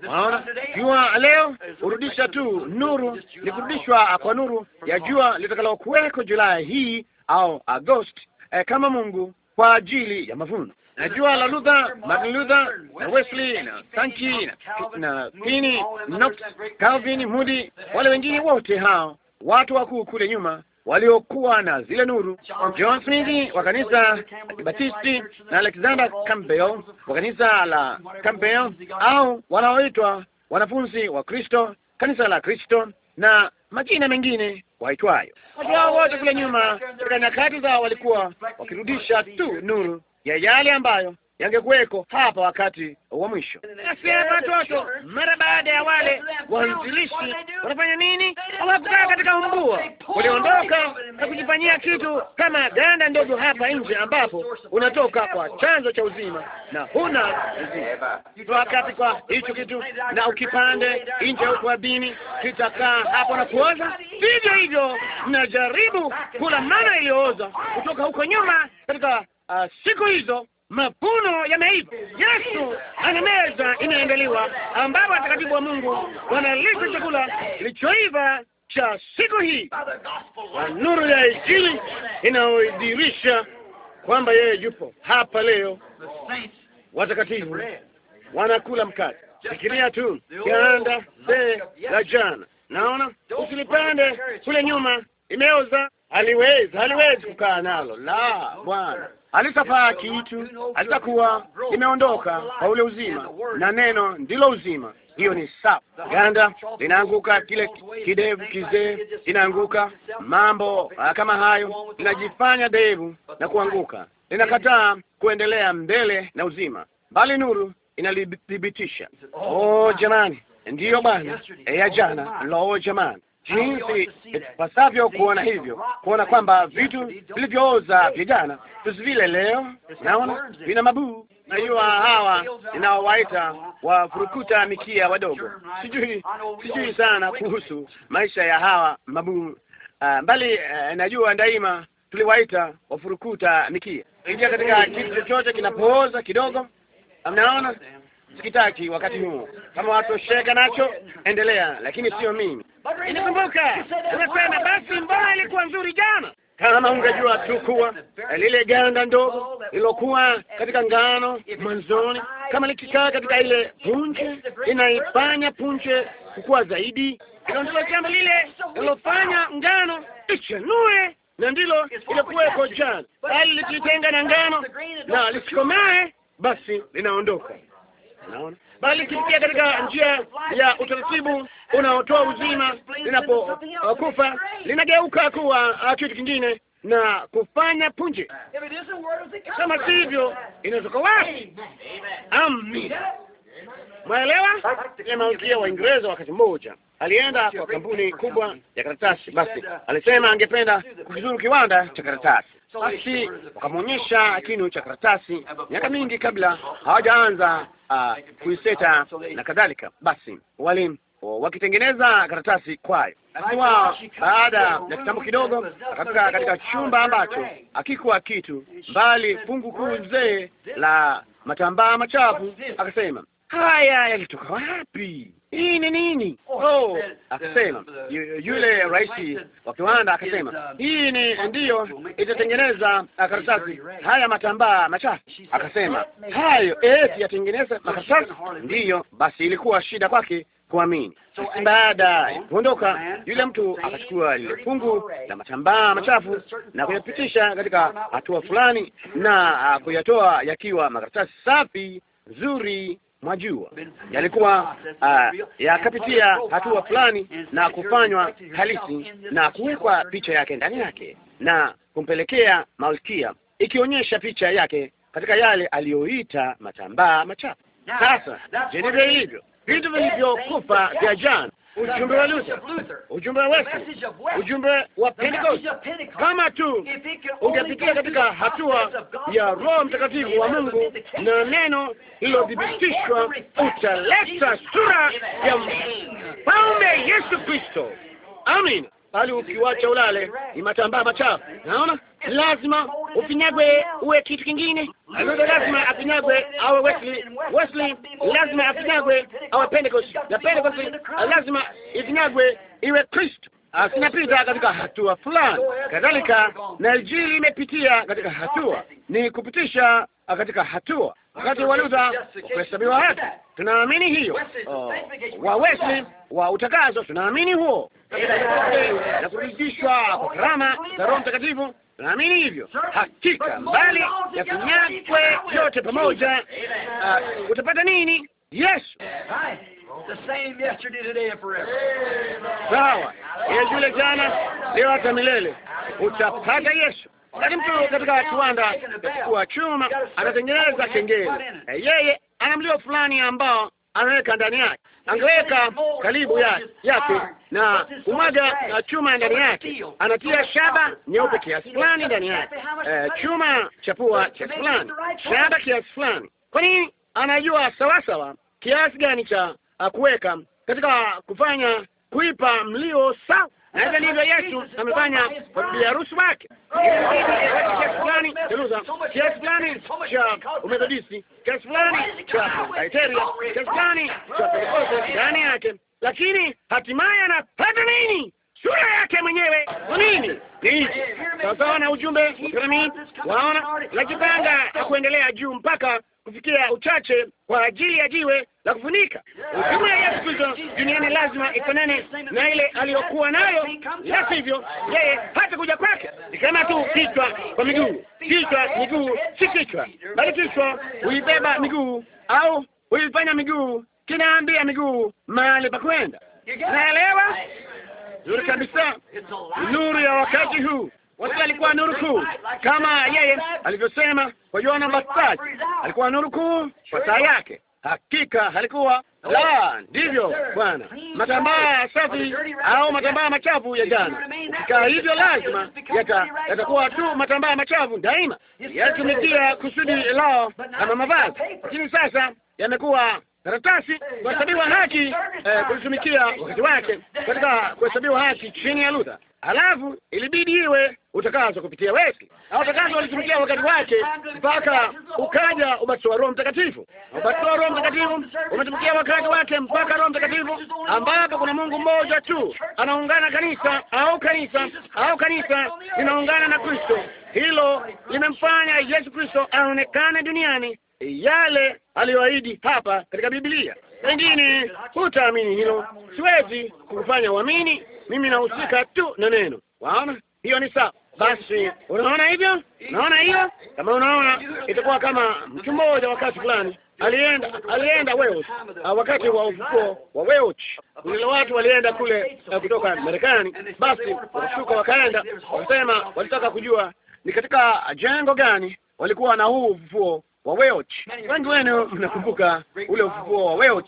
Maona jua leo hurudisha tu nuru, ni kurudishwa kwa nuru ya jua litakalokuweko Julai hii au Agosti, eh, kama Mungu kwa ajili ya mavuno najua la Luther, Martin Luther na Wesley na Sanchi na Pini Knox, Calvin, Moody, wale wengine wote hao watu wakuu kule nyuma waliokuwa na zile nuru, John Smith wa kanisa Kibatisti na Alexander Campbell wa kanisa la Campbell, au wanaoitwa wanafunzi wa Kristo, kanisa la Kristo na majina mengine waitwayo. Watu hao wote kule nyuma katika nyakati zao walikuwa wakirudisha tu nuru ya yale ambayo yangekuweko hapa wakati wa mwisho. Nasema watoto, mara baada ya wale waanzilishi wanafanya nini? Hawakukaa katika umbua, waliondoka na kujifanyia kitu kama ganda ndogo hapa nje, ambapo unatoka kwa chanzo cha uzima na huna uzima. Wakati kwa hicho kitu na ukipande nje huko abini, kitakaa hapo na kuoza. Vivyo hivyo mnajaribu kula mana iliyooza kutoka huko nyuma katika uh, siku hizo mavuno yameiva. Yesu ana meza imeandaliwa, ambapo watakatifu wa Mungu wanalisha chakula kilichoiva cha siku hii, na nuru ya Injili inayoidhihirisha kwamba yeye yupo hapa leo. Watakatifu wanakula mkate. Fikiria tu kanda zee la jana, naona usilipande kule nyuma, imeoza. Aliwezi, aliwezi kukaa nalo la Bwana alitafaa kitu, alitakuwa limeondoka kwa ule uzima, na neno ndilo uzima. Hiyo ni sawa. Ganda linaanguka, kile kidevu kizee inaanguka, mambo ah, kama hayo, linajifanya devu na kuanguka, linakataa kuendelea mbele na uzima, bali nuru inalithibitisha. Oh jamani, ndiyo Bwana ya jana. Lo jamani, jinsi ipasavyo kuona hivyo, kuona kwamba vitu vilivyooza vya jana tusivile leo. Naona vina mabuu. Najua hawa ninaowaita wafurukuta mikia wadogo, sijui sijui sana kuhusu maisha ya hawa mabuu uh, mbali uh, najua daima tuliwaita wafurukuta mikia. Ingia katika kitu chochote kinapooza kidogo, mnaona sikitaki wakati huu. Kama watosheka nacho, endelea, lakini sio mimi. Inakumbuka unasema basi mbona ilikuwa nzuri jana. Kama ungejua tu kuwa eh, lile ganda ndogo lilokuwa katika ngano mwanzoni, kama likikaa katika ile punje, inaifanya punje kukua zaidi. Hilo ndilo jambo lile lilofanya ngano ichenue na ndilo ilikuweko jana, bali likitenga na ngano na lisikomae, basi linaondoka. Unaona, bali kiingia katika njia ya utaratibu unaotoa uzima, linapokufa linageuka kuwa ah, kitu kingine na kufanya punje. Kama sivyo, inatoka wapi? Amina. Mwaelewa? malkia wa Uingereza wakati mmoja alienda kwa kampuni kubwa ya karatasi, basi alisema angependa kukizuru kiwanda cha karatasi. Basi wakamwonyesha kinu cha karatasi miaka mingi kabla hawajaanza Ah, kuiseta na kadhalika. Basi wali oh, wakitengeneza karatasi kwayo akiwa baada ya kitambo kidogo, akafika katika chumba ambacho akikuwa kitu mbali fungu kuu mzee la matambaa machafu, akasema haya yalitoka wapi? hii ni nini? Oh, oh akasema uh, yule rais wa kiwanda akasema, uh, hii ni ndiyo itatengeneza uh, karatasi haya matambaa machafu. Akasema hayo eti yatengeneza makaratasi. Ndiyo basi, ilikuwa shida kwake kuamini. Basi baada ya kuondoka, yule mtu akachukua lile fungu la matambaa machafu na kuyapitisha katika hatua fulani na kuyatoa yakiwa makaratasi safi nzuri Mwajua, yalikuwa uh, yakapitia hatua fulani na kufanywa halisi na kuwekwa picha yake ndani yake na kumpelekea malkia, ikionyesha picha yake katika yale aliyoita matambaa machafu. Sasa je, ndivyo ilivyo vitu vilivyokufa vya jana ujumbe wa Luther, ujumbe wa Wesley, ujumbe wa Pentecost, kama tu ungepitia katika hatua ya Roho Mtakatifu wa Mungu na neno lilodhibitishwa, utaleta sura ya mfalme Yesu Kristo. Amina bali ukiwacha ulale ni matambaa machafu. Naona lazima ufinyagwe uwe kitu kingine. Ayuda lazima afinyagwe awe Wesley, Wesley lazima afinyagwe awe Pentecost, na Pentecost lazima ifinyagwe iwe Kristo. Ah, sinapita katika hatua fulani, kadhalika Injili imepitia katika hatua, ni kupitisha katika hatua wakati wa Luther kuhesabiwa haki. Tunaamini hiyo oh, wa Wesley wa utakaso, tunaamini huo na kurudishwa kwa karama za Roho Mtakatifu, tunaamini hivyo hakika. Mbali ya kunyakwe yote pamoja, ah, utapata nini? Yesu sawa, yeye yule jana, leo hata milele, utapata Yesu. Wakati mtu katika kiwanda ya chuma anatengeneza kengele, e, yeye ana mlio fulani ambao anaweka ndani yake, angeweka karibu yake na kumwaga chuma ndani yake, anatia shaba nyeupe kiasi fulani ndani yake, e, chuma chapua kiasi fulani, shaba kiasi fulani. Kwa nini? Anajua sawasawa kiasi gani cha kuweka katika kufanya kuipa mlio sawa na hivyo ndivyo Yesu amefanya kwa bibi harusi wake. Kiasi fulani Yerusa, kiasi fulani cha Umethodisti, kiasi fulani cha Aiteria, kiasi fulani cha Pentekoste ndani yake, lakini hatimaye anapata nini? Sura yake mwenyewe. Kwa nini? Ni sawasawa na ujumbe wa piramidi, waona, najipanga kuendelea juu mpaka kufikia uchache kwa ajili ya jiwe la kufunika. Huduma ya Yesu Kristo duniani lazima ifanane na ile aliyokuwa nayo, la sivyo yeye hata kuja kwake ni kama tu kichwa kwa miguu. Kichwa miguu, si kichwa bali kichwa huibeba miguu, au huifanya miguu, kinaambia miguu mahali pa kwenda. Naelewa nzuri kabisa, nuru ya wakati huu Wesley alikuwa nuru kuu, kama yeye alivyosema kwa Yohana Mbatizaji, alikuwa nuru kuu kwa saa yake. Hakika alikuwa la ndivyo, Bwana. Matambaa safi au matambaa machafu ya jana, ikaa hivyo, lazima yatakuwa tu matambaa machafu daima, yalitumikia kusudi lao kama mavazi, lakini sasa yamekuwa karatasi kuhesabiwa haki eh, kulitumikia wakati wake katika kuhesabiwa haki chini ya Luther. Alafu ilibidi iwe utakaso kupitia Wesley, na utakaso walitumikia wakati wake mpaka ukaja ubatizo wa Roho Mtakatifu. Ubatizo wa Roho Mtakatifu umetumikia wakati wake mpaka Roho Mtakatifu, ambapo kuna Mungu mmoja tu anaungana kanisa au kanisa au kanisa linaungana na Kristo. Hilo limemfanya Yesu Kristo aonekane duniani, yale aliyoahidi hapa katika Biblia. Pengine hutaamini hilo, siwezi kukufanya uamini mimi nahusika tu na neno. Waona, hiyo ni sawa. Basi unaona hivyo, unaona hiyo, kama unaona, itakuwa kama mtu mmoja wakati fulani alienda alienda Wales ah, wakati wa ufuko wa Wales, wale watu walienda kule ah, kutoka Marekani. Basi wakashuka wakaenda, wakasema walitaka kujua ni katika jengo gani walikuwa na huu ufufuo wa Wales. Wengi wenu mnakumbuka ule ufufuo wa Wales,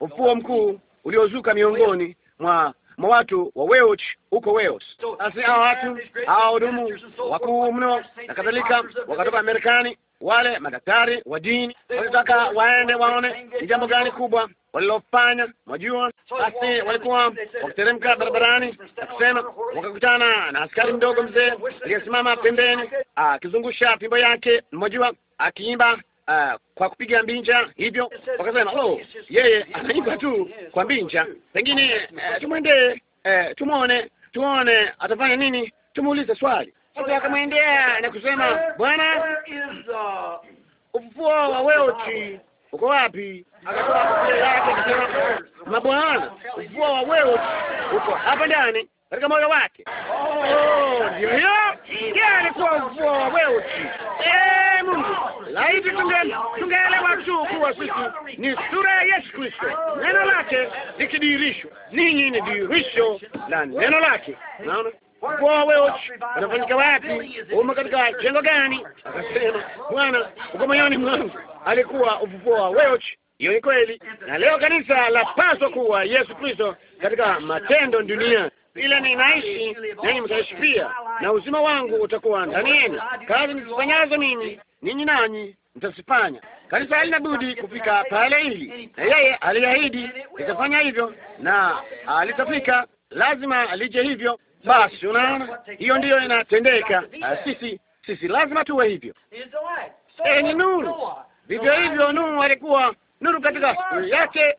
ufufuo mkuu uliozuka miongoni mwa mwa watu wa Welsh huko Wales. Basi hao watu hao wahudumu wakuu mno na kadhalika, wakatoka Amerikani, wale madaktari wa dini walitaka waende waone ni jambo gani kubwa walilofanya. Mwajua, basi walikuwa wakiteremka barabarani na kusema, wakakutana na askari mdogo mzee aliyesimama pembeni akizungusha fimbo yake, mwajua, akiimba uh, kwa kupiga mbinja hivyo, wakasema oh, yeye anaiba tu kwa mbinja, pengine uh, tumwendee, uh, tumwone, tuone atafanya nini, tumuulize swali. Sasa akamwendea na kusema, bwana, ufufuo wa Weoti uko wapi? Akatoa kofia yake akasema, mabwana, ufufuo wa Weoti uko hapa ndani katika moyo wake. Oh, ndio hiyo, yeye alikuwa ufufuo wa Weoti. Eh, ee Mungu Laiti tungeelewa tu kuwa sisi ni sura ya Yesu Kristo, neno lake likidirishwa ninyi ni dirisho la neno lake. Naona kwa wewe anafanyika wapi, umo katika jengo gani? Akasema Bwana, uko moyoni mwangu alikuwa ufufuo wa Weochi. Hiyo ni kweli, na leo kanisa la paswa kuwa Yesu Kristo katika matendo duniani ile ninaishi, nanyi mtaishi pia, na uzima wangu utakuwa ndani yenu. Kazi nizifanyazo mimi, ninyi nanyi mtazifanya. Kanisa halina budi kufika pale ili, na yeye aliahidi litafanya hivyo, na alitafika, lazima alije hivyo. Basi unaona, hiyo ndiyo inatendeka. Ah, sisi sisi lazima tuwe hivyo. E, ni nuru. Vivyo hivyo Nuhu alikuwa nuru katika siku yake,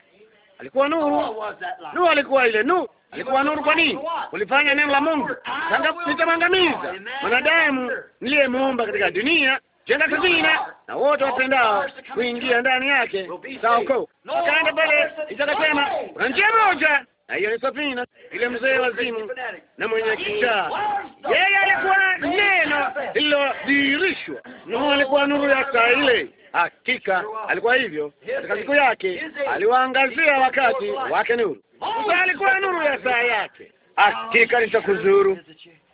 alikuwa nuru. Nuhu alikuwa ile nuru alikuwa nuru. Kwa nini ulifanya neno la Mungu? Nitamwangamiza mwanadamu niliyemuumba katika dunia, jenga hazina, na wote wapendao kuingia ndani yake saoko. Akaenda pale, itakasema kuna njia moja, na hiyo ni safina. Ile mzee wazimu na mwenye kichaa, yeye alikuwa neno lililodhihirishwa, no, alikuwa nuru ya saa ile Hakika alikuwa hivyo katika siku yake, aliwaangazia wakati wake nuru. Musa alikuwa nuru ya saa yake. Hakika nitakuzuru,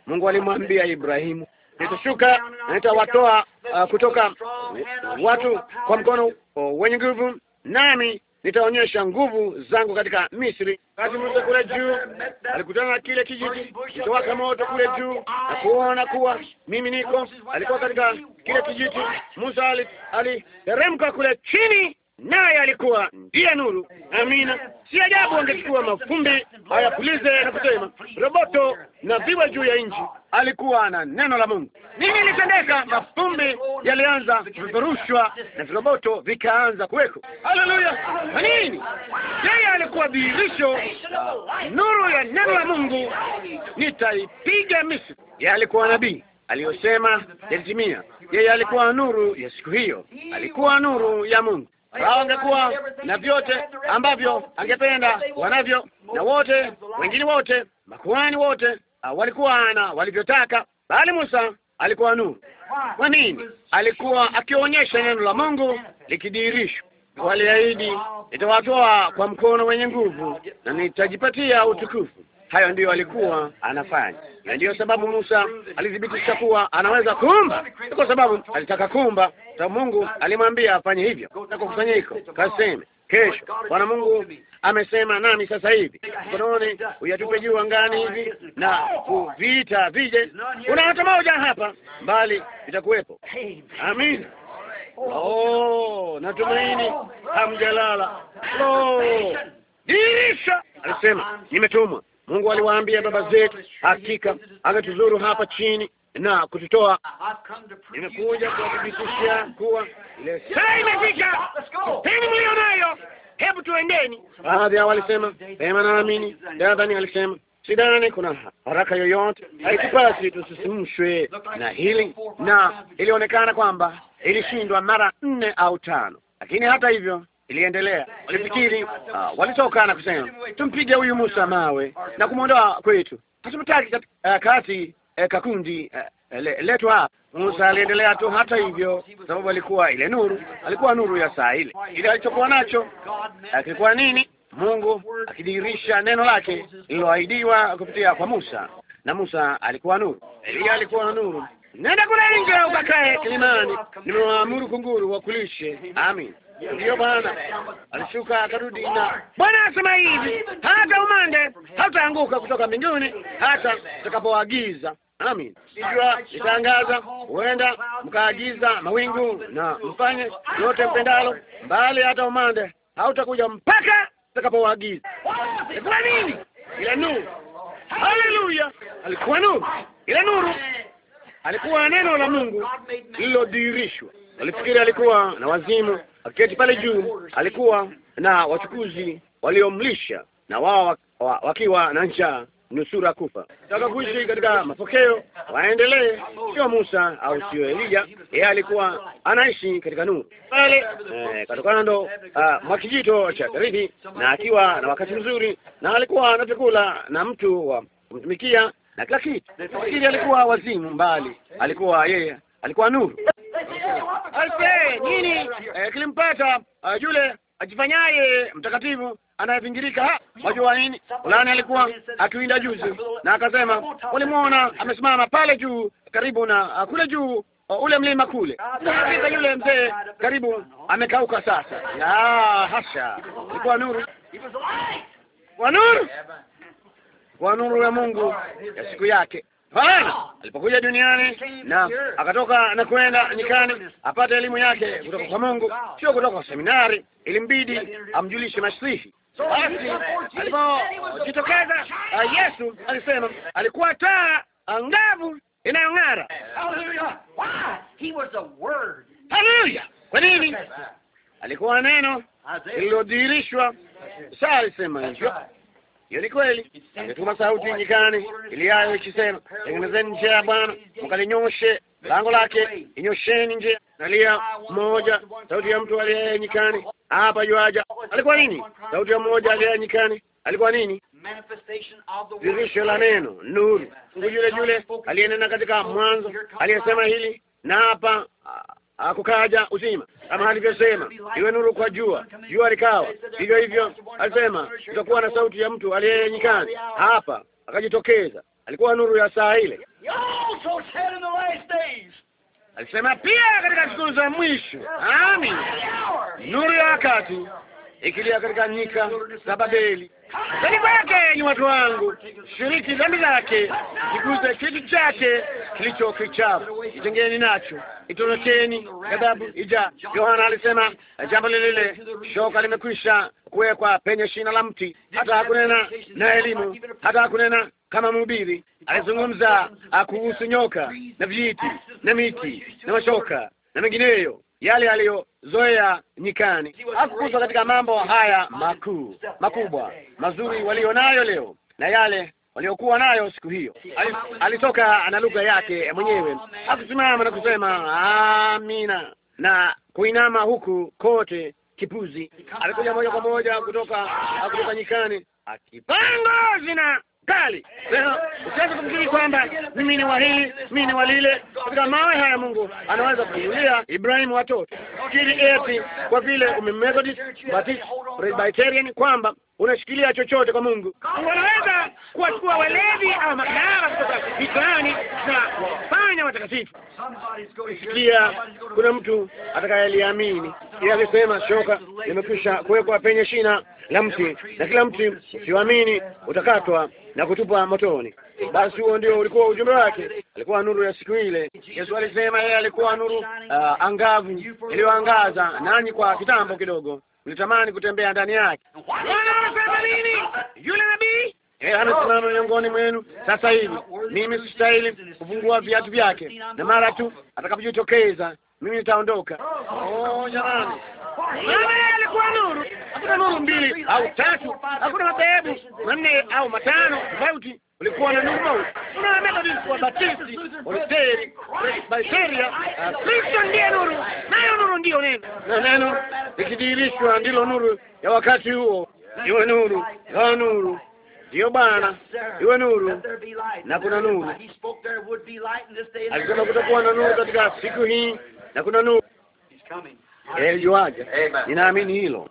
Mungu alimwambia Ibrahimu, nitashuka na nitawatoa uh, kutoka uh, watu kwa mkono uh, wenye nguvu, nami nitaonyesha nguvu zangu katika Misri. Wakati Musa kule juu alikutana na kile kijiti kitowaka moto kule juu na kuona kuwa mimi niko, alikuwa katika kile kijiti. Musa aliteremka ali, kule chini naye alikuwa ndiye nuru. Amina, si ajabu angechukua mafumbi ayapulize na kusema roboto na viwe juu ya nchi. Alikuwa na neno la Mungu. Nini ilitendeka? Mafumbi yalianza kupeperushwa na viroboto vikaanza kuweko. Haleluya! Kwa nini? Yeye alikuwa dhihirisho nuru ya neno la Mungu, nitaipiga Misri. Yeye alikuwa nabii aliyosema yalitimia. Yeye alikuwa nuru ya siku hiyo, alikuwa nuru ya Mungu hao wangekuwa na vyote ambavyo angependa wanavyo, na wote wengine wote makuhani wote walikuwa na walivyotaka, bali Musa alikuwa nuru. Kwa nini? Alikuwa akionyesha neno la Mungu likidirishwa. Waliahidi, nitawatoa kwa mkono wenye nguvu na nitajipatia utukufu. Hayo ndiyo alikuwa anafanya na ndiyo sababu Musa alithibitisha kuwa anaweza kuumba, kwa sababu alitaka kuumba. Ta Mungu alimwambia afanye hivyo na kukusanyiko kaseme kesho Bwana Mungu amesema nami sasa hivi, mkononi uyatupe juu angani hivi na kuviita vije. Kuna hata moja hapa mbali vitakuwepo. Amina. Oh, natumaini hamjalala. Oh, dirisha alisema, nimetumwa Mungu aliwaambia baba zetu, hakika angetuzuru hapa chini na kututoa. Nimekuja kuwathibitishia kuwa ile saa imefika, teni mlio nayo, hebu tuendeni. Baadhi yao walisema sema, naamini dadhani alisema sidani kuna haraka yoyote, haitupasi tusisimshwe na hili, na ilionekana kwamba ilishindwa mara nne au tano, lakini hata hivyo iliendelea. Walifikiri uh, walitoka na kusema tumpige huyu Musa mawe na kumwondoa kwetu, hatumtaki uh, kati uh, kakundi uh, le, Musa aliendelea tu hata hivyo, sababu alikuwa ile nuru, alikuwa nuru ya saa ile. Ile alichokuwa nacho akilikuwa nini? Mungu akidhihirisha neno lake lililoahidiwa kupitia kwa Musa, na Musa alikuwa nuru, Elia alikuwa nuru. Nenda kule nje ukakae kilimani, nimewaamuru kunguru wakulishe. Amin. Ndiyo Bwana alishuka akarudi, na Bwana asema hivi, hata umande hautaanguka kutoka mbinguni hata utakapoagiza. Amin. Sijua itangaza, huenda mkaagiza mawingu na mfanye yote mpendalo, mbali hata umande hautakuja mpaka utakapoagiza. Kwa nini ile nuru? Haleluya! Alikuwa nuru ile nuru, alikuwa neno la Mungu lilodhihirishwa walifikiri alikuwa na wazimu. Akiketi pale juu, alikuwa na wachukuzi waliomlisha na wao wakiwa na njaa nusura kufa. Taka kuishi katika mapokeo, waendelee, sio Musa au sio elia Yeye alikuwa anaishi katika nuru pale eh, kando kando, uh, mwa kijito cha karibi, na akiwa na wakati mzuri, na alikuwa na chakula na mtu wa kumtumikia na kila kitu. alikuwa wazimu mbali, alikuwa yeye, alikuwa nuru alfe nini eh, kilimpata eh, yule ajifanyaye mtakatifu anayevingirika? Wajua nini, fulani alikuwa akiwinda juzi, na akasema ulimwona amesimama pale juu, karibu na eh, kule juu ule mlima kule. Hakika yule mzee karibu amekauka sasa. La hasha, ilikuwa nuru wa nuru wa nuru ya Mungu ya siku yake Hapana, ah! alipokuja duniani na akatoka na kwenda nyikani apate elimu yake kutoka kwa Mungu, sio kutoka kwa seminari, ilimbidi amjulishe Masihi. Basi alipojitokeza ah, Yesu alisema alikuwa taa angavu inayong'ara. Haleluya! Kwa nini? Alikuwa neno lililodhihirishwa. Saa alisema hivyo hiyo ni kweli. Ametuma sauti nyikani iliayo ikisema, tengenezeni njia ya Bwana, mkalinyoshe lango lake, inyosheni nje. Nalia mmoja, sauti ya mtu aliye nyikani hapa juaja. Alikuwa nini? Sauti ya mmoja aliye nyikani alikuwa nini? Dirisho la neno, nuru. Mungu yule yule aliyenena katika mwanzo aliyesema hili, na hapa kukaja uzima, kama alivyosema, iwe nuru kwa jua, jua likawa. Hivyo hivyo alisema itakuwa na sauti ya mtu aliyenyikani hapa akajitokeza, alikuwa nuru ya saa ile. Alisema pia katika siku za mwisho, amin, nuru ya wakati ikilia katika nyika za Babeli. Sani kwake ni watu wangu, shiriki dhambi zake, jikuze kitu chake kilicho kichafu, itengeni nacho, itorokeni ghadhabu ija. Yohana alisema jambo lile, shoka limekwisha kuwekwa penye shina la mti, hata hakunena na elimu, hata hakunena kama mhubiri. Alizungumza ah, kuhusu nyoka na vijiti na miti na mashoka na mengineyo yale aliyozoea nyikani. Hakukusa katika mambo haya makuu makubwa mazuri walionayo leo na yale waliokuwa nayo siku hiyo. Alitoka na lugha yake mwenyewe, hakusimama na kusema amina na kuinama huku kote kipuzi. Alikuja moja kwa moja kutoka kutoka nyikani akipanga zina kali. Leo ukiweza kumkiri kwamba mimi ni wa hili, mimi ni wa lile, katika mawe haya Mungu anaweza kuiulia Ibrahimu watoto. Fikiri eti kwa vile umemethodist, Baptisti, Presbyterian kwamba unashikilia chochote kwa Mungu. Wanaweza kuwachukua walevi au madawa kutoka vitani na kufanya watakatifu. Sikia, kuna mtu atakayeliamini alisema, shoka limekwisha kuwekwa penye shina la mti, na kila mti usioamini utakatwa na kutupa motoni. Basi huo ndio ulikuwa ujumbe wake. Alikuwa nuru ya siku ile. Yesu alisema yeye alikuwa nuru uh, angavu iliyoangaza nanyi kwa kitambo kidogo ulitamani kutembea ndani yake. Wanasema nini? Yule nabii eh, amesimama miongoni mwenu sasa hivi. Mimi sistahili kufungua viatu vyake, na mara tu atakapojitokeza mimi nitaondoka. Oh, jamani, mama alikuwa nuru. Hakuna nuru mbili au tatu, hakuna madhehebu manne au matano tofauti ulikuwa na New Moses, kuna Methodisti, Wabatisti, Presbyteri, Presbyteria. Kristo ndiye nuru, nayo nuru ndiyo neno, na neno likidhihirishwa ndilo nuru ya wakati huo. Iwe nuru, la nuru Ndiyo Bwana, iwe nuru na kuna nuru. Alisema kutakuwa na nuru katika siku hii na kuna nuru iliyoaja. Ninaamini hilo.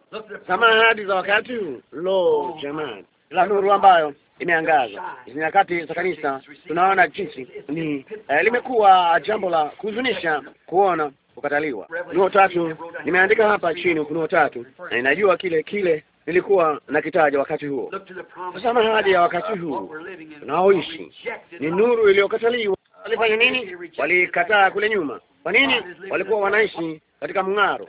Sama ahadi za wakati huu. Lo, jamani, ila nuru ambayo imeangaza. Ni nyakati za kanisa tunaona jinsi ni eh, limekuwa jambo la kuhuzunisha kuona kukataliwa. Ufunuo tatu nimeandika hapa chini, Ufunuo tatu, na ninajua kile kile nilikuwa nakitaja wakati huo. Tazama hadi ya wakati huu tunaoishi ni nuru iliyokataliwa. Walifanya nini? Walikataa kule nyuma. Kwa nini? Walikuwa wanaishi katika mng'aro,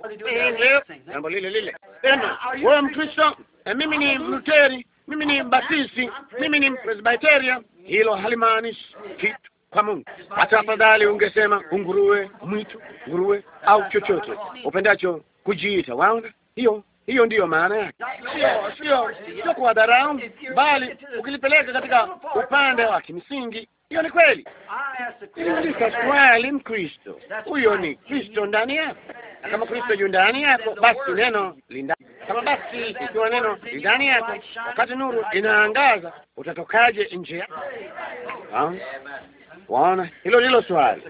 jambo lile lile tena. Wewe Mkristo, mimi ni Mluteri, mimi ni Baptisti, mimi ni Presbiteria. Hilo halimaanishi kitu kwa Mungu. Hata afadhali ungesema unguruwe mwitu, nguruwe au chochote upendacho kujiita, waona? Hiyo hiyo ndiyo maana yake, sio sio sio kuwadharau, bali ukilipeleka katika upande wa kimsingi hiyo ni kweli. Niliuliza swali, Mkristo huyo ni Kristo ndani yako, na kama Kristo yu ndani yako, basi neno linda. Kama basi ikiwa neno li ndani yako, wakati nuru inaangaza, utatokaje nje yako? Waona, hilo ndilo swali,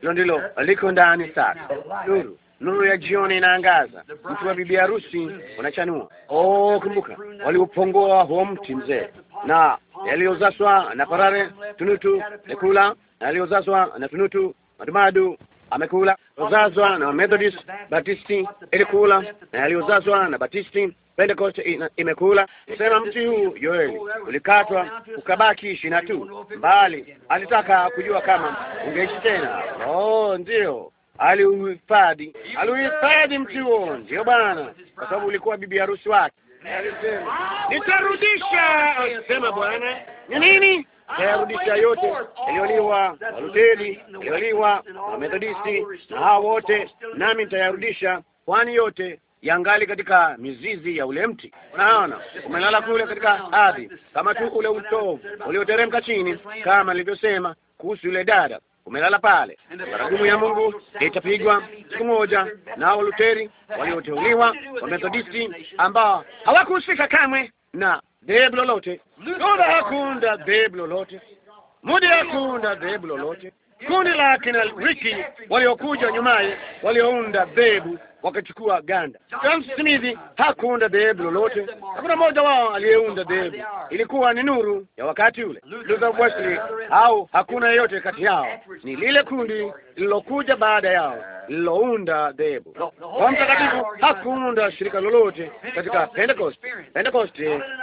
hilo ndilo liko ndani sana. Nuru, nuru ya jioni inaangaza, mtu wa bibi harusi unachanua. Oh, kumbuka, waliupongoa huo mti mzee na yaliyozaswa na parare tunutu amekula, yaliyozaswa na tunutu madumadu amekula, yaliyozazwa na Methodist Batisti ilikula, na yaliyozazwa na Batisti Pentecost imekula. Sema mti huu Yoeli ulikatwa ukabaki shina tu, bali alitaka kujua kama ungeishi tena. Oh, ndio aliuhifadhi, aliuhifadhi mti huo, ndio bwana, kwa sababu ulikuwa bibi harusi wake nitarudisha, asema Bwana. Ni nini? Nitayarudisha yote yaliyoliwa, Walutheri yaliyoliwa, Wamethodisti na hao wote, nami nitayarudisha, kwani yote yangali katika mizizi ya ule mti. Unaona, umelala kule katika ardhi, kama tu ule utovu ulioteremka chini, kama nilivyosema kuhusu yule dada umelala pale. Baragumu ya Mungu itapigwa siku moja, na Waluteri walioteuliwa, wa methodisti ambao hawakuhusika kamwe na dhehebu lolote. Luther hakunda dhehebu lolote, Moody hakunda dhehebu lolote kundi la kina Ricky waliokuja nyumaye waliounda bebu wakachukua ganda. John Smith hakuunda dhehebu lolote, hakuna mmoja wao aliyeunda dhehebu. Ilikuwa ni nuru ya wakati ule. Luther Wesley au hakuna yeyote kati yao, ni lile kundi lililokuja baada yao lililounda dhehebu. Kwa mtakatifu hakuunda shirika lolote katika Pentecost. Pentecost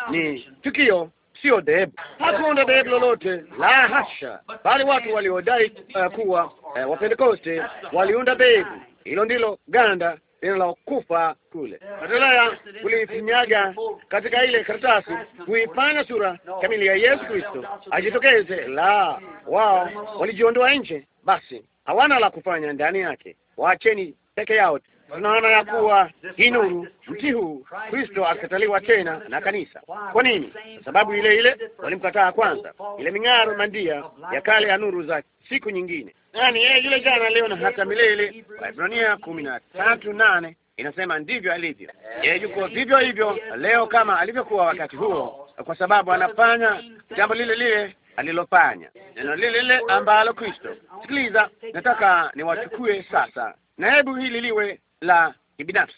ni tukio sio dhehebu, hakuna dhehebu lolote la hasha, bali watu waliodai uh, kuwa uh, Wapentekoste waliunda dhehebu. Hilo ndilo ganda linalokufa kule. Natolea kulifinyaga katika ile karatasi, kuipana sura kamili ya Yesu Kristo ajitokeze. La, wao walijiondoa nje, basi hawana la kufanya ndani yake, waacheni peke yao. Tunaona ya kuwa hii nuru, mti huu, Kristo akataliwa tena na kanisa. Kwa nini? Kwa sababu ile ile walimkataa kwanza, ile ming'aro mandia ya kale ya nuru za siku nyingine. Yaani yeye yule jana, leo na hata milele. Waebrania kumi na tatu nane inasema ndivyo alivyo yeye, yuko vivyo hivyo leo kama alivyokuwa wakati huo, kwa sababu anafanya jambo lile lile alilofanya, neno lile lile ambalo Kristo. Sikiliza, nataka niwachukue sasa, na hebu hili liwe la kibinafsi.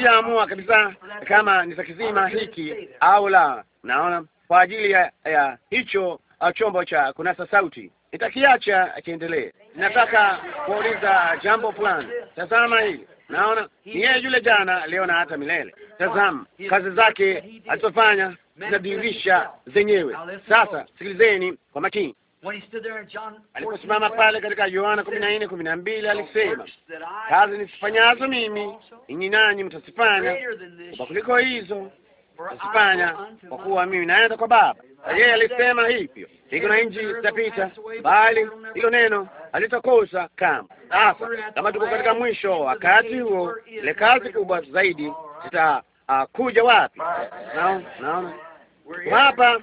Siamua eh, kabisa kama ni za kizima hiki au la. Naona kwa ajili ya, ya hicho chombo cha kunasa sauti nitakiacha kiendelee. Nataka kuuliza jambo fulani. Tazama hili, naona ni yeye yule jana, leo na hata milele. Tazama kazi zake alizofanya zinadirisha zenyewe. Sasa sikilizeni kwa makini aliposimama pale katika Yohana kumi na nne kumi na mbili alisema kazi nisifanyazo mimi ninyi nanyi mtazifanya, kwa kuliko hizo mtazifanya, kwa kuwa mimi naenda kwa Baba. Yeye alisema hivyo, siku na nchi zitapita, bali hilo neno halitakosa kama Sasa kama tuko katika mwisho, wakati huo ile kazi kubwa zaidi zitakuja uh, wapi? Naona hapa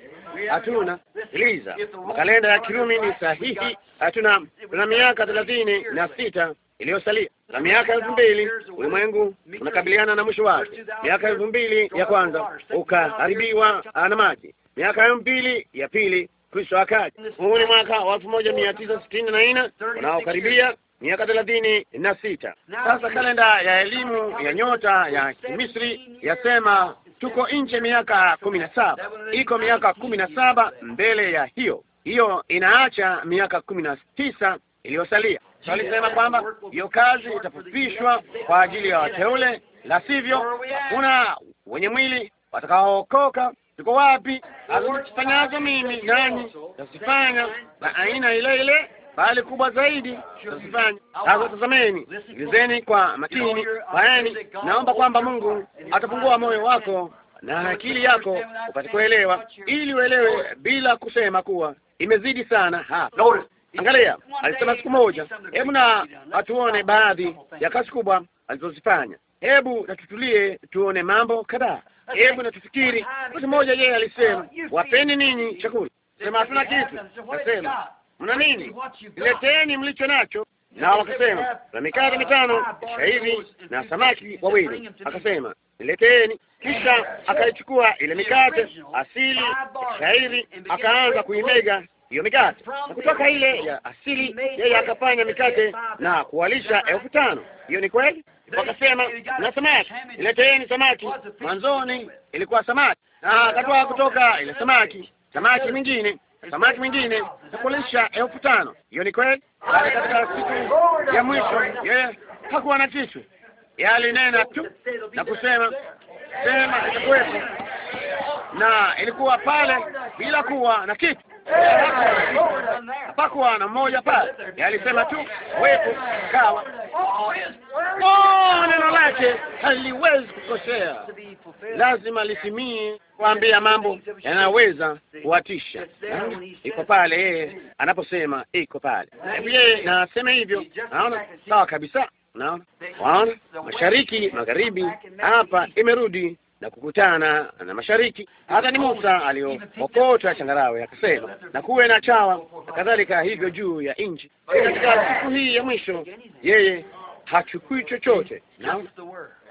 hatuna. Sikiliza, kalenda ya Kirumi ni sahihi. Hatuna na miaka thelathini na sita iliyosalia na miaka elfu mbili ulimwengu unakabiliana na mwisho wake. Miaka elfu mbili ya kwanza ukaharibiwa na maji, miaka elfu mbili ya pili Kristo akaja. Huu ni mwaka wa elfu moja mia tisa sitini na nne unaokaribia miaka thelathini na sita. Sasa kalenda ya elimu ya nyota ya Misri yasema tuko nje miaka kumi na saba iko miaka kumi na saba mbele ya hiyo hiyo inaacha miaka kumi na tisa iliyosalia. alisema kwamba hiyo kazi itafupishwa kwa ajili ya wateule, la sivyo kuna wenye mwili watakaookoka. Tuko wapi? Akufanyazo mimi nani tasifanya, na aina ile ile bali kubwa zaidi tutazifanya. Sasa tazameni, sikilizeni kwa makini, bayani. Naomba kwamba Mungu atapungua moyo wako na akili yako upate kuelewa, ili uelewe bila kusema kuwa imezidi sana hapa. Angalia, alisema siku moja, hebu na atuone baadhi ya kazi kubwa alizozifanya. Hebu na tutulie tuone mambo kadhaa. Hebu na tufikiri. Mtu mmoja yeye alisema, wapeni ninyi chakula, sema hatuna kitu, nasema mna nini? Leteni mlicho nacho. Na wakasema na mikate mitano shairi na samaki wawili. Akasema nileteni. Kisha akaichukua ile mikate asili shairi, akaanza kuimega hiyo mikate, na kutoka ile ya asili yeye akafanya mikate na kuwalisha elfu tano. Hiyo ni kweli. Wakasema na samaki, nileteni samaki. Mwanzoni ilikuwa samaki, na ah, akatoa kutoka ile samaki samaki mingine samaki mwingine takulisha elfu tano. Hiyo ni kweli. Katika siku ya mwisho yeye hakuwa na kitu, yalinena tu na kusema sema itakuwepo, na ilikuwa pale bila kuwa na kitu hapakuwa na mmoja pale, alisema tu wepo kawa. neno lake haliwezi kukosea, lazima litimie, kuambia mambo yanaweza kuwatisha. Iko pale yeye anaposema iko pale, hebu yeye na hivyo. Naona sawa kabisa, naona waona mashariki magharibi hapa imerudi na kukutana na mashariki. Hata ni Musa aliyookota changarawe akasema, na kuwe na chawa na kadhalika, hivyo juu ya nchi. Katika siku hii ya mwisho, yeye hachukui chochote, naona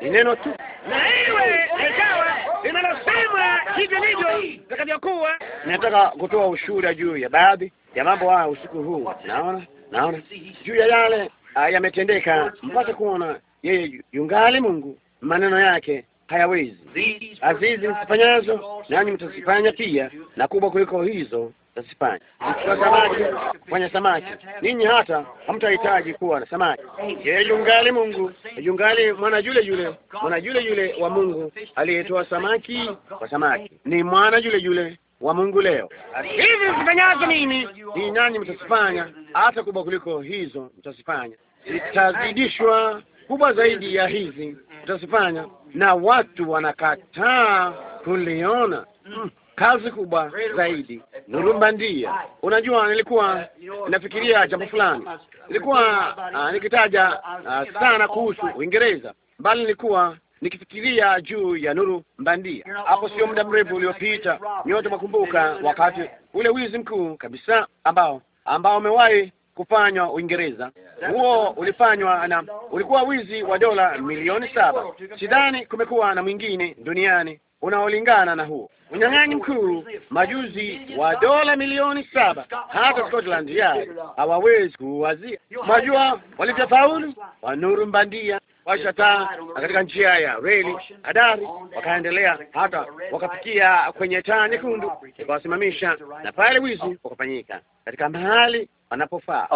ni neno tu. Na iwe chawa linalosemwa hivyo ndivyo takavyokuwa. Nataka kutoa ushuhuda juu ya baadhi ya mambo haya usiku huu, naona naona juu ya yale ah, yametendeka, mpate kuona yeye yungali Mungu, maneno yake hayawezi. Azizi zifanyazo nani mtazifanya pia, na kubwa kuliko hizo mtazifanya. Mchukua samaki kufanya samaki, ninyi hata hamtahitaji kuwa na samaki. Yeye yungali Mungu, yungali mwana yule yule, mwana yule yule wa Mungu aliyetoa samaki kwa samaki, ni mwana yule yule wa Mungu leo. Hivi msifanyazo mimi, ni nani mtazifanya, hata kubwa kuliko hizo mtazifanya, zitazidishwa kubwa zaidi ya hizi tutazifanya, na watu wanakataa kuliona. Mm, kazi kubwa zaidi, nurumba ndia. Unajua, nilikuwa nafikiria jambo fulani, nilikuwa uh, nikitaja uh, sana kuhusu Uingereza, bali nilikuwa nikifikiria juu ya nuru mbandia hapo sio muda mrefu uliopita. Nyote mwakumbuka wakati ule wizi mkuu kabisa ambao ambao umewahi kufanywa Uingereza. Huo ulifanywa na ulikuwa wizi wa dola milioni saba. Sidhani kumekuwa na mwingine duniani unaolingana na huo. Unyang'anyi mkuu majuzi wa dola milioni saba, hata Scotland Yard hawawezi kuwazia. Mwajua walivyofaulu nuru mbandia washa taa katika njia ya reli hadari, wakaendelea hata wakafikia kwenye taa nyekundu, ikawasimamisha, na pale wizi ukafanyika katika mahali panapofaa.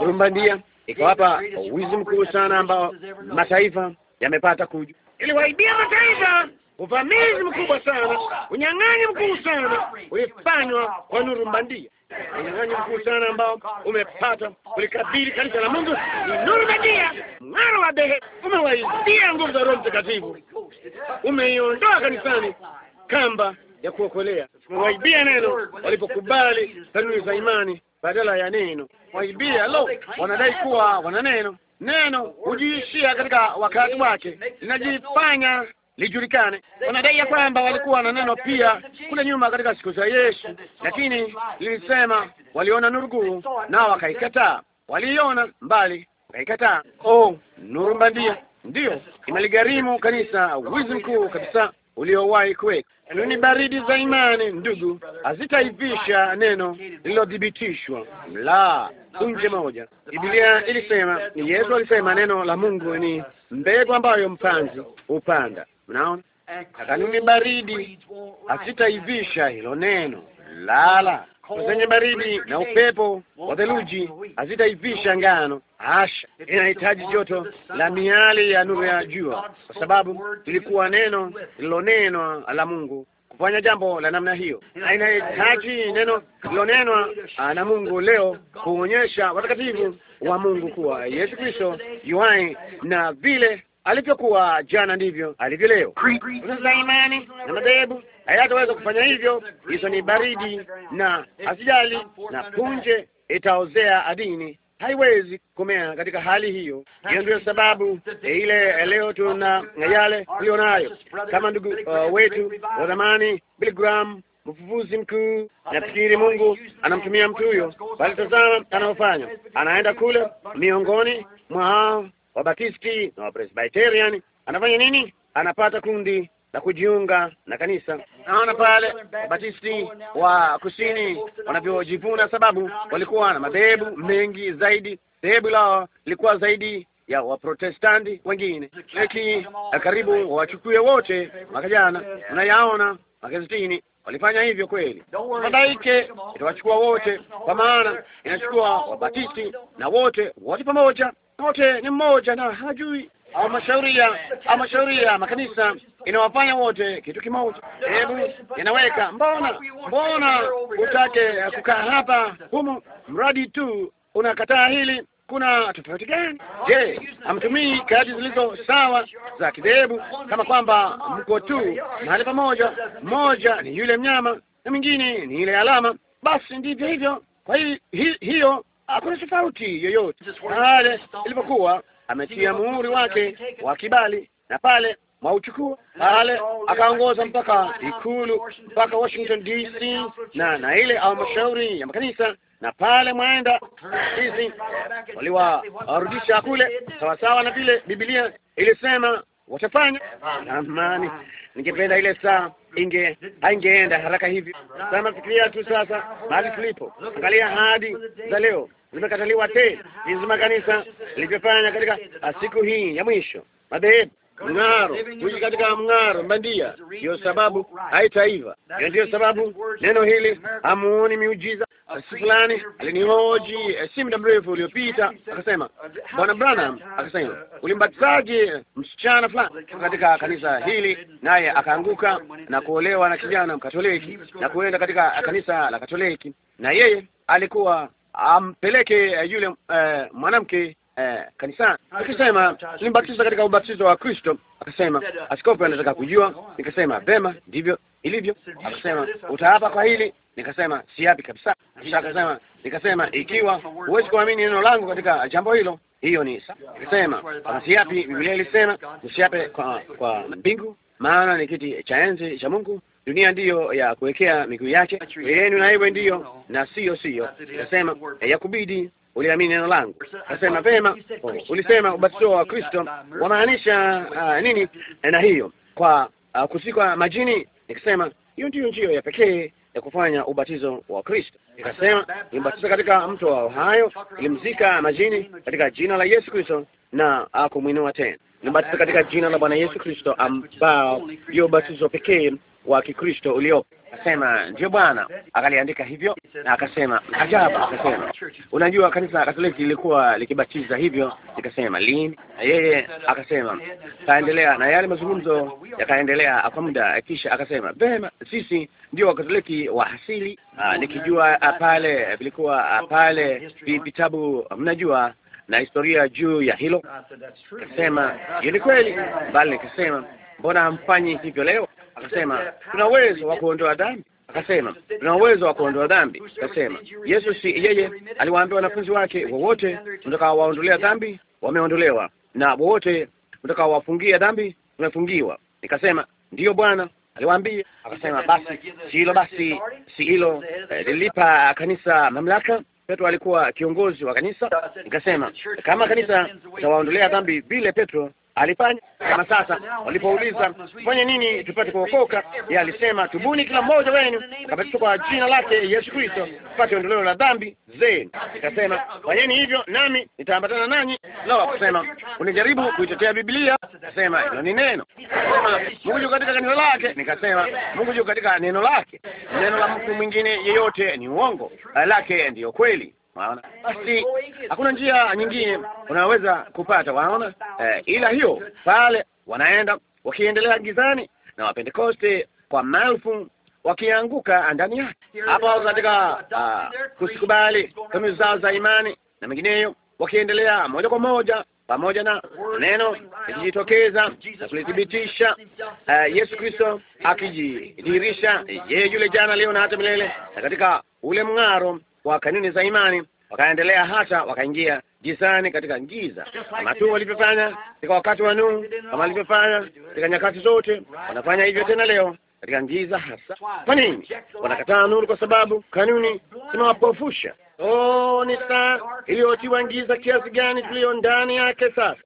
Dhuluma bandia ikawapa wizi mkuu sana ambao mataifa yamepata kuju, iliwaibia mataifa uvamizi mkubwa sana, unyang'anyi mkuu sana ulifanywa kwa nuru bandia, unyang'anyi mkuu sana ambao umepata ulikabili kanisa la Mungu ni nuru bandia. mwana wa dhehe umewaibia nguvu za Roho Mtakatifu, umeiondoa kanisani kamba ya kuokolea. Waibia neno walipokubali kanuni za imani badala ya neno. Waibia lo, wanadai kuwa wana neno. Neno hujiishia katika wakati wake, linajifanya lijulikane. Wanadai ya kwamba walikuwa na neno pia kule nyuma katika siku za Yesu, lakini lilisema waliona nuruguu nao wakaikataa. Waliiona mbali wakaikataa. Oh, nuru bandia ndiyo imeligharimu kanisa wizi mkuu kabisa uliowahi kuweka. ni baridi za imani, ndugu, hazitaivisha neno lililothibitishwa. La, nje moja. Biblia ilisema, ni Yesu alisema, neno la Mungu ni mbegu ambayo mpanzi upanda Mnaona, kanuni baridi hazitaivisha hilo neno. Lala, zenye baridi na upepo wa theluji hazitaivisha ngano. Asha inahitaji joto la miali ya nuru ya jua, kwa sababu ilikuwa neno lililonenwa la Mungu kufanya jambo la namna hiyo, na inahitaji neno lililonenwa na Mungu leo kuonyesha watakatifu wa Mungu kuwa Yesu Kristo yuhai na vile alivyokuwa jana ndivyo alivyo leo. Imani na madhehebu hayataweza kufanya hivyo. Hizo ni baridi na asijali, na punje itaozea adini, haiwezi kumea katika hali hiyo. Hiyo ndiyo sababu eh, ile eh, leo tuna yale tulionayo, kama ndugu uh, wetu wa zamani Billy Graham mfufuzi mkuu. Nafikiri Mungu anamtumia mtu huyo, bali tazama anayofanya. Anaenda kule miongoni mwa Wabatisti na Wapresbiterian, anafanya nini? Anapata kundi na kujiunga na kanisa. Naona pale Wabatisti wa kusini wanavyojivuna, sababu walikuwa na madhehebu mengi zaidi. Dhehebu lao lilikuwa zaidi ya Waprotestanti wengine, lakini karibu wawachukue wote. Makajana jana unayaona magazetini walifanya hivyo kweli. Fadhaike itawachukua wote, kwa maana inachukua Wabatisti na wote wote pamoja, wote ni mmoja na hajui halmashauri ya halmashauri ya makanisa inawafanya wote kitu kimoja. Hebu inaweka mbona, mbona utake kukaa hapa humu mradi tu unakataa hili? Kuna tofauti gani? Je, hamtumii kadi zilizo sawa za kidhehebu, kama kwamba mko tu mahali pamoja, mmoja ni yule mnyama na mwingine ni ile alama? Basi ndivyo hivyo. Kwa hiyo hiyo hakuna tofauti yoyote na ilipokuwa ametia muhuri wake wa kibali, na pale mwauchukua pale, akaongoza mpaka ikulu mpaka Washington DC, na na ile halmashauri ya makanisa, na pale mwaenda hizi waliwarudisha kule, sawasawa na vile Biblia ilisema watafanya. Amani, ningependa ile saa inge haingeenda haraka hivi. Sasa fikiria tu sasa mahali tulipo, angalia hadi za leo zimekataliwa tena, jinsi makanisa lilivyofanya katika siku hii ya mwisho, madhehebu mng'aro, kuji katika mng'aro mbandia. Ndiyo sababu haitaiva, hiyo ndiyo sababu neno hili hamuoni miujiza Eh, siku fulani alinihoji eh, si muda mrefu uliopita, akasema uh, Bwana Branham, akasema ulimbatizaje eh, msichana fulani katika kanisa hili, naye akaanguka na kuolewa na kijana Mkatoliki na kuenda katika kanisa la Katoliki, na yeye alikuwa ampeleke yule uh, mwanamke kanisa kanisani akisema nimbatiza katika ubatizo wa Kristo. Akasema uh, askofu anataka kujua. Nikasema vema, ndivyo ilivyo. Akasema utaapa kwa hili Nikasema siapi kabisa. Kisha akasema, nikasema ikiwa huwezi kuamini neno langu katika jambo hilo, hiyo ni nikasema, kama ah, siapi, Biblia ilisema usiape kwa kwa mbingu, maana ni kiti cha enzi cha Mungu, dunia ndiyo ya kuwekea miguu yake, yenu na iwe ndiyo na siyo siyo. Nikasema eh, yakubidi uliamini neno langu. Kasema pema, ulisema ubatizo wa Kristo wamaanisha uh, nini na hiyo kwa uh, kusikwa majini? Nikasema hiyo ndiyo njio ya pekee ya kufanya ubatizo wa Kristo. Ikasema nimbatiza katika mto wa Ohio, ilimzika majini katika jina la Yesu Kristo na akumwinua tena. Nimbatiza katika jina la Bwana Yesu Kristo, ambao ndio ubatizo pekee wa Kikristo uliopo. Akasema ndio Bwana, akaliandika hivyo na akasema ajabu. Akasema unajua, kanisa Katoliki lilikuwa likibatiza hivyo. Nikasema lini? Yeye akasema kaendelea na yale mazungumzo, yakaendelea kwa muda, kisha akasema vema, sisi ndio Wakatoliki wa asili. Ah, nikijua ah, pale vilikuwa ah, pale vitabu, mnajua na historia juu ya hilo. Kasema ni kweli, bali nikasema mbona hamfanyi hivyo leo? akasema tuna uwezo wa kuondoa dhambi, akasema tuna uwezo wa kuondoa dhambi. Akasema Yesu si yeye aliwaambia wanafunzi wake, wowote mtakaowaondolea dhambi wameondolewa, na wowote mtakaowafungia dhambi umefungiwa. Nikasema ndiyo Bwana aliwaambia. Akasema basi si hilo, basi si hilo eh, lilipa kanisa mamlaka. Petro alikuwa kiongozi wa kanisa. Nikasema kama kanisa itawaondolea dhambi vile Petro alifanya kama sasa. Walipouliza fanye nini tupate kuokoka, yeye alisema tubuni kila mmoja wenu akabatizwa kwa jina lake Yesu Kristo tupate ondoleo la dhambi zenu. Akasema fanyeni hivyo nami nitaambatana nanyi. Lo, akasema unijaribu kuitetea Biblia? Akasema hilo ni neno. Mungu juu katika neno lake. Nikasema Mungu katika neno lake, neno la mtu mwingine yeyote ni uongo, lake ndiyo kweli. Waona, basi hakuna njia nyingine unaweza kupata, waona eh, ila hiyo pale wanaenda wakiendelea gizani na Wapentekoste kwa maelfu wakianguka ndani yake hapo katika uh, kusikubali kanuni zao za imani na mengineyo, wakiendelea moja kwa moja pamoja na neno akijitokeza na kulithibitisha, uh, Yesu Kristo akijidhihirisha yeye yule jana, leo na hata milele, na katika ule mng'aro kwa kanuni za imani, wakaendelea hata wakaingia gizani katika giza, kama tu walivyofanya katika wakati wa Nuhu, kama walivyofanya katika nyakati zote, wanafanya hivyo tena leo katika giza hasa. Kwa nini wanakataa nuru? Kwa sababu kanuni zinawapofusha. Oh, ni saa iliyotiwa giza kiasi gani tuliyo ndani yake sasa.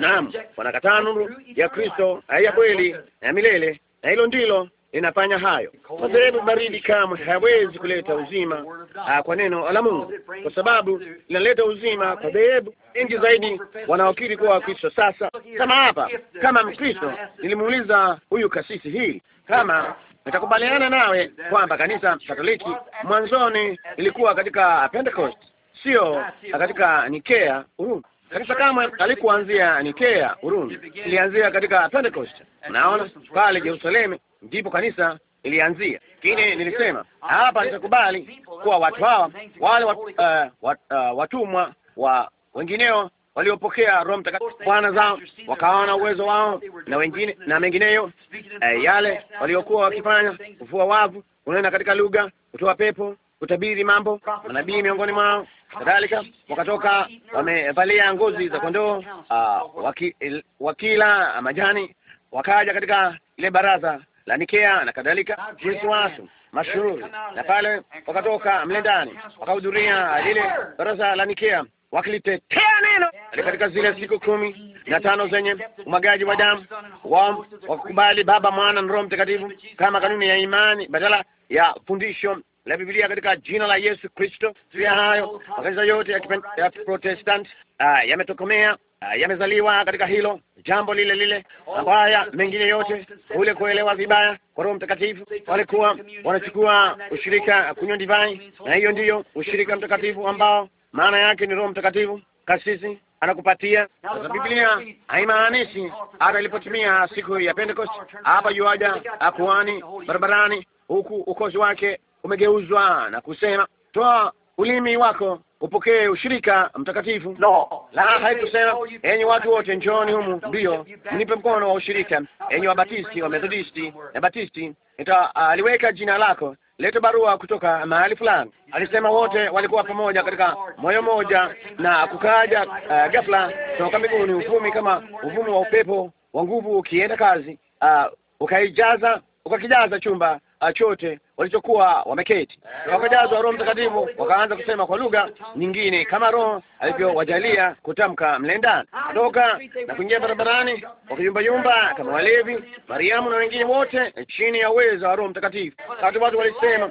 Naam, wanakataa nuru ya Kristo ya kweli na ya milele, na hilo ndilo inafanya hayo. Madhehebu baridi kamwe hayawezi kuleta uzima ah, kwa neno la Mungu, kwa sababu linaleta uzima kwa dhehebu nyingi zaidi wanaokiri kuwa Wakristo. Sasa kama hapa, kama Mkristo, nilimuuliza huyu kasisi hii kama nitakubaliana nawe kwamba kanisa Katoliki mwanzoni ilikuwa katika Pentecost, sio katika Nikea Urumi. Kanisa kamwe alikuanzia Nikea Urumi, ilianzia katika Pentecost. Naona pale Jerusalemu ndipo kanisa ilianzia. Kile ah, nilisema ah, hapa, nitakubali kuwa watu hawa wale wat, uh, wat, uh, watumwa wa wengineo waliopokea Roho Mtakatifu bwana zao wakaona uwezo wao na wengine na mengineyo, eh, yale waliokuwa wakifanya, kufua wavu, kunena katika lugha, kutoa pepo, kutabiri mambo, manabii miongoni mwao kadhalika, wakatoka wamevalia ngozi za kondoo, uh, waki, wakila majani, wakaja katika ile baraza la Nikea na kadhalika, ah, watu mashuhuri, na pale wakatoka mlendani wakahudhuria lile baraza la Nikea wakilitetea neno katika zile siku kumi na tano zenye umwagaji wa damu wa wakubali Baba, Mwana na Roho Mtakatifu kama kanuni ya imani badala ya fundisho la Biblia katika jina la Yesu Kristo. Pia hayo makanisa yote ya Protestant ah, yametokomea Ah, yamezaliwa katika hilo jambo lile lile, mabaya mengine yote ule kuelewa vibaya kwa Roho Mtakatifu. Walikuwa wanachukua ushirika kunywa divai, na hiyo ndiyo ushirika mtakatifu ambao maana yake ni Roho Mtakatifu kasisi anakupatia sasa. Biblia haimaanishi hata ilipotumia siku ya Pentecost hapa yuaja akuani barabarani, huku ukozi wake umegeuzwa na kusema toa ulimi wako upokee ushirika mtakatifu. No, la, haikusema enyi watu wote njooni humu, ndio mnipe mkono wa ushirika, enyi Wabatisti, methodisti na Batisti, ah, aliweka uh, jina lako, leto barua kutoka mahali fulani. Alisema wote walikuwa pamoja katika moyo moja, na kukaja uh, ah, ghafla toka mbinguni uvumi kama uvumi wa upepo wa nguvu ukienda kazi, uh, ukaijaza ukakijaza chumba Uh, chote walichokuwa wameketi, na eh. wakajazwa Roho Mtakatifu, wakaanza kusema kwa lugha nyingine kama Roho alivyowajalia kutamka mle ndani. Kutoka na kuingia barabarani, wakiyumbayumba kama walevi, Mariamu na wengine wote eh, chini ya uwezo wa Roho Mtakatifu. Wakati watu walisema,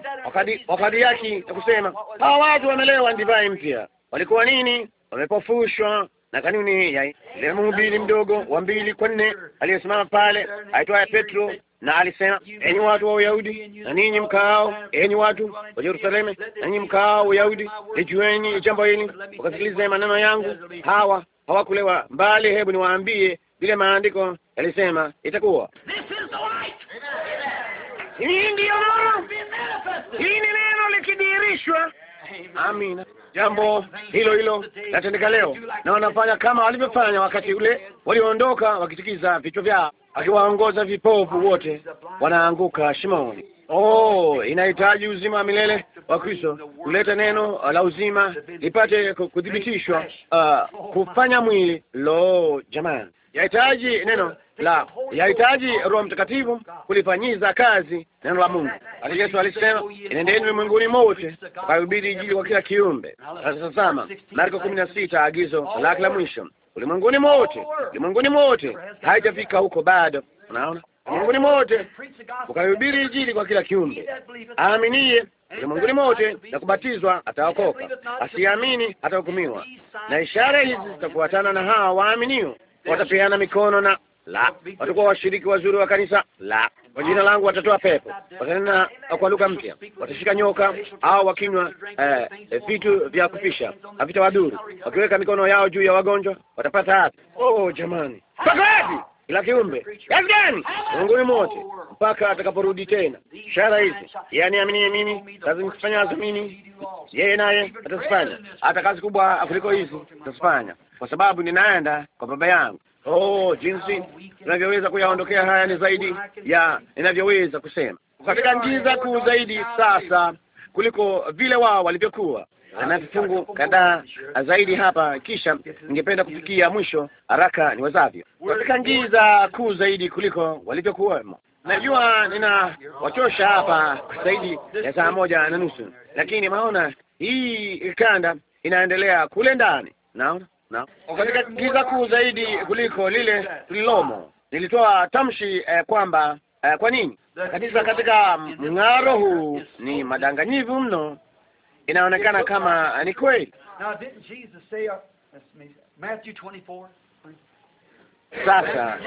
wakadiaki na kusema, hawa watu wamelewa divai mpya. Walikuwa nini? Wamepofushwa na kanuni ya ile mhubiri mdogo wa mbili kwa nne aliyesimama pale aitwaye Petro na alisema, enyi watu wa Uyahudi na ninyi mkao, enyi watu wa Yerusalemu na ninyi mkaao Uyahudi, lijueni jambo hili, ukasikilize maneno yangu. Hawa hawakulewa mbali. Hebu niwaambie vile maandiko yalisema itakuwa. Hii ndiyo hii ni neno likidirishwa Amina. Jambo hilo hilo natendeka leo, na wanafanya kama walivyofanya wakati ule walioondoka, wakitikiza vichwa vyao, akiwaongoza vipofu wote wanaanguka shimoni. Oh, inahitaji uzima wa milele wa Kristo kuleta neno la uzima lipate kuthibitishwa, uh, kufanya mwili. Lo, jamani, yahitaji neno la yahitaji Roho Mtakatifu kulifanyiza kazi neno la Mungu. Hata Yesu alisema, inendeni ulimwenguni mote kahubiri Injili kwa kila kiumbe. Tazama Marko kumi na sita, agizo lake la mwisho, ulimwenguni mote, ulimwenguni mote. Haijafika huko bado, unaona, ulimwenguni mote ukahubiri Injili kwa kila kiumbe. Aaminie ulimwenguni mote na kubatizwa ataokoka, asiamini atahukumiwa. Na ishara hizi zitakuatana na hawa waaminio watapeana mikono na la, watakuwa washiriki wazuri wa kanisa la, kwa jina langu watatoa pepo, watanena kwa lugha mpya, watashika nyoka au wakinywa eh, eh, vitu eh, vya kufisha havitawadhuru, wakiweka mikono yao juu ya wagonjwa watapata afya. Oh jamani, kila kiumbe kazi gani ulimwenguni mote mpaka atakaporudi tena. Ishara hizi yaani, amini mimi kazi nikifanyazo mimi, yeye naye atazifanya, hata kazi kubwa kuliko hizi atazifanya, kwa sababu ninaenda kwa Baba yangu. Oh, jinsi ninavyoweza kuyaondokea haya ni zaidi ya ninavyoweza kusema, katika giza kuu zaidi sasa kuliko vile wao walivyokuwa na vifungu kadhaa zaidi hapa, kisha ningependa kufikia mwisho haraka niwezavyo, katika ngiza kuu zaidi kuliko walivyokuwemo. Najua nina wachosha hapa zaidi ya saa moja na nusu, lakini maona hii kanda inaendelea kule ndani, naona na katika giza kuu zaidi kuliko lile lilomo. Nilitoa tamshi eh, kwamba eh, kwa nini kanisa katika mng'aro huu ni madanganyivu mno inaonekana kama ni kweli. Uh, Sasa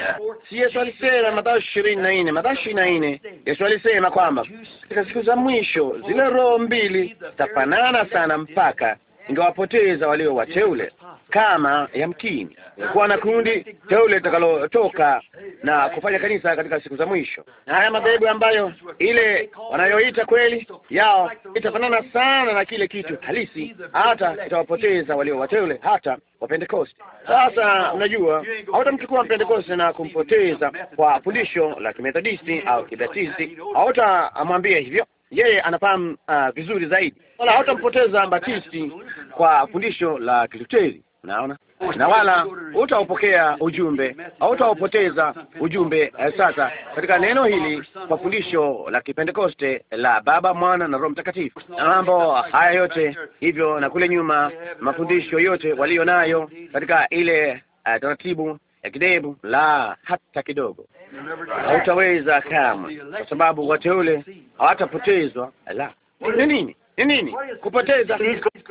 si Yesu alisema Mathayo ishirini na nne Mathayo ishirini na nne Yesu alisema kwamba katika siku za mwisho zile roho mbili zitafanana sana, mpaka ingewapoteza walio wateule kama ya mtini, kuwa na kundi teule litakalotoka na kufanya kanisa katika siku za mwisho, na haya madhehebu ambayo ile wanayoita kweli yao itafanana sana na kile kitu halisi, hata itawapoteza walio wateule, hata Wapentekoste. Sasa mnajua, hautamchukua Mpentekoste na kumpoteza kwa fundisho la Kimethodisti au Kibatisti, hautamwambia hivyo yeye anafahamu uh, vizuri zaidi, wala hautampoteza Batisti kwa fundisho la Kiluteri. naona na wala utaupokea ujumbe, hautaupoteza ujumbe eh, sasa katika neno hili kwa fundisho la Kipentekoste la Baba, Mwana na Roho Mtakatifu, na mambo haya yote hivyo, na kule nyuma mafundisho yote walio nayo katika ile uh, taratibu ya kidebu, la hata kidogo hautaweza kamwe, kwa sababu wateule hawatapotezwa. La, ni nini? Ni nini kupoteza?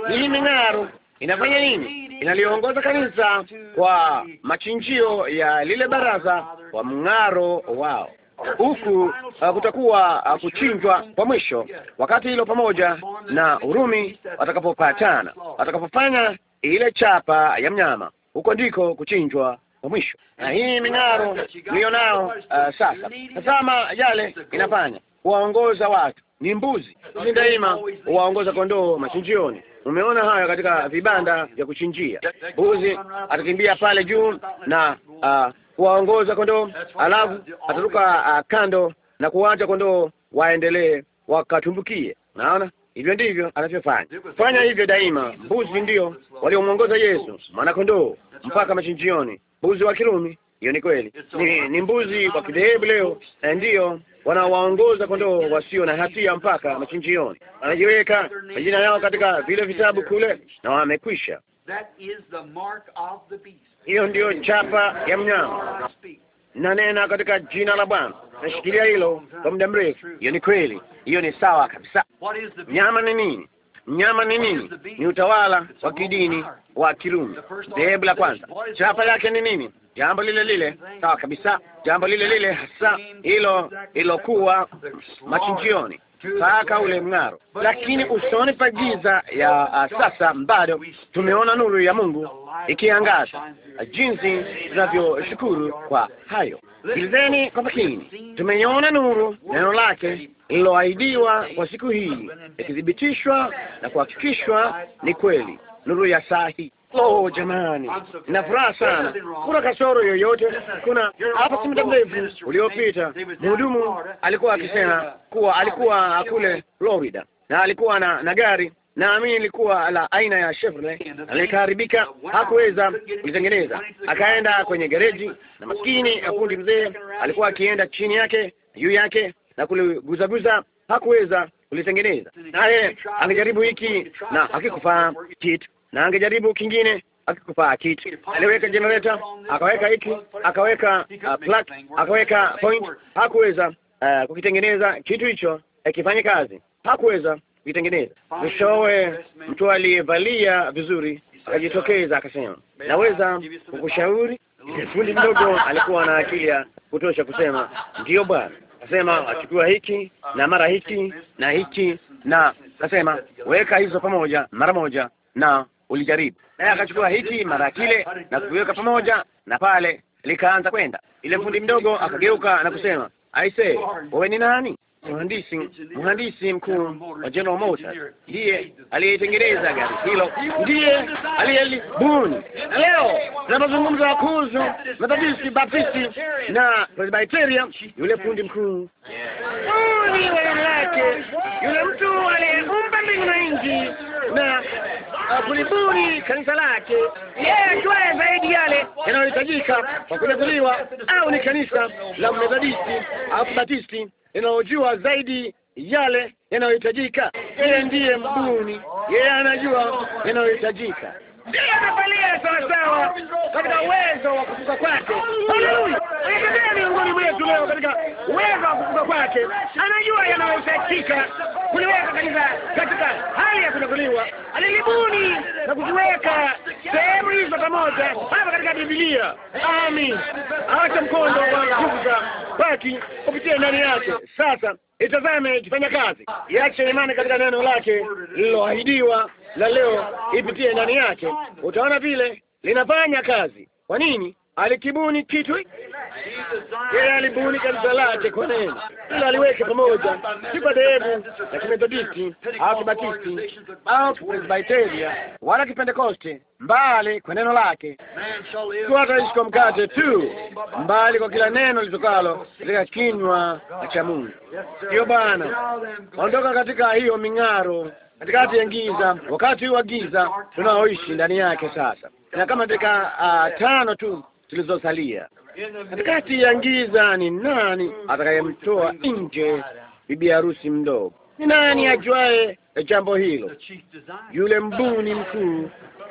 Hii ming'aro inafanya nini? Inaliongoza kanisa kwa machinjio ya lile baraza kwa mng'aro wao huku uh, kutakuwa uh, kuchinjwa kwa mwisho wakati hilo, pamoja na urumi watakapopatana, watakapofanya ile chapa ya mnyama, huko ndiko kuchinjwa wa mwisho, na hii minaro niyo nao uh, sasa. Tazama yale inafanya kuwaongoza watu ni mbuzi si daima waongoza kondoo machinjioni. Umeona hayo katika vibanda vya kuchinjia. Mbuzi atakimbia pale juu na kuwaongoza uh, kondoo, alafu ataruka uh, kando na kuwacha kondoo waendelee wakatumbukie. Naona hivyo ndivyo anavyofanya, fanya hivyo daima. Mbuzi ndio waliomwongoza Yesu mwana kondoo mpaka machinjioni, mbuzi wa Kirumi. Hiyo ni kweli, ni, ni mbuzi wa kidhehebu leo, e, ndiyo wanawaongoza kondoo wasio na hatia mpaka machinjioni. Wanajiweka majina yao katika vile vitabu kule na wamekwisha. Hiyo ndiyo chapa ya mnyama. Nanena katika jina la Bwana, nashikilia hilo kwa muda mrefu. Hiyo ni kweli, hiyo ni sawa kabisa. Mnyama ni nini? Mnyama ni nini? Ni utawala wa kidini wa Kirumi, dhehebu la kwanza. Chapa yake ni nini? Jambo lile lile, sawa kabisa, jambo lile lile hasa hilo ilokuwa machinjioni, mpaka ule mng'aro. Lakini usoni pa giza ya ah, sasa bado tumeona nuru ya Mungu ikiangaza. Jinsi tunavyoshukuru kwa hayo. Sikilizeni kwa makini. Tumeiona nuru, neno lake lililoahidiwa kwa siku hii, ikithibitishwa na kuhakikishwa ni kweli, nuru ya saa hii. Lo, jamani, na furaha sana. Kuna kasoro yoyote? Kuna hapa, si muda mrefu uliopita mhudumu alikuwa akisema kuwa alikuwa kule Florida na alikuwa na, na gari naamini ilikuwa la aina ya Chevrolet, likaharibika, hakuweza kulitengeneza akaenda kwenye gereji, na maskini afundi mzee alikuwa akienda chini yake juu yake na kuliguzaguza, hakuweza kulitengeneza. Naye angejaribu hiki na hakikufaa kitu, na angejaribu kingine akikufaa kitu. Aliweka generator, akaweka hiki, akaweka uh, plug, akaweka point, hakuweza uh, kukitengeneza kitu hicho, akifanya eh, kazi hakuweza vitengeneza. Mwishowe mtu aliyevalia vizuri akajitokeza akasema, naweza kukushauri. Fundi mdogo alikuwa na akili ya kutosha kusema ndiyo bwana. Akasema achukua hiki na mara hiki na hiki, na akasema weka hizo pamoja mara moja, na ulijaribu naye, akachukua hiki mara kile na kuviweka pamoja, na pale likaanza kwenda. Ile fundi mdogo akageuka na kusema, aise, wewe ni nani? mhandisi mhandisi mkuu wa General Motors ndiye aliyetengeneza gari hilo, ndiye aliyelibuni. Na leo tunapozungumza kuhusu Methodisti, Baptisti na Presbiteria, yule fundi mkuu ni wanamlake yule mtu aliyeumba mbingu na nchi na Ah, kulibuni kanisa lake, yeye twaye zaidi yale yanayohitajika kwa kunyakuliwa, au ni kanisa la Methodisti au Batisti linalojua zaidi yale yanayohitajika. Yeye ndiye mbuni, yeye anajua yanayohitajika ndiye anafanyia sawasawa katika uwezo wa kufuka kwake. Haleluya! Anatembea miongoni mwetu leo katika uwezo wa kufuka kwake, anajua yanayohitajika kuliweka kanisa katika hali ya kunyakuliwa. Alilibuni na kukiweka sehemu hizo pamoja hapa katika Biblia. Amin. Acha mkondo wa nguvu za baki kupitia ndani yake sasa itazame ikifanya kazi, iache imani katika neno lake lililoahidiwa la leo ipitie ndani yake, utaona vile linafanya kazi. Kwa nini? Alikibuni kitu yeye, alibuni kanisa lake kwa neno, ila aliweke pamoja, si kwa dhehebu la Kimethodisti au Kibatisti au Presbiteria wala Kipentekoste, mbali kwa neno lake. Mtu hataishi kwa mkate tu, mbali kwa kila neno litokalo katika kinywa cha Mungu. Ndiyo Bwana, ondoka katika hiyo ming'aro katikati ya giza, wakati wa giza tunaoishi ndani yake sasa, na kama dakika uh, tano tu zilizosalia, katikati ya giza, ni nani atakayemtoa nje bibi harusi mdogo? Ni nani ajuae jambo hilo? Yule mbuni mkuu.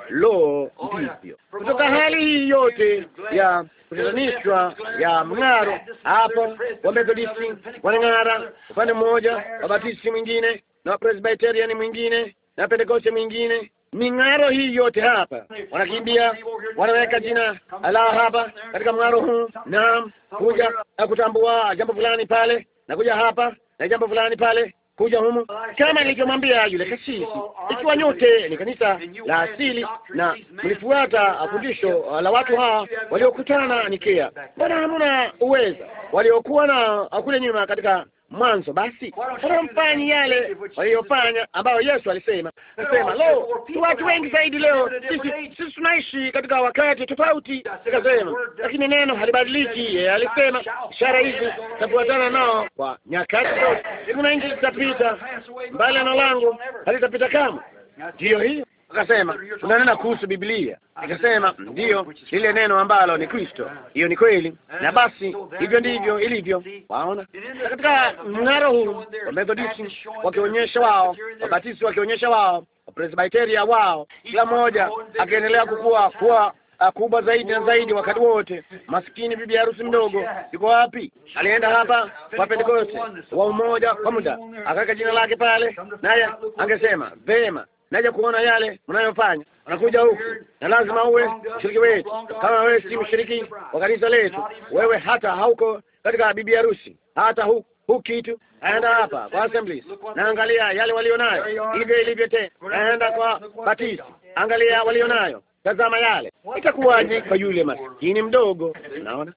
Lo, ndivyo kutoka hali hii yote ya kutatanishwa ya mng'aro hapo, Wamethodisti wanang'ara upande mmoja, Wabatisti mwingine na Presbyterian mwingine na Pentecoste mwingine ming'aro hii yote hapa, wanakimbia wanaweka jina la hapa katika mng'aro huu, naam, kuja kutambua jambo fulani pale na kuja hapa na jambo fulani pale, kuja humu, kama nilivyomwambia yule kasisi, ikiwa nyote ni kanisa la asili na mlifuata fundisho la watu hawa waliokutana Nikea, mbona hamuna uweza waliokuwa na kule nyuma katika mwanzo. Basi hamfanyi yale waliyofanya ambayo Yesu alisema, nasema lo, tu watu wengi zaidi leo, sisi sisi tunaishi katika wakati tofauti. Nikasema, lakini neno halibadiliki. Yeye alisema ishara hizi zitafuatana nao kwa nyakati zote. Kuna nchi zitapita, mbali na lango, halitapita kama Ndiyo hiyo Akasema unanena kuhusu Biblia. Nikasema ndiyo, lile neno ambalo ni Kristo. Hiyo ni kweli, na eh, basi hivyo ndivyo ilivyo. Waona, katika mng'aro huu wa Methodisti wakionyesha wao, Wabatisi wakionyesha wao, Wapresbiteria wao, kila mmoja akiendelea kukua kuwa ah, kubwa zaidi na zaidi wakati wote. Maskini bibi harusi mdogo oh, yuko wapi? Alienda hapa kwa Pentekoste wa umoja kwa muda, akaweka jina lake pale, naye angesema vema naja kuona yale unayofanya. Unakuja huku na lazima uwe mshiriki wetu. Kama wewe si mshiriki wa kanisa letu, wewe hata hauko katika bibi harusi, hata hu hu kitu. Aenda hapa kwa assemblies, naangalia yale walionayo, hivyo ilivyo tena. Aenda kwa batisi, angalia walionayo Tazama yale, itakuwaje kwa yule maskini mdogo? Unaona,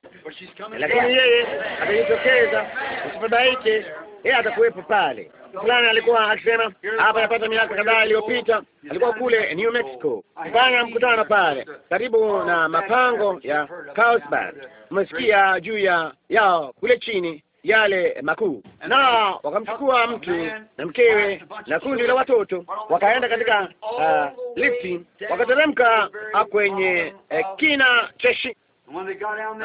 lakini yeye atajitokeza, usifadhaike, yeye atakuwepo pale. Fulani alikuwa akisema hapa, yapata miaka kadhaa iliyopita, alikuwa kule New Mexico kufanya mkutano pale karibu na mapango ya Carlsbad. Umesikia juu ya yao kule chini yale makuu, na wakamchukua mtu na mkewe na kundi la watoto, wakaenda katika uh, lifti, wakateremka uh, kwenye uh, kina cheshi.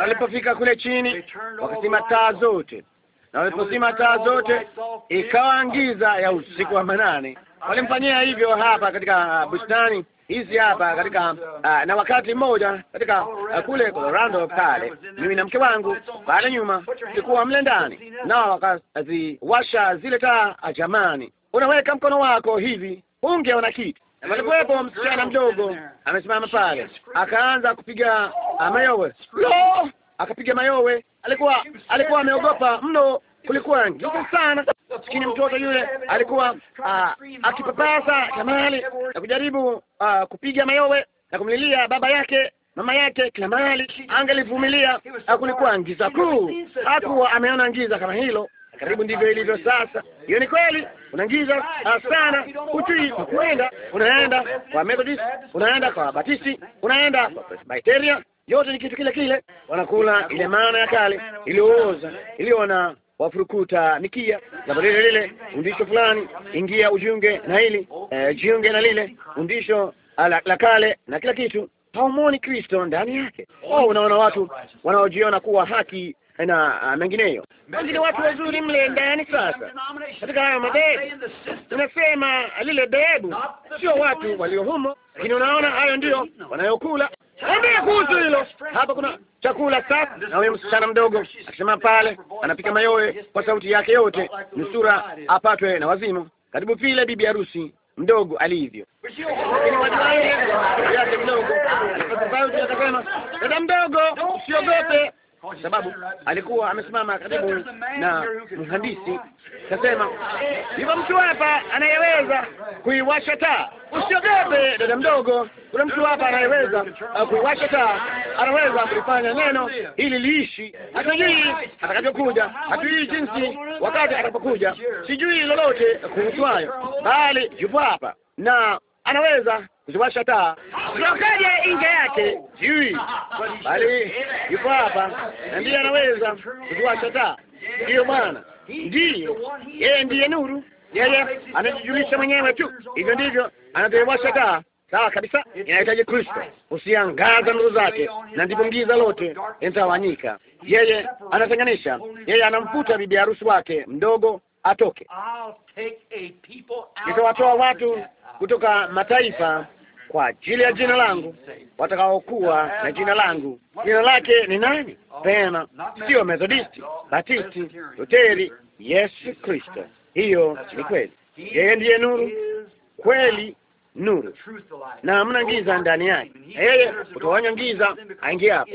Walipofika kule chini, wakasima taa zote, na waliposima taa zote, ikawa giza ya usiku wa manane. Walimfanyia hivyo hapa katika uh, bustani hizi hapa katika uh, na wakati mmoja katika uh, kule Colorado pale, mimi na mke wangu pale nyuma tulikuwa mle ndani, nao wakaziwasha zile taa. Ah, jamani, unaweka mkono wako hivi, ungeona kitu. Alikuwepo msichana mdogo amesimama pale, akaanza kupiga mayowe, akapiga mayowe. Alikuwa alikuwa ameogopa mno kulikuwa giza sana. Maskini mtoto yule alikuwa ah, akipapasa kamali na kujaribu ah, kupiga mayowe na kumlilia baba yake mama yake kila mahali. Angelivumilia, ah, kulikuwa ngiza kuu, hakuwa ameona ngiza kama hilo. Karibu ndivyo ilivyo sasa. Hiyo ni kweli, unaingiza sana, hujui kwa kuenda. Unaenda kwa Methodist, unaenda kwa Batisti, unaenda kwa Presbyteria, yote ni kitu kile kile, wanakula ile maana ya kale iliyooza iliyo na wafurukuta nikia jambo lile lile, undisho fulani, ingia ujiunge na hili eh, jiunge na lile undisho ah, la kale na kila kitu. Haumwoni Kristo ndani yake. Oh, unaona watu wanaojiona kuwa haki na ah, mengineyo. Basi ni watu wazuri mle ndani. Sasa katika hayo madhehebu unasema lile dhehebu sio watu walio humo, lakini unaona hayo ndiyo wanayokula. Ambia kuhusu hilo hapa. Kuna chakula safi, na huyo msichana mdogo akisema pale, anapika mayowe kwa sauti yake yote, ni sura apatwe na wazimu, karibu vile bibi harusi mdogo alivyo. Dada mdogo, usiogope kwa sababu alikuwa amesimama karibu na mhandisi. Kasema, yuko mtu hapa anayeweza kuiwasha taa. Usiogope dada mdogo, kuna mtu hapa anayeweza kuiwasha taa, anaweza kulifanya neno ili liishi. Hatujui atakapokuja, hatujui jinsi wakati atakapokuja, sijui lolote kuhusu hayo, bali yupo hapa na anaweza kuziwasha taa, brokadi ya nje yake sijui, bali yuko hapa na ndiye anaweza kuziwasha taa. Ndiyo Bwana, ndiye yeye, ndiye nuru, yeye anajijulisha mwenyewe tu. Hivyo ndivyo anavyowasha taa. Sawa kabisa, inahitaji Kristo. Usiangaza nuru zake, na ndipo giza lote litawanyika. Yeye anatenganisha, yeye anamfuta bibi harusi wake mdogo atoke. Nitawatoa watu kutoka mataifa kwa ajili ya jina langu watakaokuwa na jina langu. Jina lake ni nani? Pena sio Methodisti, Batisti, Luteri. Yesu Kristo, hiyo ni kweli. Yeye ndiye nuru, kweli, nuru, na hamna giza ndani yake. Yeye kutawanya giza aingie hapo,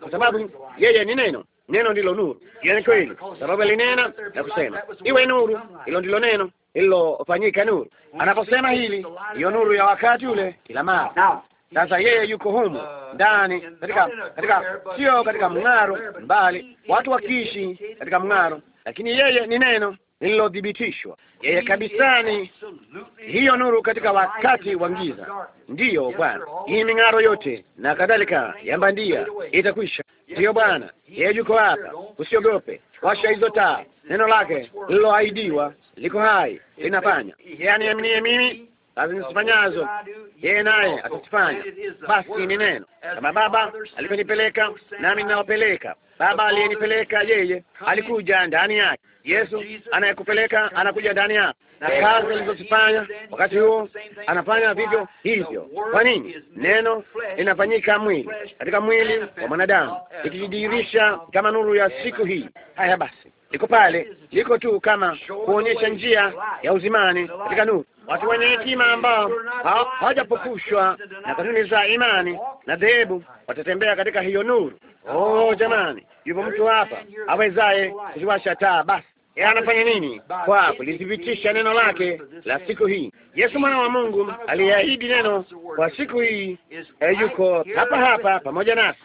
kwa sababu yeye ni neno neno ndilo nuru. Yeye ni kweli, sababu alinena na kusema iwe nuru. Hilo ndilo neno lililofanyika nuru. Anaposema hili, hiyo nuru ya wakati ule kila mara. Sasa yeye yuko humu uh, ndani, katika katika, sio katika mng'aro mbali, watu wakiishi katika mng'aro, lakini yeye ni neno lililodhibitishwa. Yeye kabisa ni hiyo nuru katika wakati wa giza. Ndiyo Bwana, hii ming'aro yote na kadhalika ya bandia itakwisha ndiyo Bwana, yeye yuko hapa, usiogope. Washa hizo taa, neno lake lililoahidiwa liko hai, linafanya. Yeye yaani, aniaminie mimi kazi nizifanyazo yeye naye atazifanya. Basi ni neno kama Baba alivyonipeleka, nami ninawapeleka. Baba aliyenipeleka yeye alikuja ndani yake. Yesu anayekupeleka anakuja ndani yake na kazi alizozifanya wakati huo anafanya vivyo hivyo. Kwa nini? Neno linafanyika mwili katika mwili wa mwanadamu, ikijidhihirisha kama nuru ya siku hii. Haya basi liko pale, liko tu kama kuonyesha njia ya uzimani katika nuru. Watu wenye hekima ambao hawajapokushwa na kanuni za imani na dhehebu watatembea katika hiyo nuru. Oh jamani, yupo mtu hapa awezaye kuziwasha taa? Basi yeye anafanya nini kwa kulithibitisha neno lake la siku hii? Yesu mwana wa Mungu aliahidi neno kwa siku hii, eh, yuko hapa hapa pamoja nasi.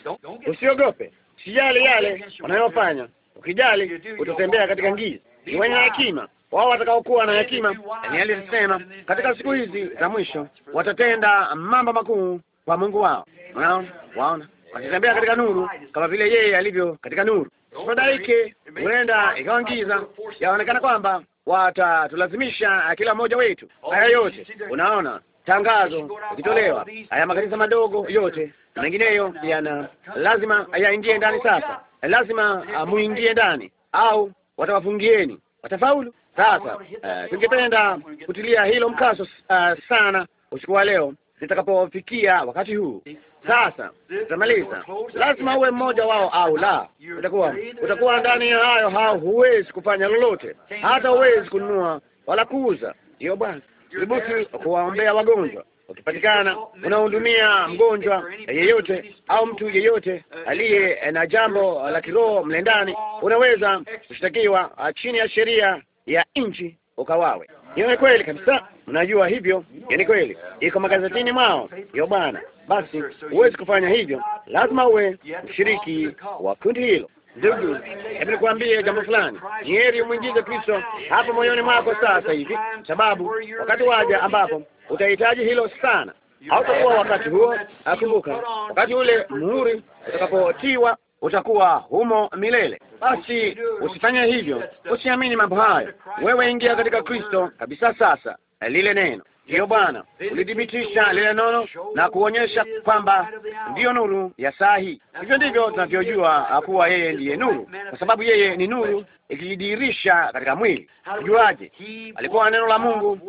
Usiogope, yale yale wanayofanya Ukijali utatembea katika ngiza. Ni wenye hekima wao watakaokuwa na hekima. Danieli alisema katika siku hizi za mwisho watatenda mambo makuu kwa Mungu wao. Unaona, waona watatembea katika nuru kama vile yeye alivyo katika nuru. sadaike huenda ikawa ngiza, yaonekana kwamba watatulazimisha kila mmoja wetu haya yote. Unaona, tangazo ikitolewa. Haya makanisa madogo yote mengineyo yana lazima yaingie ndani. Sasa lazima ah, muingie ndani, au watawafungieni, watafaulu. Sasa uh, tungependa kutilia hilo mkazo uh, ah, sana usiku wa leo nitakapofikia wakati huu. Sasa tutamaliza, lazima uwe mmoja wao au la, utakuwa utakuwa ndani ya hayo hao, huwezi kufanya lolote, hata huwezi kununua wala kuuza. Ndiyo Bwana thubutu kuwaombea wagonjwa. Ukipatikana unahudumia mgonjwa yeyote au mtu yeyote aliye na jambo la kiroho mle ndani, unaweza kushtakiwa ah, chini ya sheria ya nchi ukawawe. Hiyo ni kweli kabisa, mnajua hivyo. Hiyo ni kweli, iko magazetini mwao hiyo bwana. Basi huwezi kufanya hivyo, lazima uwe mshiriki wa kundi hilo. Ndugu, hebu nikwambie jambo fulani. Ni heri umwingize Kristo hapo moyoni mwako sasa hivi, sababu wakati waja ambapo utahitaji hilo sana. Hautakuwa wakati huo. Akumbuka, wakati ule muhuri utakapotiwa utakuwa humo milele. Basi usifanye hivyo, usiamini mambo hayo. Wewe ingia katika Kristo kabisa sasa, lile neno Ndiyo Bwana, ulithibitisha lile neno na kuonyesha kwamba ndiyo nuru ya saa hii. Hivyo ndivyo tunavyojua kuwa yeye ndiye nuru, kwa sababu yeye ni nuru ikijidirisha katika mwili. Ujuaje? Alikuwa neno la Mungu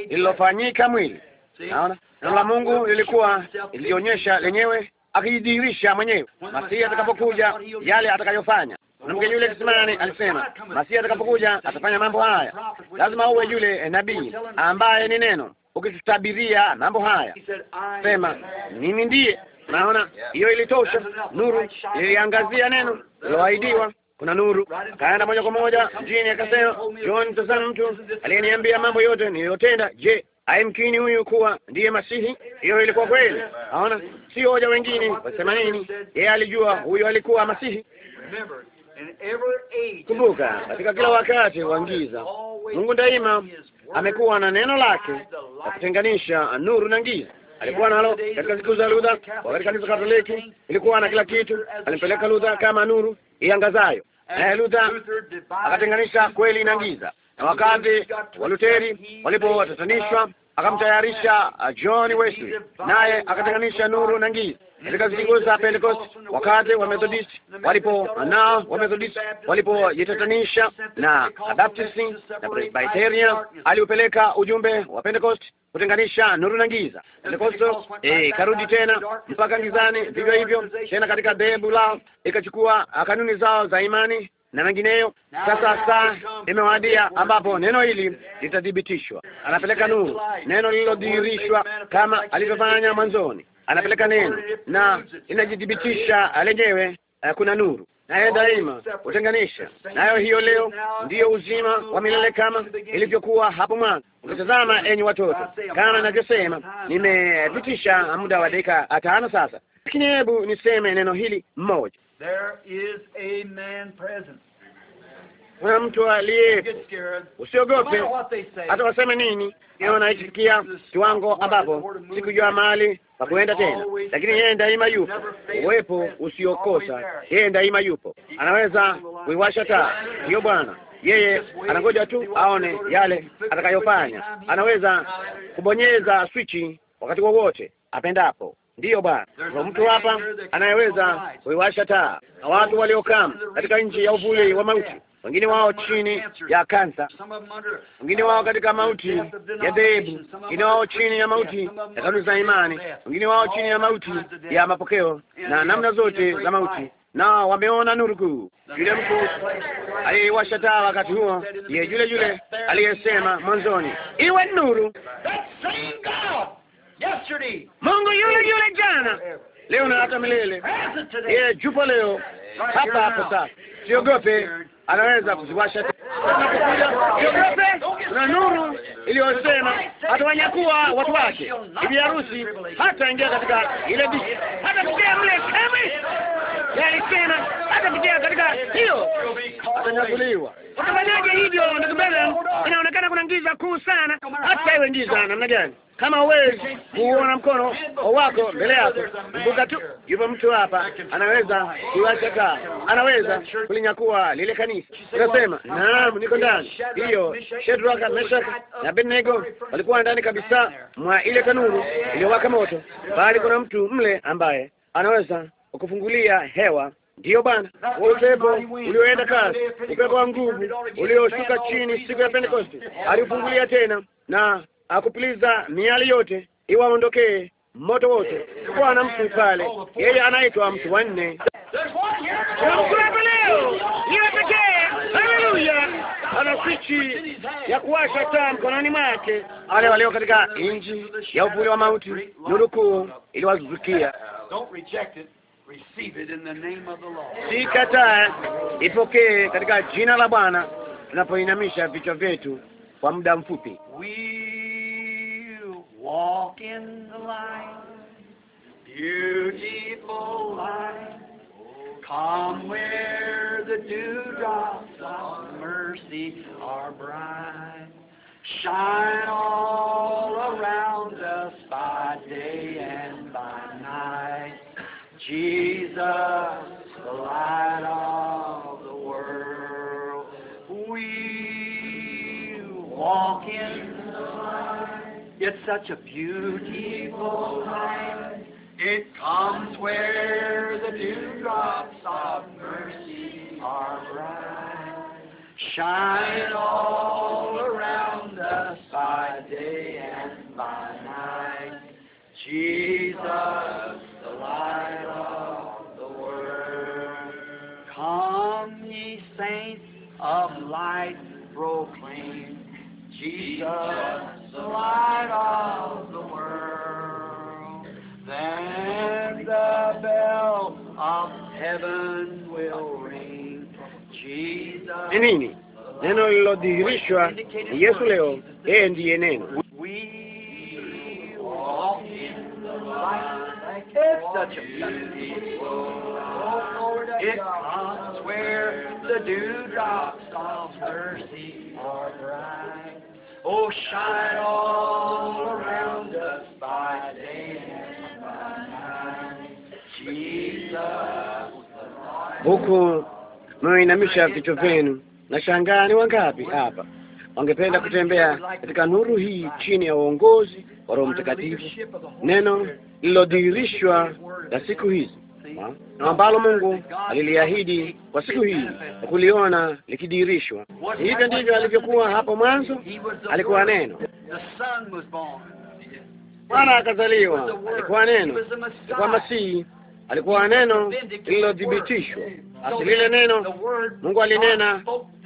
lililofanyika mwili. Naona neno la Mungu lilikuwa lilionyesha lenyewe, akijidirisha mwenyewe. Masihi atakapokuja, yale atakayofanya Mwanamke yule akisimama alisema, Masia atakapokuja atafanya mambo haya. Lazima uwe yule eh, nabii ambaye ni neno, ukitutabiria mambo haya. Sema mimi ndiye. Naona hiyo ilitosha, nuru iliangazia neno liloahidiwa kuna nuru. Akaenda moja kwa moja mjini akasema, John, tazama, mtu aliyeniambia mambo yote niliyotenda. Je, haimkini huyu kuwa ndiye Masihi? Hiyo ilikuwa kweli. Naona si hoja, wengine wasema nini? Yeye alijua huyu alikuwa Masihi. Kumbuka, katika kila wakati wa giza, Mungu daima amekuwa na neno lake la kutenganisha nuru na giza. Alikuwa nalo katika siku za Luther, wakati kanisa Katoliki ilikuwa na kila kitu. Alimpeleka Luther kama nuru iangazayo, naye eh, Luther akatenganisha kweli na giza, na wakati wa luteri walipotatanishwa akamtayarisha eh, John Wesley, naye akatenganisha nuru na giza katika siku za Pentecost, wakati wa Methodist walipo na wa walipo walipojitatanisha na Baptist na Presbyteria, aliupeleka ujumbe wa Pentecost kutenganisha nuru na giza. Pentecosto ikarudi ee, tena mpaka gizani, vivyo hivyo tena katika dhehebu lao, ikachukua kanuni zao za imani na mengineyo. Sasa saa imewadia ambapo neno hili litathibitishwa. Anapeleka nuru, neno lililodhihirishwa kama alivyofanya mwanzoni anapeleka neno na inajidhibitisha lenyewe. Uh, eh, kuna nuru naye daima hutenganisha nayo. Hiyo leo ndiyo uzima wa milele kama ilivyokuwa hapo mwanzo. Ukitazama enyi watoto, kama ninavyosema, nimepitisha muda wa dakika tano sasa, lakini hebu niseme neno hili mmoja. There is a man present na mtu aliye, usiogope hata waseme nini. Leo naifikia kiwango ambapo sikujua mahali pa kuenda tena, lakini yeye daima yupo, uwepo usiokosa. Yeye daima yupo, anaweza kuiwasha taa hiyo. Bwana yeye anangoja tu aone yale atakayofanya. Anaweza kubonyeza swichi wakati wowote apendapo. Ndiyo Bwana, kuna mtu hapa anayeweza kuiwasha taa na watu waliokaa katika nchi ya uvuli wa mauti wengine wao chini ya kansa, wengine wao katika mauti ya dhehebu, wengine wao chini ya mauti ya kanuni za imani, wengine wao chini ya mauti ya mapokeo na namna zote za mauti, na wameona nuru kuu. Yule mkuu aliyewasha taa wakati huo ye yule yule aliyesema mwanzoni, iwe nuru. Mungu yule yule jana, leo na hata milele, ye jupo leo hapa hapo sasa siogope, anaweza kuziwasha. siogope, kuna nuru iliyosema atawanyakua watu wake. Bibi harusi hataingia katika ile hata hatapitia mle kame. hata hatapitia katika hiyo, atanyakuliwa. Utafanyaje hivyo ndugu? Inaonekana kuna ngiza kuu sana, hata iwe ngiza namna gani? Kama uwezi kuona mkono wako mbele yako, mbuka tu yupo mtu hapa anaweza kuacha ka anaweza kulinyakua lile kanisa. Unasema naam, niko ndani. Hiyo Shedraka, meshak na Abednego walikuwa ndani kabisa mwa ile tanuru iliyowaka moto, bali kuna mtu mle ambaye anaweza kufungulia hewa Ndiyo Bwana, upepo ulioenda kazi upepo wa nguvu ulioshuka chini siku ya Pentekoste aliufungulia tena na akupiliza miali yote iwaondokee moto wote. Bwana mtu pale, yeye anaitwa mtu wa nne Haleluya! ana swichi ya kuwasha taa mkononi mwake. Wale walio katika nchi ya uvuli wa mauti, nurukuu iliwazukia. Sikataa, ipokee katika jina la Bwana tunapoinamisha vichwa vyetu kwa muda mfupi. Walk in the light, beautiful light. Come where the dewdrops of mercy are bright. Shine all around us by day and by night. Jesus, the light of the world. We walk in it's such a beautiful time. It comes where the dewdrops of mercy are bright. Shine all around us by day and by night. Jesus, the light of the world. Come, ye saints of light, proclaim Jesus the light of the world. Then the bell of heaven will ring. Jesus. Nini? Neno lilodhihirishwa ni Yesu leo, yeye ndiye neno. It's such a beautiful it comes where the dewdrops of mercy are bright. Oh, shine all around us by day and by night, Jesus. Huku mnainamisha vichwa vyenu, nashangaa ni wangapi hapa wangependa kutembea katika nuru hii chini ya uongozi wa Roho Mtakatifu, neno lilodhihirishwa la siku hizi na ambalo Mungu aliliahidi kwa siku hii kuliona likidirishwa. Hivyo ndivyo alivyokuwa hapo mwanzo, alikuwa neno Bwana akazaliwa, alikuwa neno, alikuwa Masihi, alikuwa neno lililothibitishwa. Basi lile neno Mungu alinena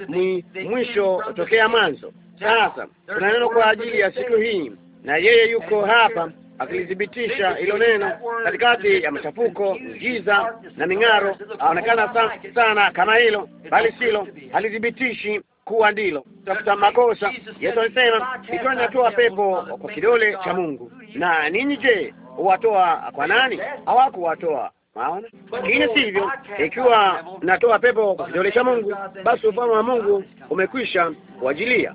ni mwisho tokea mwanzo. Sasa kuna neno kwa ajili ya siku hii, na yeye yuko hapa akilithibitisha hilo neno katikati ya machafuko, giza na ming'aro. Aonekana sana, sana kama hilo, bali silo, halithibitishi kuwa ndilo. Tafuta makosa. Yesu alisema, ikiwa inatoa pepo kwa kidole cha Mungu, na ninyi je, huwatoa kwa nani? Hawakuwatoa. Maona lakini sivyo. Ikiwa natoa pepo kwa kidole cha Mungu, basi ufalme wa Mungu umekwisha kuajilia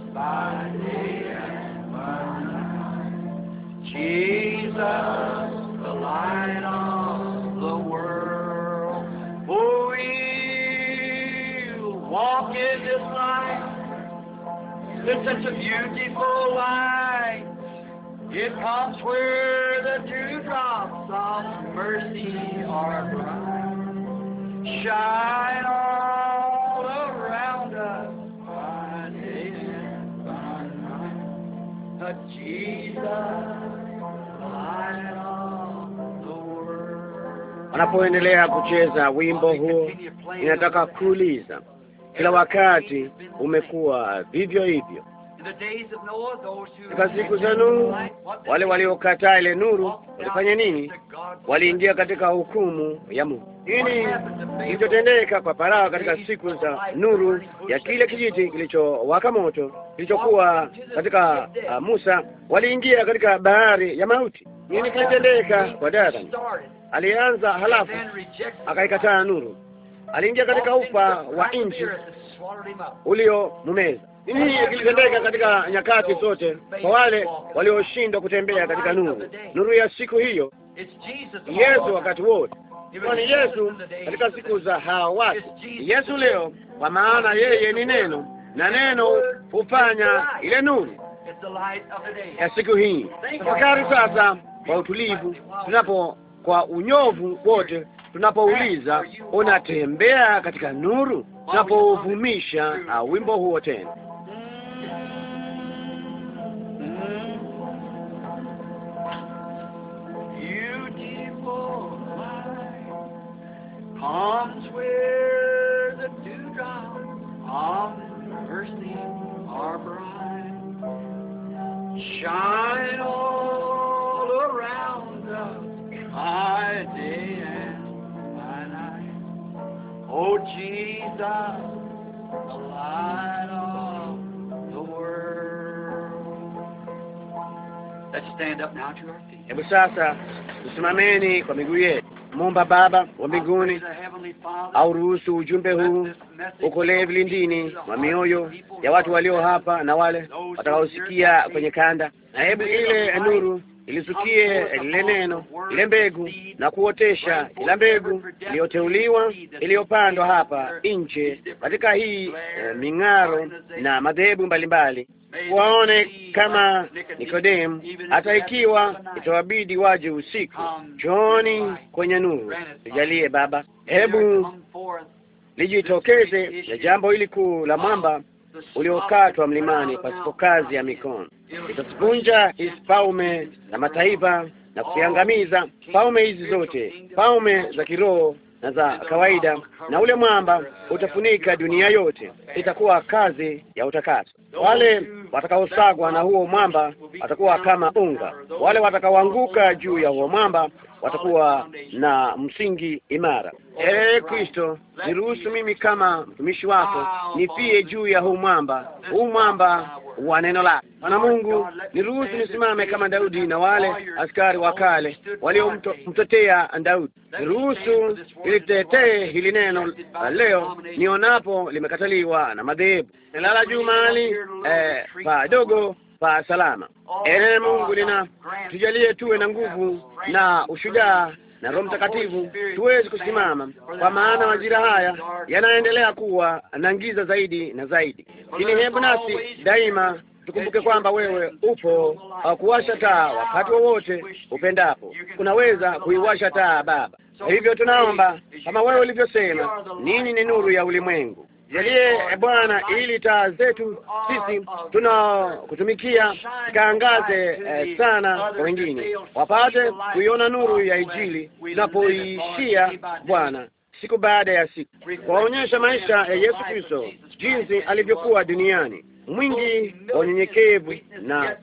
Jesus, the light of the world. For we walk in light. It's such a beautiful light. It comes where the of mercy are bright. Shine on. Wanapoendelea kucheza wimbo huo, ninataka kuuliza, kila wakati umekuwa vivyo hivyo katika siku za Nuhu, wale waliokataa ile nuru walifanya nini? Waliingia katika hukumu ya Mungu. Nini kilichotendeka kwa Farao katika siku za nuru ya kile kijiti kilichowaka moto kilichokuwa katika uh, Musa? Waliingia katika bahari ya mauti. Nini kilitendeka kwa Dathani? Alianza halafu akaikataa nuru, aliingia katika ufa wa nchi mumeza hii kilitendeka katika nyakati zote kwa wale walioshindwa kutembea katika nuru, nuru ya siku hiyo, Yesu wakati wote ni Yesu katika siku za hawa watu, Yesu leo, kwa maana yeye ni neno na neno hufanya ile nuru ya siku hii. Tafakari sasa kwa utulivu, tunapo kwa unyovu wote, tunapouliza unatembea katika nuru, tunapovumisha ah, wimbo huo tena Palms where the dewdrops on mercy are bright. Shine all around us by day and by night. Oh Jesus, the light of the world. Let's stand up now to our feet. Hebu sasa tusimameni kwa miguu yetu. Mumba Baba wa mbinguni, au ruhusu ujumbe huu ukolee vilindini mwa mioyo ya watu walio hapa na wale watakaosikia kwenye kanda, na hebu ile nuru ilisukie lile neno, ile mbegu na kuotesha ila mbegu iliyoteuliwa iliyopandwa hapa nje katika hii eh, ming'aro na madhehebu mbalimbali waone kama Nikodemu, hata ikiwa itawabidi waje usiku. Njooni kwenye nuru, tujalie Baba, hebu lijitokeze ya jambo hili kuu la mwamba uliokatwa mlimani pasipo kazi ya mikono. itazivunja hizi paume za mataifa na kuziangamiza paume hizi zote, paume za kiroho na za kawaida, na ule mwamba utafunika dunia yote, itakuwa kazi ya utakaso. Wale watakaosagwa na huo mwamba watakuwa kama unga, wale watakaoanguka juu ya huo mwamba watakuwa na msingi imara. Ee Kristo, niruhusu mimi kama mtumishi wako nifie juu ya huu mwamba, huu mwamba wa neno lako. Bwana Mungu, niruhusu nisimame kama Daudi na wale askari wa kale waliomtetea Daudi. Niruhusu nilitetee hili neno leo nionapo limekataliwa na madhehebu. Nalala juu mahali eh, pa dogo pa salama. Ee Mungu, lina tujalie tuwe na nguvu na ushujaa na Roho Mtakatifu tuwezi kusimama, kwa maana majira haya yanaendelea kuwa na giza zaidi na zaidi. Lakini hebu nasi daima tukumbuke kwamba wewe upo, uh, kuwasha taa wakati wowote upendapo. Unaweza kuiwasha taa Baba, Hivyo tunaomba kama wewe ulivyosema, ninyi ni nuru ya ulimwengu. Jalie Bwana, ili taa zetu sisi tunaokutumikia zikaangaze eh, sana kwa wengine, wapate kuiona nuru ya Injili tunapoishia Bwana, siku baada ya siku, kuwaonyesha maisha ya Yesu Kristo jinsi alivyokuwa duniani, mwingi wa unyenyekevu na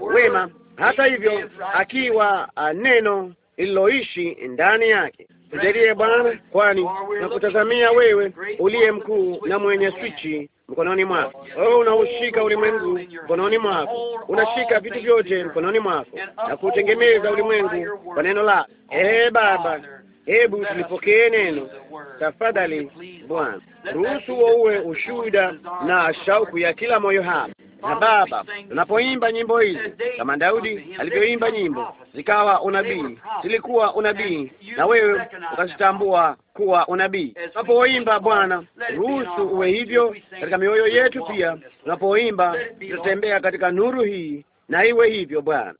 uh, wema, hata hivyo akiwa uh, neno lililoishi ndani yake. Tujalie Bwana, kwani nakutazamia wewe uliye mkuu na mwenye swichi mkononi mwako. Wewe unaushika ulimwengu mkononi mwako, unashika vitu vyote mkononi mwako na kutengemeza ulimwengu kwa neno lako. Ee Baba Hebu tulipokee neno tafadhali. Bwana, ruhusu huo uwe ushuhuda na shauku ya kila moyo hapa. Na Baba, tunapoimba nyimbo hizi kama Daudi alivyoimba nyimbo zikawa unabii, zilikuwa unabii, na wewe ukazitambua kuwa unabii. Tunapoimba Bwana, ruhusu uwe hivyo katika mioyo yetu pia. Tunapoimba tutatembea katika nuru hii na iwe hivyo Bwana.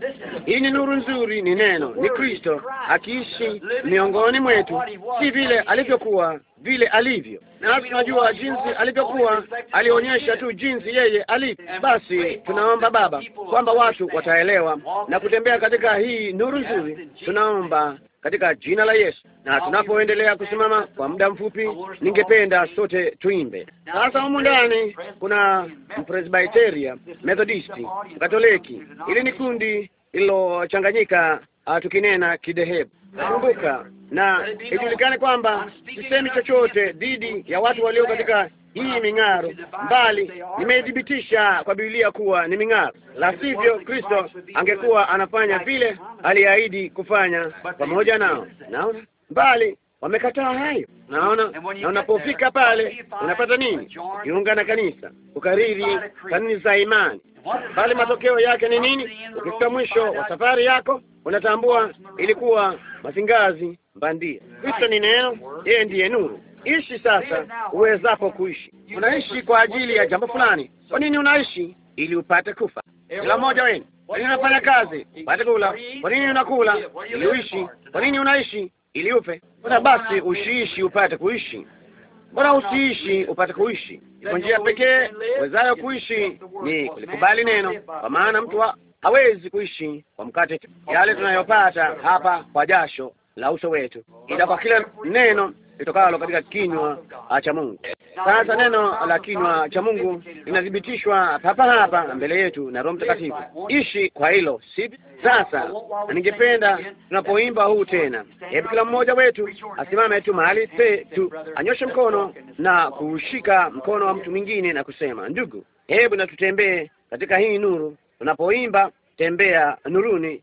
Hii ni nuru nzuri, ni neno, ni Kristo akiishi miongoni mwetu, si vile alivyokuwa, vile alivyo. Na tunajua jinsi alivyokuwa, alionyesha tu jinsi yeye alivyo. Basi tunaomba Baba kwamba watu wataelewa na kutembea katika hii nuru nzuri, tunaomba katika jina la Yesu. Na tunapoendelea kusimama kwa muda mfupi, ningependa sote tuimbe sasa. Humu ndani kuna Presbyteria, Methodisti, Katoliki. ili ni kundi lililochanganyika ah, tukinena kidhehebu. Kumbuka na ijulikane kwamba sisemi chochote dhidi ya watu walio katika hii ming'aro, bali nimeithibitisha kwa Biblia kuwa ni ming'aro, la sivyo Kristo angekuwa anafanya vile aliahidi kufanya pamoja nao. Naona bali wamekataa hayo. Naona, na unapofika pale unapata nini? Jiunga na kanisa, ukariri kanuni za imani, bali matokeo yake ni nini? Ukifika mwisho wa safari yako unatambua ilikuwa mazingazi bandia. Kristo ni neno, yeye ndiye nuru ishi sasa uwezapo kuishi. Unaishi kwa ajili ya jambo fulani. Kwa nini unaishi? Ili upate kufa. Kila mmoja wenu, kwa nini unafanya kazi? Upate kula. Kwa nini unakula? Ili uishi. Kwa nini unaishi? Ili upe Mbona basi ushiishi upate kuishi? Mbona usiishi upate kuishi? Kwa njia pekee uwezayo kuishi ni kulikubali neno, kwa maana mtu hawezi kuishi kwa mkate. Yale tunayopata hapa kwa jasho la uso wetu, ila kwa kila neno litokalo katika kinywa ah, cha Mungu. Sasa neno la kinywa cha Mungu linathibitishwa papa hapa mbele yetu na Roho Mtakatifu. Ishi kwa hilo, sivyo? Sasa ningependa tunapoimba huu tena, hebu kila mmoja wetu asimame tu mahali pe tu, anyoshe mkono na kuushika mkono wa mtu mwingine na kusema, ndugu, hebu na tutembee katika hii nuru. Tunapoimba tembea nuruni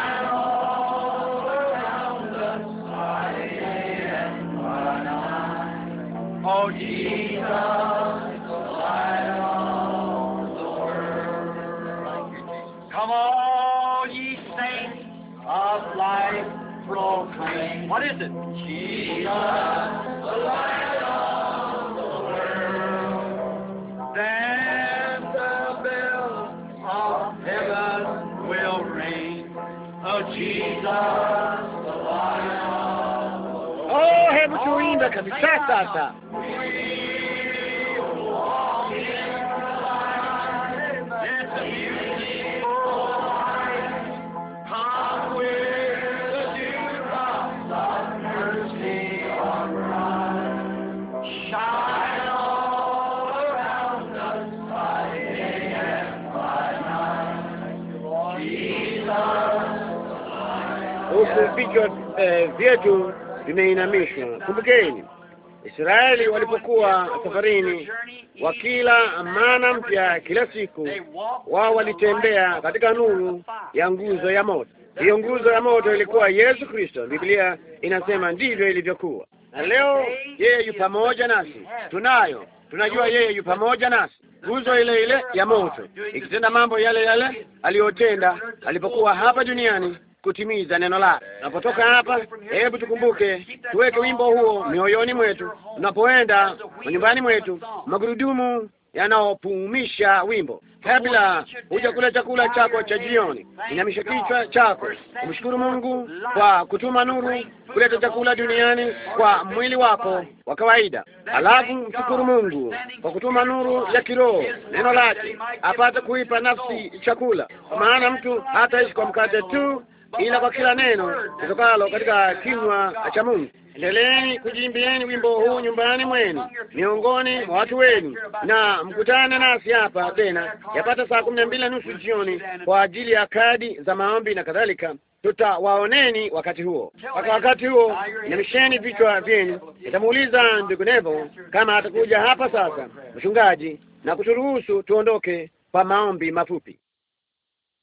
Oh, Jesus, light the world. Come, all ye saints of light, proclaim. What is it? Jesus, the light of the world. Then the bells of heaven will ring. Oh, Jesus, the light of the world. Oh, heaven, oh, you ain't a cassette, vichwa eh, vyetu vimeinamishwa. Kumbukeni Israeli walipokuwa safarini, wakila mana mpya kila siku, wao walitembea katika nuru ya nguzo ya moto. Hiyo nguzo ya moto ilikuwa Yesu Kristo. Biblia inasema ndivyo ilivyokuwa, na leo yeye yu pamoja nasi, tunayo tunajua yeye yu pamoja nasi, nguzo ile ile ya moto ikitenda mambo yale yale aliyotenda alipokuwa hapa duniani kutimiza neno lake. Tunapotoka hapa, hebu tukumbuke, tuweke wimbo huo mioyoni mwetu, tunapoenda nyumbani mwetu, magurudumu yanaopumisha wimbo. Kabla kula chakula chako cha jioni, inamisha kichwa chako, umshukuru Mungu kwa kutuma nuru kuleta chakula duniani kwa mwili wako wa kawaida. Alafu mshukuru Mungu kwa kutuma nuru ya kiroho, neno lake, apate kuipa nafsi chakula, maana mtu hataishi kwa mkate tu, ila kwa kila neno litokalo katika kinywa cha Mungu. Endeleeni kujimbieni wimbo huu nyumbani mwenu, miongoni mwa watu wenu, na mkutane nasi hapa tena yapata saa kumi na mbili na nusu jioni kwa ajili ya kadi za maombi na kadhalika. Tutawaoneni wakati huo. Mpaka wakati huo, inamisheni vichwa vyenu. Nitamuuliza ndugu Nevo kama atakuja hapa sasa, mchungaji, na kuturuhusu tuondoke kwa maombi mafupi.